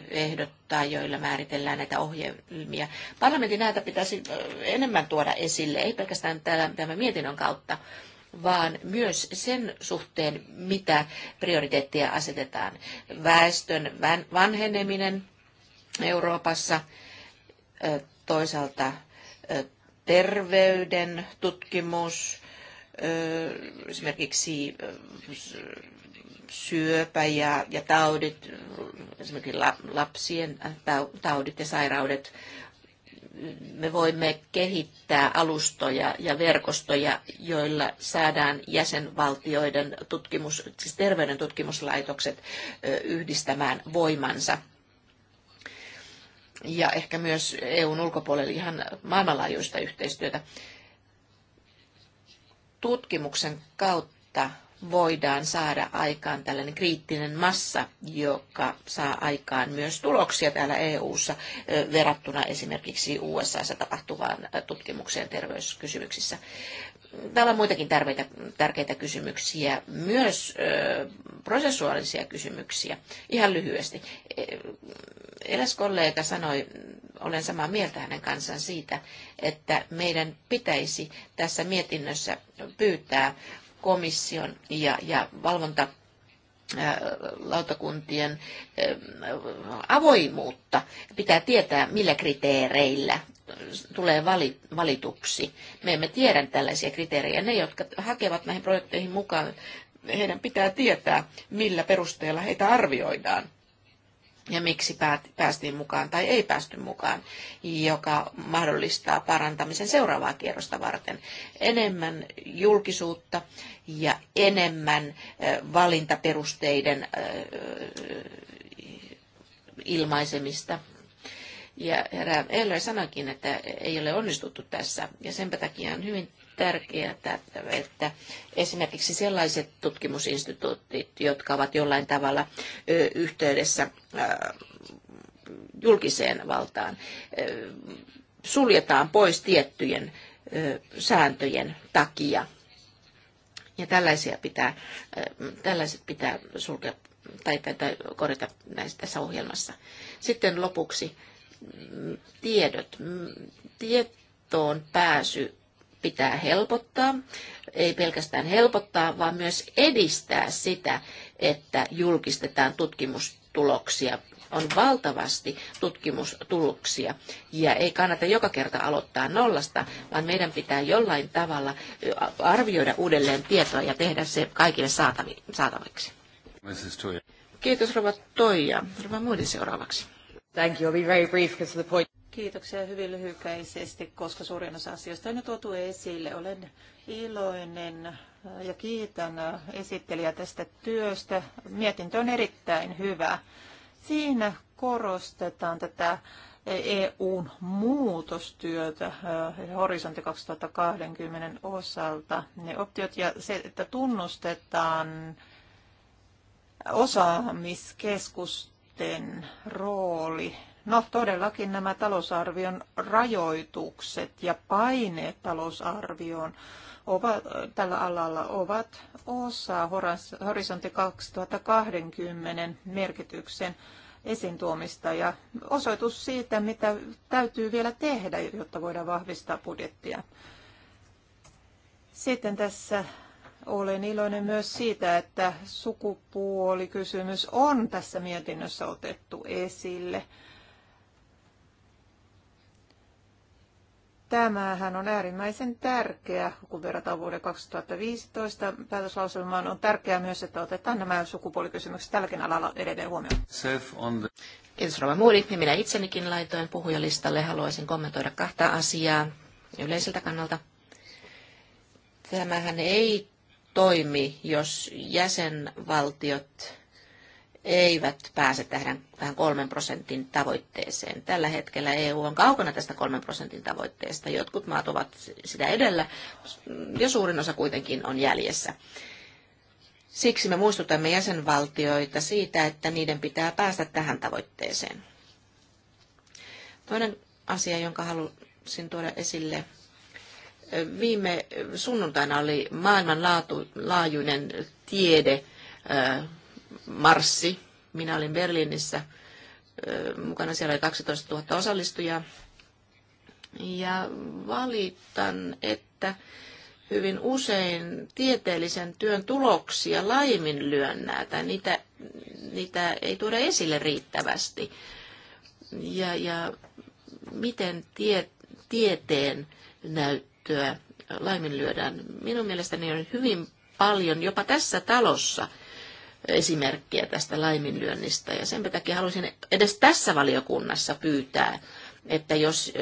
ehdottaa, joilla määritellään näitä ohjelmia. Parlamentin näitä pitäisi enemmän tuoda esille, ei pelkästään täällä, tämän mietinnön kautta, vaan myös sen suhteen, mitä prioriteettia asetetaan. Väestön vanheneminen Euroopassa, toisaalta terveyden tutkimus, esimerkiksi syöpä ja, ja taudit, esimerkiksi lapsien taudit ja sairaudet, me voimme kehittää alustoja ja verkostoja, joilla saadaan jäsenvaltioiden tutkimus, siis terveyden tutkimuslaitokset yhdistämään voimansa. Ja ehkä myös EUn ulkopuolelle ihan maailmanlaajuista yhteistyötä tutkimuksen kautta voidaan saada aikaan tällainen kriittinen massa, joka saa aikaan myös tuloksia täällä EU-ssa verrattuna esimerkiksi USAssa tapahtuvaan tutkimukseen terveyskysymyksissä. Täällä on muitakin tärkeitä, tärkeitä kysymyksiä, myös ö, prosessuaalisia kysymyksiä. Ihan lyhyesti. E, eräs kollega sanoi, olen samaa mieltä hänen kanssaan siitä, että meidän pitäisi tässä mietinnössä pyytää komission ja, ja valvonta lautakuntien avoimuutta. Pitää tietää, millä kriteereillä tulee valituksi. Me emme tiedä tällaisia kriteerejä. Ne, jotka hakevat näihin projekteihin mukaan, heidän pitää tietää, millä perusteella heitä arvioidaan ja miksi päästiin mukaan tai ei päästy mukaan, joka mahdollistaa parantamisen seuraavaa kierrosta varten. Enemmän julkisuutta ja enemmän valintaperusteiden ilmaisemista ja herra Eller sanoikin, että ei ole onnistuttu tässä, ja sen takia on hyvin tärkeää, että esimerkiksi sellaiset tutkimusinstituutit, jotka ovat jollain tavalla yhteydessä julkiseen valtaan, suljetaan pois tiettyjen sääntöjen takia. Ja tällaisia pitää, tällaiset pitää sulkea tai, tai, tai korjata näissä tässä ohjelmassa. Sitten lopuksi tiedot. Mm, tietoon pääsy pitää helpottaa, ei pelkästään helpottaa, vaan myös edistää sitä, että julkistetaan tutkimustuloksia. On valtavasti tutkimustuloksia ja ei kannata joka kerta aloittaa nollasta, vaan meidän pitää jollain tavalla arvioida uudelleen tietoa ja tehdä se kaikille saataviksi. Kiitos Rova Toija. Rova Muiden seuraavaksi. Thank you. I'll be very brief because the point... Kiitoksia hyvin lyhykäisesti, koska suurin osa asioista on jo tuotu esille. Olen iloinen äh, ja kiitän äh, esittelijä tästä työstä. Mietintö on erittäin hyvä. Siinä korostetaan tätä EUn muutostyötä äh, horisontti 2020 osalta. Ne optiot ja se, että tunnustetaan osaamiskeskus Lasten rooli. No todellakin nämä talousarvion rajoitukset ja paineet talousarvioon ovat, tällä alalla ovat osa Horisontti 2020 merkityksen esiin tuomista ja osoitus siitä, mitä täytyy vielä tehdä, jotta voidaan vahvistaa budjettia. Sitten tässä olen iloinen myös siitä, että sukupuolikysymys on tässä mietinnössä otettu esille. Tämähän on äärimmäisen tärkeä, kun verrataan vuoden 2015 päätöslauselmaan. On tärkeää myös, että otetaan nämä sukupuolikysymykset tälläkin alalla edelleen huomioon. Kiitos Rova Muuri. Niin minä itsenikin laitoin puhujalistalle. Haluaisin kommentoida kahta asiaa yleiseltä kannalta. Tämähän ei toimi, jos jäsenvaltiot eivät pääse tähän, vähän kolmen prosentin tavoitteeseen. Tällä hetkellä EU on kaukana tästä kolmen prosentin tavoitteesta. Jotkut maat ovat sitä edellä ja suurin osa kuitenkin on jäljessä. Siksi me muistutamme jäsenvaltioita siitä, että niiden pitää päästä tähän tavoitteeseen. Toinen asia, jonka halusin tuoda esille, Viime sunnuntaina oli maailmanlaajuinen tiede marssi. Minä olin Berliinissä mukana, siellä oli 12 000 osallistujaa. Ja valitan, että hyvin usein tieteellisen työn tuloksia laiminlyönnää tai niitä, niitä ei tuoda esille riittävästi. Ja, ja miten tie, tieteen näyttää? käyttöä laiminlyödään. Minun mielestäni on hyvin paljon, jopa tässä talossa, esimerkkiä tästä laiminlyönnistä. Ja sen takia haluaisin edes tässä valiokunnassa pyytää, että jos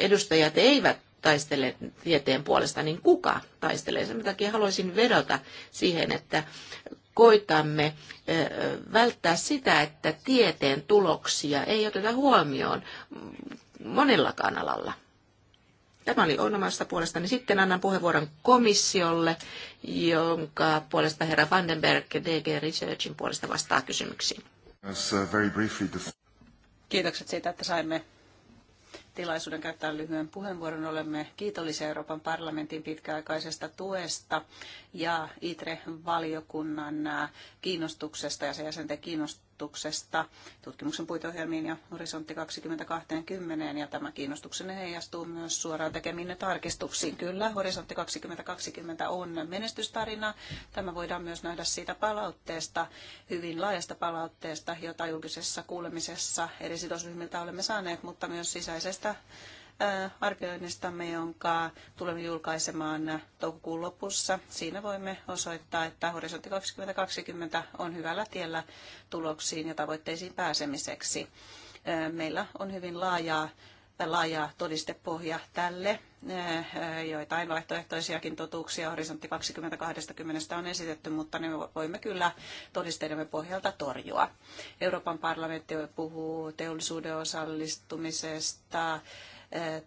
edustajat eivät taistele tieteen puolesta, niin kuka taistelee? Sen takia haluaisin vedota siihen, että koitamme välttää sitä, että tieteen tuloksia ei oteta huomioon monellakaan alalla. Tämä oli omasta puolestani. Sitten annan puheenvuoron komissiolle, jonka puolesta herra Vandenberg DG Researchin puolesta vastaa kysymyksiin. Uh, Kiitokset siitä, että saimme tilaisuuden käyttää lyhyen puheenvuoron. Olemme kiitollisia Euroopan parlamentin pitkäaikaisesta tuesta ja ITRE-valiokunnan äh, kiinnostuksesta ja sen jäsenten kiinnostuksesta koulutuksesta tutkimuksen puiteohjelmiin ja horisontti 2020 ja tämä kiinnostuksen heijastuu myös suoraan tekeminen tarkistuksiin. Kyllä, horisontti 2020 on menestystarina. Tämä voidaan myös nähdä siitä palautteesta, hyvin laajasta palautteesta, jota julkisessa kuulemisessa eri sidosryhmiltä olemme saaneet, mutta myös sisäisestä arvioinnistamme, jonka tulemme julkaisemaan toukokuun lopussa. Siinä voimme osoittaa, että horisontti 2020 on hyvällä tiellä tuloksiin ja tavoitteisiin pääsemiseksi. Meillä on hyvin laajaa laaja todistepohja tälle. Joitain vaihtoehtoisiakin totuuksia horisontti 2020 on esitetty, mutta ne voimme kyllä todisteidemme pohjalta torjua. Euroopan parlamentti puhuu teollisuuden osallistumisesta,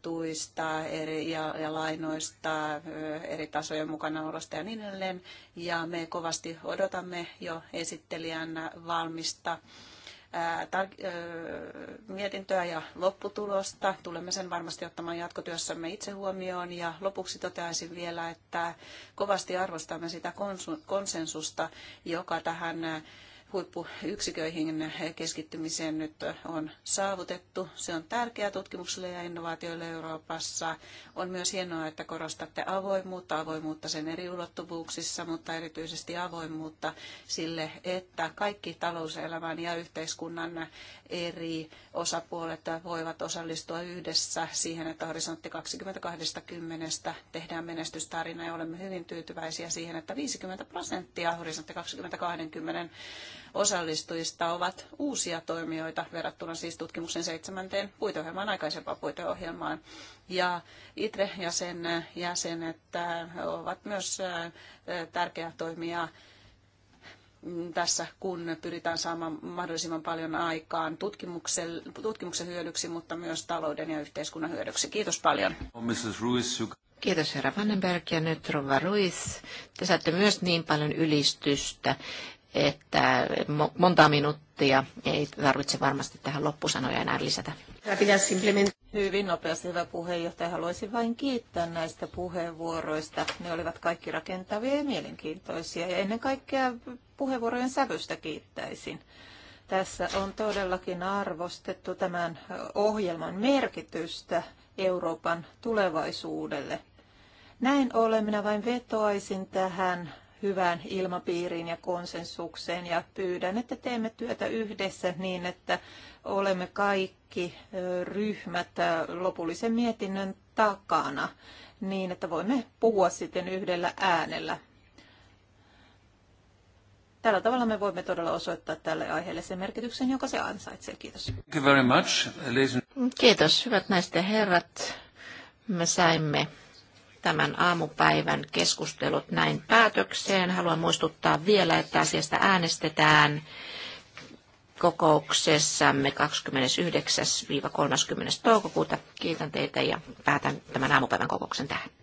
tuista eri, ja, ja lainoista, eri tasojen olosta ja niin edelleen. Ja me kovasti odotamme jo esittelijän valmista mietintöä ja lopputulosta. Tulemme sen varmasti ottamaan jatkotyössämme itse huomioon. Ja lopuksi toteaisin vielä, että kovasti arvostamme sitä konsensusta, joka tähän huippuyksiköihin keskittymiseen nyt on saavutettu. Se on tärkeää tutkimukselle ja innovaatioille Euroopassa. On myös hienoa, että korostatte avoimuutta, avoimuutta sen eri ulottuvuuksissa, mutta erityisesti avoimuutta sille, että kaikki talouselämän ja yhteiskunnan eri osapuolet voivat osallistua yhdessä siihen, että horisontti 2020 tehdään menestystarina ja olemme hyvin tyytyväisiä siihen, että 50 prosenttia horisontti 2020 osallistujista ovat uusia toimijoita verrattuna siis tutkimuksen seitsemänteen puiteohjelmaan aikaisempaan puiteohjelmaan. Ja ITRE ja sen jäsenet äh, ovat myös äh, tärkeä toimija tässä, kun pyritään saamaan mahdollisimman paljon aikaan tutkimuksen, tutkimuksen hyödyksi, mutta myös talouden ja yhteiskunnan hyödyksi. Kiitos paljon. Kiitos herra Vandenberg ja nyt Rova Ruiz. Te saatte myös niin paljon ylistystä, että monta minuuttia ei tarvitse varmasti tähän loppusanoja enää lisätä. Hyvin nopeasti, hyvä puheenjohtaja. Haluaisin vain kiittää näistä puheenvuoroista. Ne olivat kaikki rakentavia ja mielenkiintoisia. Ja ennen kaikkea puheenvuorojen sävystä kiittäisin. Tässä on todellakin arvostettu tämän ohjelman merkitystä Euroopan tulevaisuudelle. Näin ollen minä vain vetoaisin tähän hyvään ilmapiiriin ja konsensukseen ja pyydän, että teemme työtä yhdessä niin, että olemme kaikki ryhmät lopullisen mietinnön takana niin, että voimme puhua sitten yhdellä äänellä. Tällä tavalla me voimme todella osoittaa tälle aiheelle sen merkityksen, joka se ansaitsee. Kiitos. Kiitos, hyvät naiset ja herrat. Me saimme tämän aamupäivän keskustelut näin päätökseen. Haluan muistuttaa vielä, että asiasta äänestetään kokouksessamme 29-30. toukokuuta. Kiitän teitä ja päätän tämän aamupäivän kokouksen tähän.